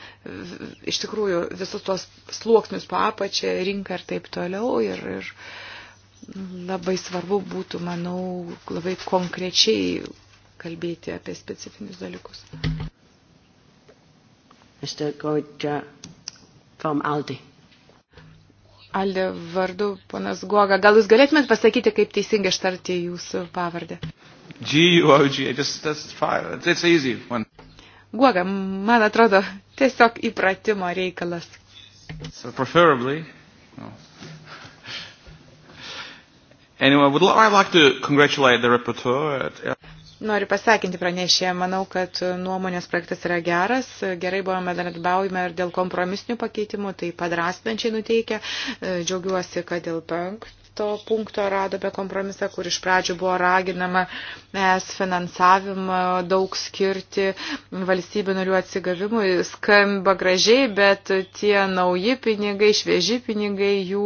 iš tikrųjų visus tuos sluoksnius po apačią, rinką ir taip toliau. Ir, ir labai svarbu būtų, manau, labai konkrečiai kalbėti apie specifinius dalykus.
Mr. Goja from Aldi.
Aldė vardu, ponas Guoga, gal jūs galėtumėt pasakyti, kaip teisingai ištarti jūsų pavardę?
G-U-O-G, just, that's fine, it's easy. One.
Guoga, man atrodo, tiesiog įpratimo reikalas.
So preferably, no. Anyway, would I like to congratulate the rapporteur. At...
Noriu pasakinti pranešėją, manau, kad nuomonės projektas yra geras, gerai buvome darbiaujame ir dėl kompromisinių pakeitimų, tai padrasnančiai nuteikia. Džiaugiuosi, kad dėl penkto to punkto radome kompromisą, kur iš pradžių buvo raginama es finansavimą daug skirti valstybių narių atsigavimui. Skamba gražiai, bet tie nauji pinigai, švieži pinigai, jų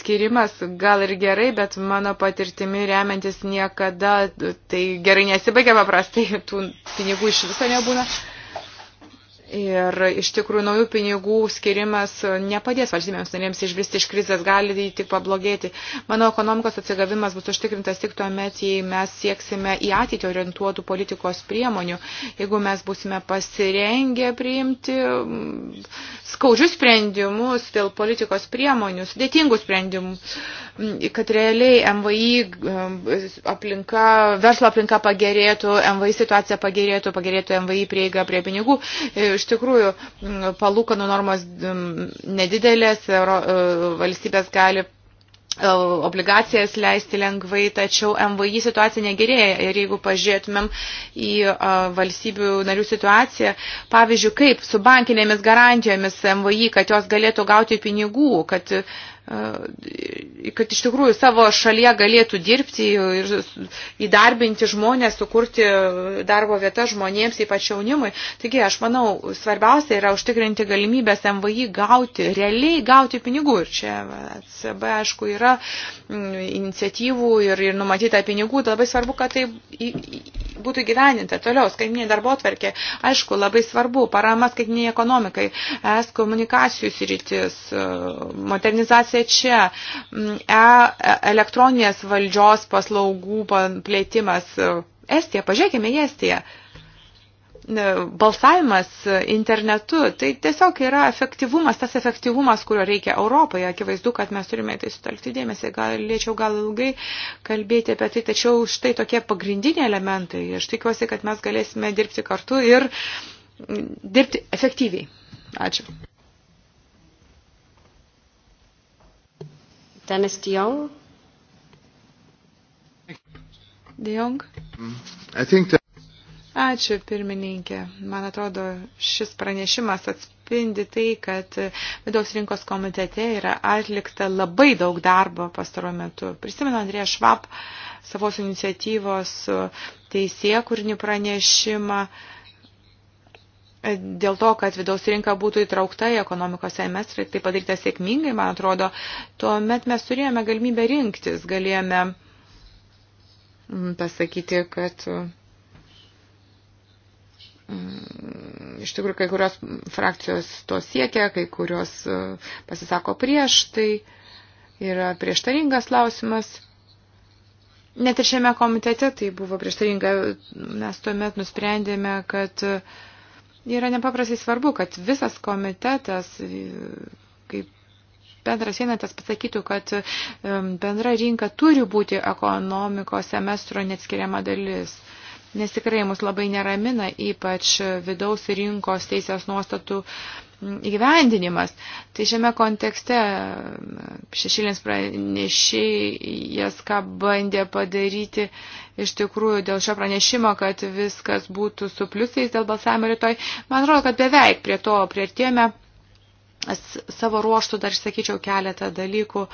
skirimas gal ir gerai, bet mano patirtimi remiantis niekada tai gerai nesibaigia paprastai, tų pinigų iš viso nebūna. Ir iš tikrųjų naujų pinigų skirimas nepadės valstybėms narėms išbristi iš krizės, gali tik pablogėti. Mano ekonomikos atsigavimas bus užtikrintas tik tuo met, jei mes sieksime į ateitį orientuotų politikos priemonių, jeigu mes būsime pasirengę priimti mm, skaudžius sprendimus dėl politikos priemonių, sudėtingų sprendimų, mm, kad realiai MVI mm, aplinka, verslo aplinka pagerėtų, MVI situacija pagerėtų, pagerėtų MVI prieiga prie pinigų e, iš tikrųjų palūkanų normos nedidelės, e, valstybės gali e, obligacijas leisti lengvai, tačiau MVI situacija negerėja. Ir jeigu pažiūrėtumėm į e, valstybių narių situaciją, pavyzdžiui, kaip su bankinėmis garantijomis MVI, kad jos galėtų gauti pinigų, kad uh, E, kad iš tikrųjų savo šalyje galėtų dirbti ir įdarbinti žmonės, sukurti darbo vietą žmonėms, ypač jaunimui. Taigi, aš manau, svarbiausia yra užtikrinti galimybės MVI gauti, realiai gauti pinigų. Ir čia CB, aišku, yra iniciatyvų ir, ir numatyta pinigų. Tai labai svarbu, kad tai būtų gyveninta toliau, skaitminė darbo tvarkė. Aišku, labai svarbu, parama skaitminė ekonomikai, es komunikacijų sritis, e, modernizacija pirmiausia čia e, e elektroninės valdžios paslaugų plėtimas. E, Estija, pažiūrėkime į Estiją e, balsavimas internetu, tai tiesiog yra efektyvumas, tas efektyvumas, kurio reikia Europoje. Akivaizdu, kad mes turime tai sutelkti dėmesį, galėčiau gal ilgai kalbėti apie tai, tačiau štai tokie pagrindiniai elementai. Aš tikiuosi, kad mes galėsime dirbti kartu ir dirbti efektyviai. Ačiū. Dennis de Jong. De Jong. That... Ačiū, pirmininkė. Man atrodo, šis pranešimas atspindi tai, kad vidaus rinkos komitete yra atlikta labai daug darbo pastaro metu. Prisimenu Andrėją Švab savos iniciatyvos teisė kūrinį pranešimą. Uh, dėl to, kad vidaus rinka būtų įtraukta į ekonomikos semestrą ir tai padaryta sėkmingai, man atrodo, tuomet mes turėjome galimybę rinktis, galėjome mm, pasakyti, kad mm, iš tikrųjų kai kurios frakcijos to siekia, kai kurios e, pasisako prieš, tai yra prieštaringas klausimas. Net ir šiame komitete tai buvo prieštaringa, mes tuomet nusprendėme, kad uh, yra nepaprastai svarbu, kad visas komitetas, kaip bendras vienetas pasakytų, kad bendra rinka turi būti ekonomikos semestro neatskiriama dalis. Nes tikrai mus labai neramina, ypač vidaus rinkos teisės nuostatų uh, įgyvendinimas. Tai šiame kontekste šešilins pranešėjas, ką bandė padaryti iš tikrųjų dėl šio pranešimo, kad viskas būtų su pliusais dėl balsavimo rytoj. Man atrodo, kad beveik prie to prieartėjome. Savo ruoštų dar sakyčiau keletą dalykų,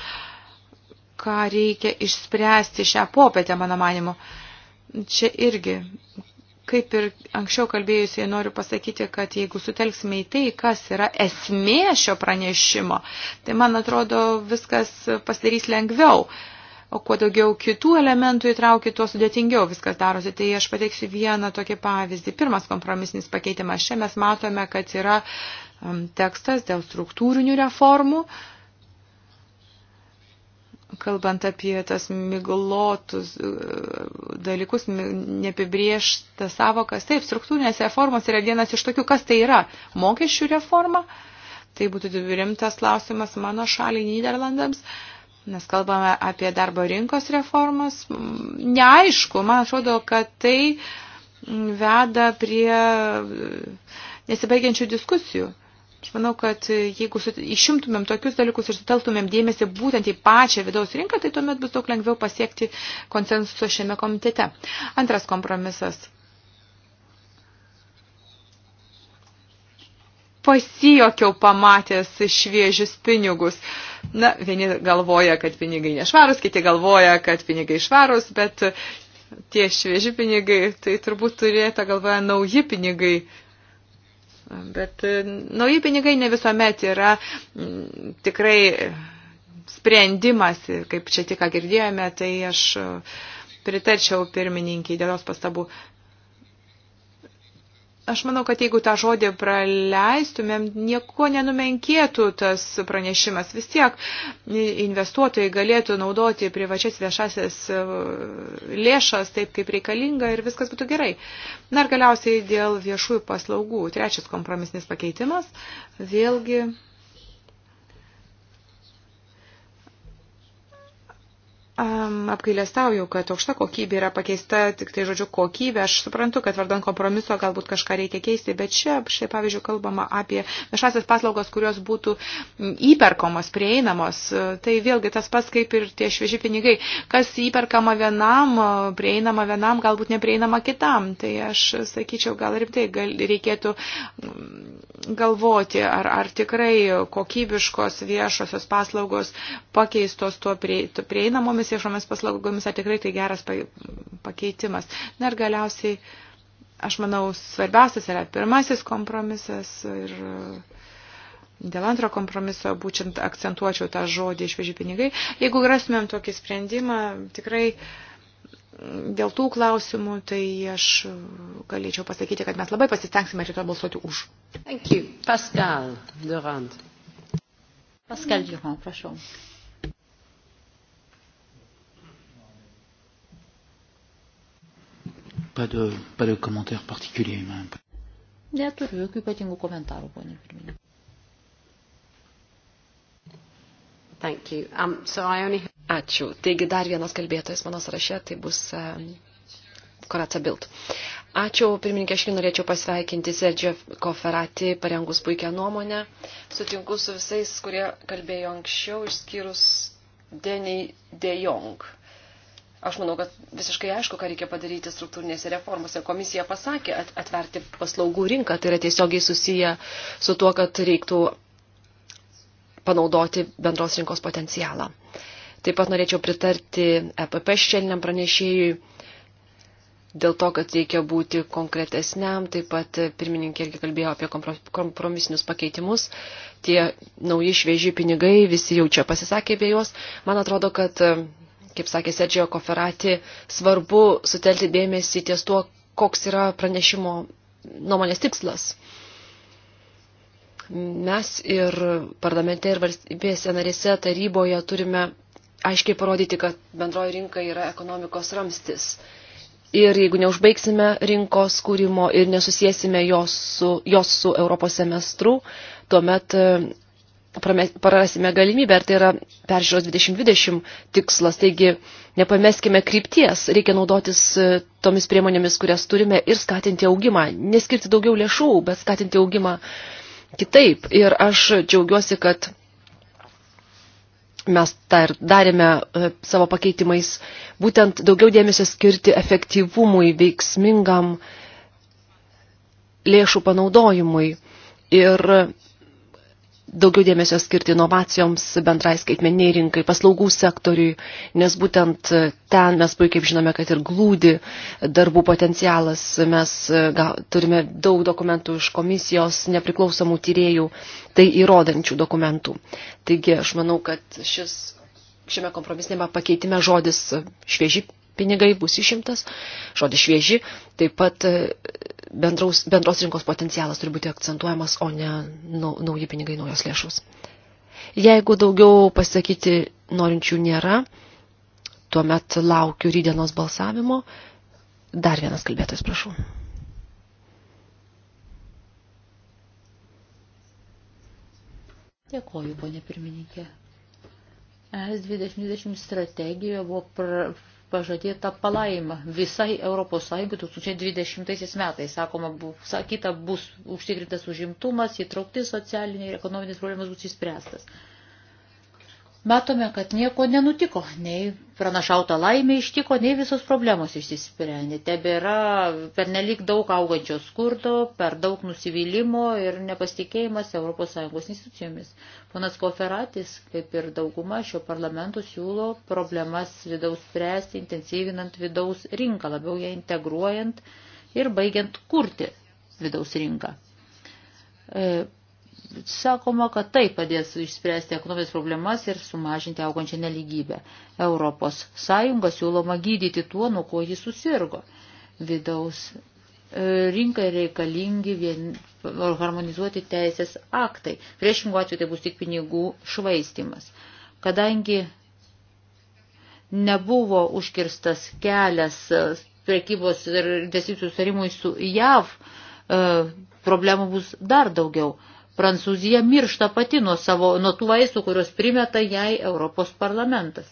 ką reikia išspręsti šią popietę, mano manimu. Čia irgi kaip ir anksčiau kalbėjusiai noriu pasakyti, kad jeigu sutelksime į tai, kas yra esmė šio pranešimo, tai man atrodo viskas pasidarys lengviau. O kuo daugiau kitų elementų įtrauki, tuo sudėtingiau viskas darosi. Tai aš pateiksiu vieną tokį pavyzdį. Pirmas kompromisinis pakeitimas. Čia mes matome, kad yra um, tekstas dėl struktūrinių reformų, kalbant apie tas miglotus dalykus, neapibriežtą savokas. Taip, struktūrinės reformos yra vienas iš tokių, kas tai yra. Mokesčių reforma, tai būtų rimtas klausimas mano šaliai Niderlandams. Mes kalbame apie darbo rinkos reformas. Mm, neaišku, man atrodo, kad tai mm, veda prie mm, nesibaigiančių diskusijų. Aš manau, kad jeigu išimtumėm tokius dalykus ir suteltumėm dėmesį būtent į pačią vidaus rinką, tai tuomet bus daug lengviau pasiekti konsensuso šiame komitete. Antras kompromisas. pasijokiau pamatęs šviežius pinigus. Na, vieni galvoja, kad pinigai nešvarus, kiti galvoja, kad pinigai švarus, bet tie švieži pinigai, tai turbūt turėta galvoje nauji pinigai, Bet e, nauji pinigai ne visuomet yra tikrai sprendimas, kaip čia tik girdėjome, tai aš e, pritarčiau pirmininkiai dėl jos pastabų. Aš manau, kad jeigu tą žodį praleistumėm, nieko nenumenkėtų tas pranešimas. Vis tiek investuotojai galėtų naudoti privačias viešasias e, lėšas taip, kaip reikalinga ir viskas būtų gerai. Na ir galiausiai dėl viešųjų paslaugų. Trečias kompromisinis pakeitimas. Vėlgi apgailestauju, kad aukšta kokybė yra pakeista, tik tai žodžiu kokybė. Aš suprantu, kad vardan kompromiso galbūt kažką reikia keisti, bet čia, štai pavyzdžiui, kalbama apie viešasias paslaugas, kurios būtų įperkomos, prieinamos. Tai vėlgi tas pats kaip ir tie švieži pinigai. Kas įperkama vienam, prieinama vienam, galbūt neprieinama kitam. Tai aš sakyčiau, gal rimtai gal, reikėtų mm, galvoti, ar, ar tikrai kokybiškos viešosios paslaugos pakeistos tuo prie, prieinamomis tomis viešomis paslaugomis, ar tikrai tai geras pakeitimas. Na ir galiausiai, aš manau, svarbiausias yra pirmasis kompromisas ir e, dėl antro kompromiso būtent akcentuočiau tą žodį išveži pinigai. Jeigu rasmėm tokį sprendimą, tikrai dėl tų klausimų, tai aš galėčiau pasakyti, kad mes labai pasistengsime rytoj balsuoti už. Thank you.
Pascal Durand.
Pascal
Durand, prašau.
Pas de, pas de commentaires particuliers.
Neturiu jokių ypatingų komentarų, ponė pirmininkė.
Thank you. Um, so I only... Ačiū. Taigi dar vienas kalbėtojas mano sąraše, tai bus um, Koraca Bild. Ačiū, pirmininkė, aš norėčiau pasveikinti Sergio Koferati, parengus puikią nuomonę. Sutinku su visais, kurie kalbėjo anksčiau, išskyrus Denny De Jong. Aš manau, kad visiškai aišku, ką reikia padaryti struktūrinėse reformose. Komisija pasakė at, atverti paslaugų rinką, tai yra tiesiogiai susiję su tuo, kad reiktų panaudoti bendros rinkos potencialą. Taip pat norėčiau pritarti EPP šešėliniam pranešėjui dėl to, kad reikia būti konkretesniam, taip pat pirmininkė irgi kalbėjo apie kompromisinius pakeitimus, tie nauji švieži pinigai, visi jau čia pasisakė apie juos. Man atrodo, kad kaip sakė Sergio Koferati, svarbu sutelti dėmesį ties tuo, koks yra pranešimo nuomonės tikslas. Mes ir parlamente, ir valstybėse narėse taryboje turime aiškiai parodyti, kad bendroji rinka yra ekonomikos ramstis. Ir jeigu neužbaigsime rinkos kūrimo ir nesusiesime jos su, jos su Europos semestru, tuomet prarasime galimybę, ar tai yra peržiūros 2020 tikslas. Taigi nepameskime krypties, reikia naudotis e, tomis priemonėmis, kurias turime ir skatinti augimą. Neskirti daugiau lėšų, bet skatinti augimą kitaip. Ir aš džiaugiuosi, kad mes tą ir darėme e, savo pakeitimais, būtent daugiau dėmesio skirti efektyvumui, veiksmingam lėšų panaudojimui. Ir daugiau dėmesio skirti inovacijoms, bendrai skaitmeniai rinkai, paslaugų sektoriui, nes būtent ten mes puikiai žinome, kad ir glūdi darbų potencialas. Mes e, ga, turime daug dokumentų iš komisijos, nepriklausomų tyriejų, tai įrodančių dokumentų. Taigi aš manau, kad šis, šiame kompromisinėme pakeitime žodis švieži pinigai bus išimtas, žodis švieži, taip pat e, bendraus, bendros rinkos potencialas turi būti akcentuojamas, o ne nau, nauji pinigai, naujos lėšos. Jeigu daugiau pasakyti norinčių nėra, tuomet laukiu rydienos balsavimo. Dar vienas kalbėtojas, prašau.
Dėkoju, ponė pirmininkė. ES 2020 strategijoje buvo pažadėta palaima visai ES 2020 metais. Sakoma, bu, sakyta, bus užtikrintas užimtumas, įtraukti socialiniai ir ekonominės problemas bus įspręstas matome, kad nieko nenutiko, nei pranašauta laimė ištiko, nei visos problemos išsisprendė. Tebėra per nelik daug augančio skurdo, per daug nusivylimo ir nepasitikėjimas ES institucijomis. Ponas Koferatis, kaip ir dauguma šio parlamento, siūlo problemas vidaus spręsti, intensyvinant vidaus rinką, labiau ją integruojant ir baigiant kurti vidaus rinką. E, Sakoma, kad tai padės išspręsti ekonomijos problemas ir sumažinti augančią neligybę. Europos Sąjunga siūloma gydyti tuo, nuo ko jis susirgo. Vidaus e, rinkai reikalingi vien, harmonizuoti teisės aktai. Priešingų atveju tai bus tik pinigų švaistimas. Kadangi nebuvo užkirstas kelias e, prekybos ir investicijų sutarimui su JAV, e, problemų bus dar daugiau. Prancūzija miršta pati nuo, savo, nuo tų vaistų, kurios primeta jai Europos parlamentas.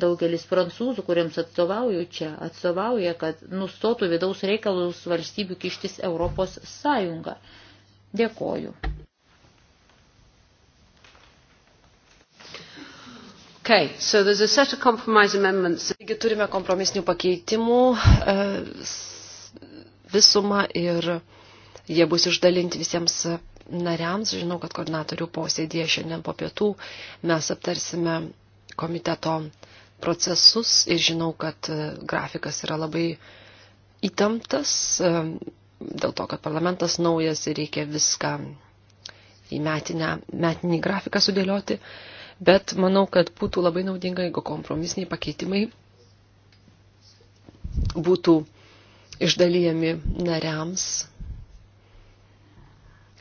Daugelis prancūzų, kuriems atstovauju čia, atstovauja, kad nustotų vidaus reikalus valstybių kištis Europos Sąjunga. Dėkoju.
Okay, so there's a set of compromise amendments. Taigi turime kompromisinių pakeitimų e, visumą ir jie bus išdalinti visiems nariams. Žinau, kad koordinatorių posėdėje šiandien po pietų mes aptarsime komiteto procesus ir žinau, kad e, grafikas yra labai įtemptas e, dėl to, kad parlamentas naujas ir reikia viską į metinę, metinį grafiką sudėlioti, bet manau, kad būtų labai naudinga, jeigu kompromisiniai pakeitimai būtų išdalyjami nariams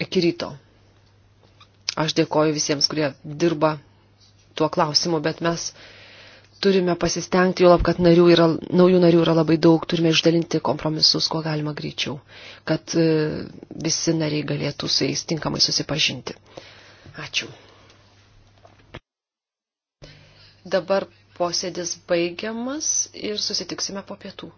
iki ryto. Aš dėkoju visiems, kurie dirba tuo klausimu, bet mes turime pasistengti, jo lab, kad narių yra, naujų narių yra labai daug, turime išdalinti kompromisus, kuo galima greičiau, kad e, visi nariai galėtų su jais tinkamai susipažinti. Ačiū. Dabar posėdis baigiamas ir susitiksime po pietų.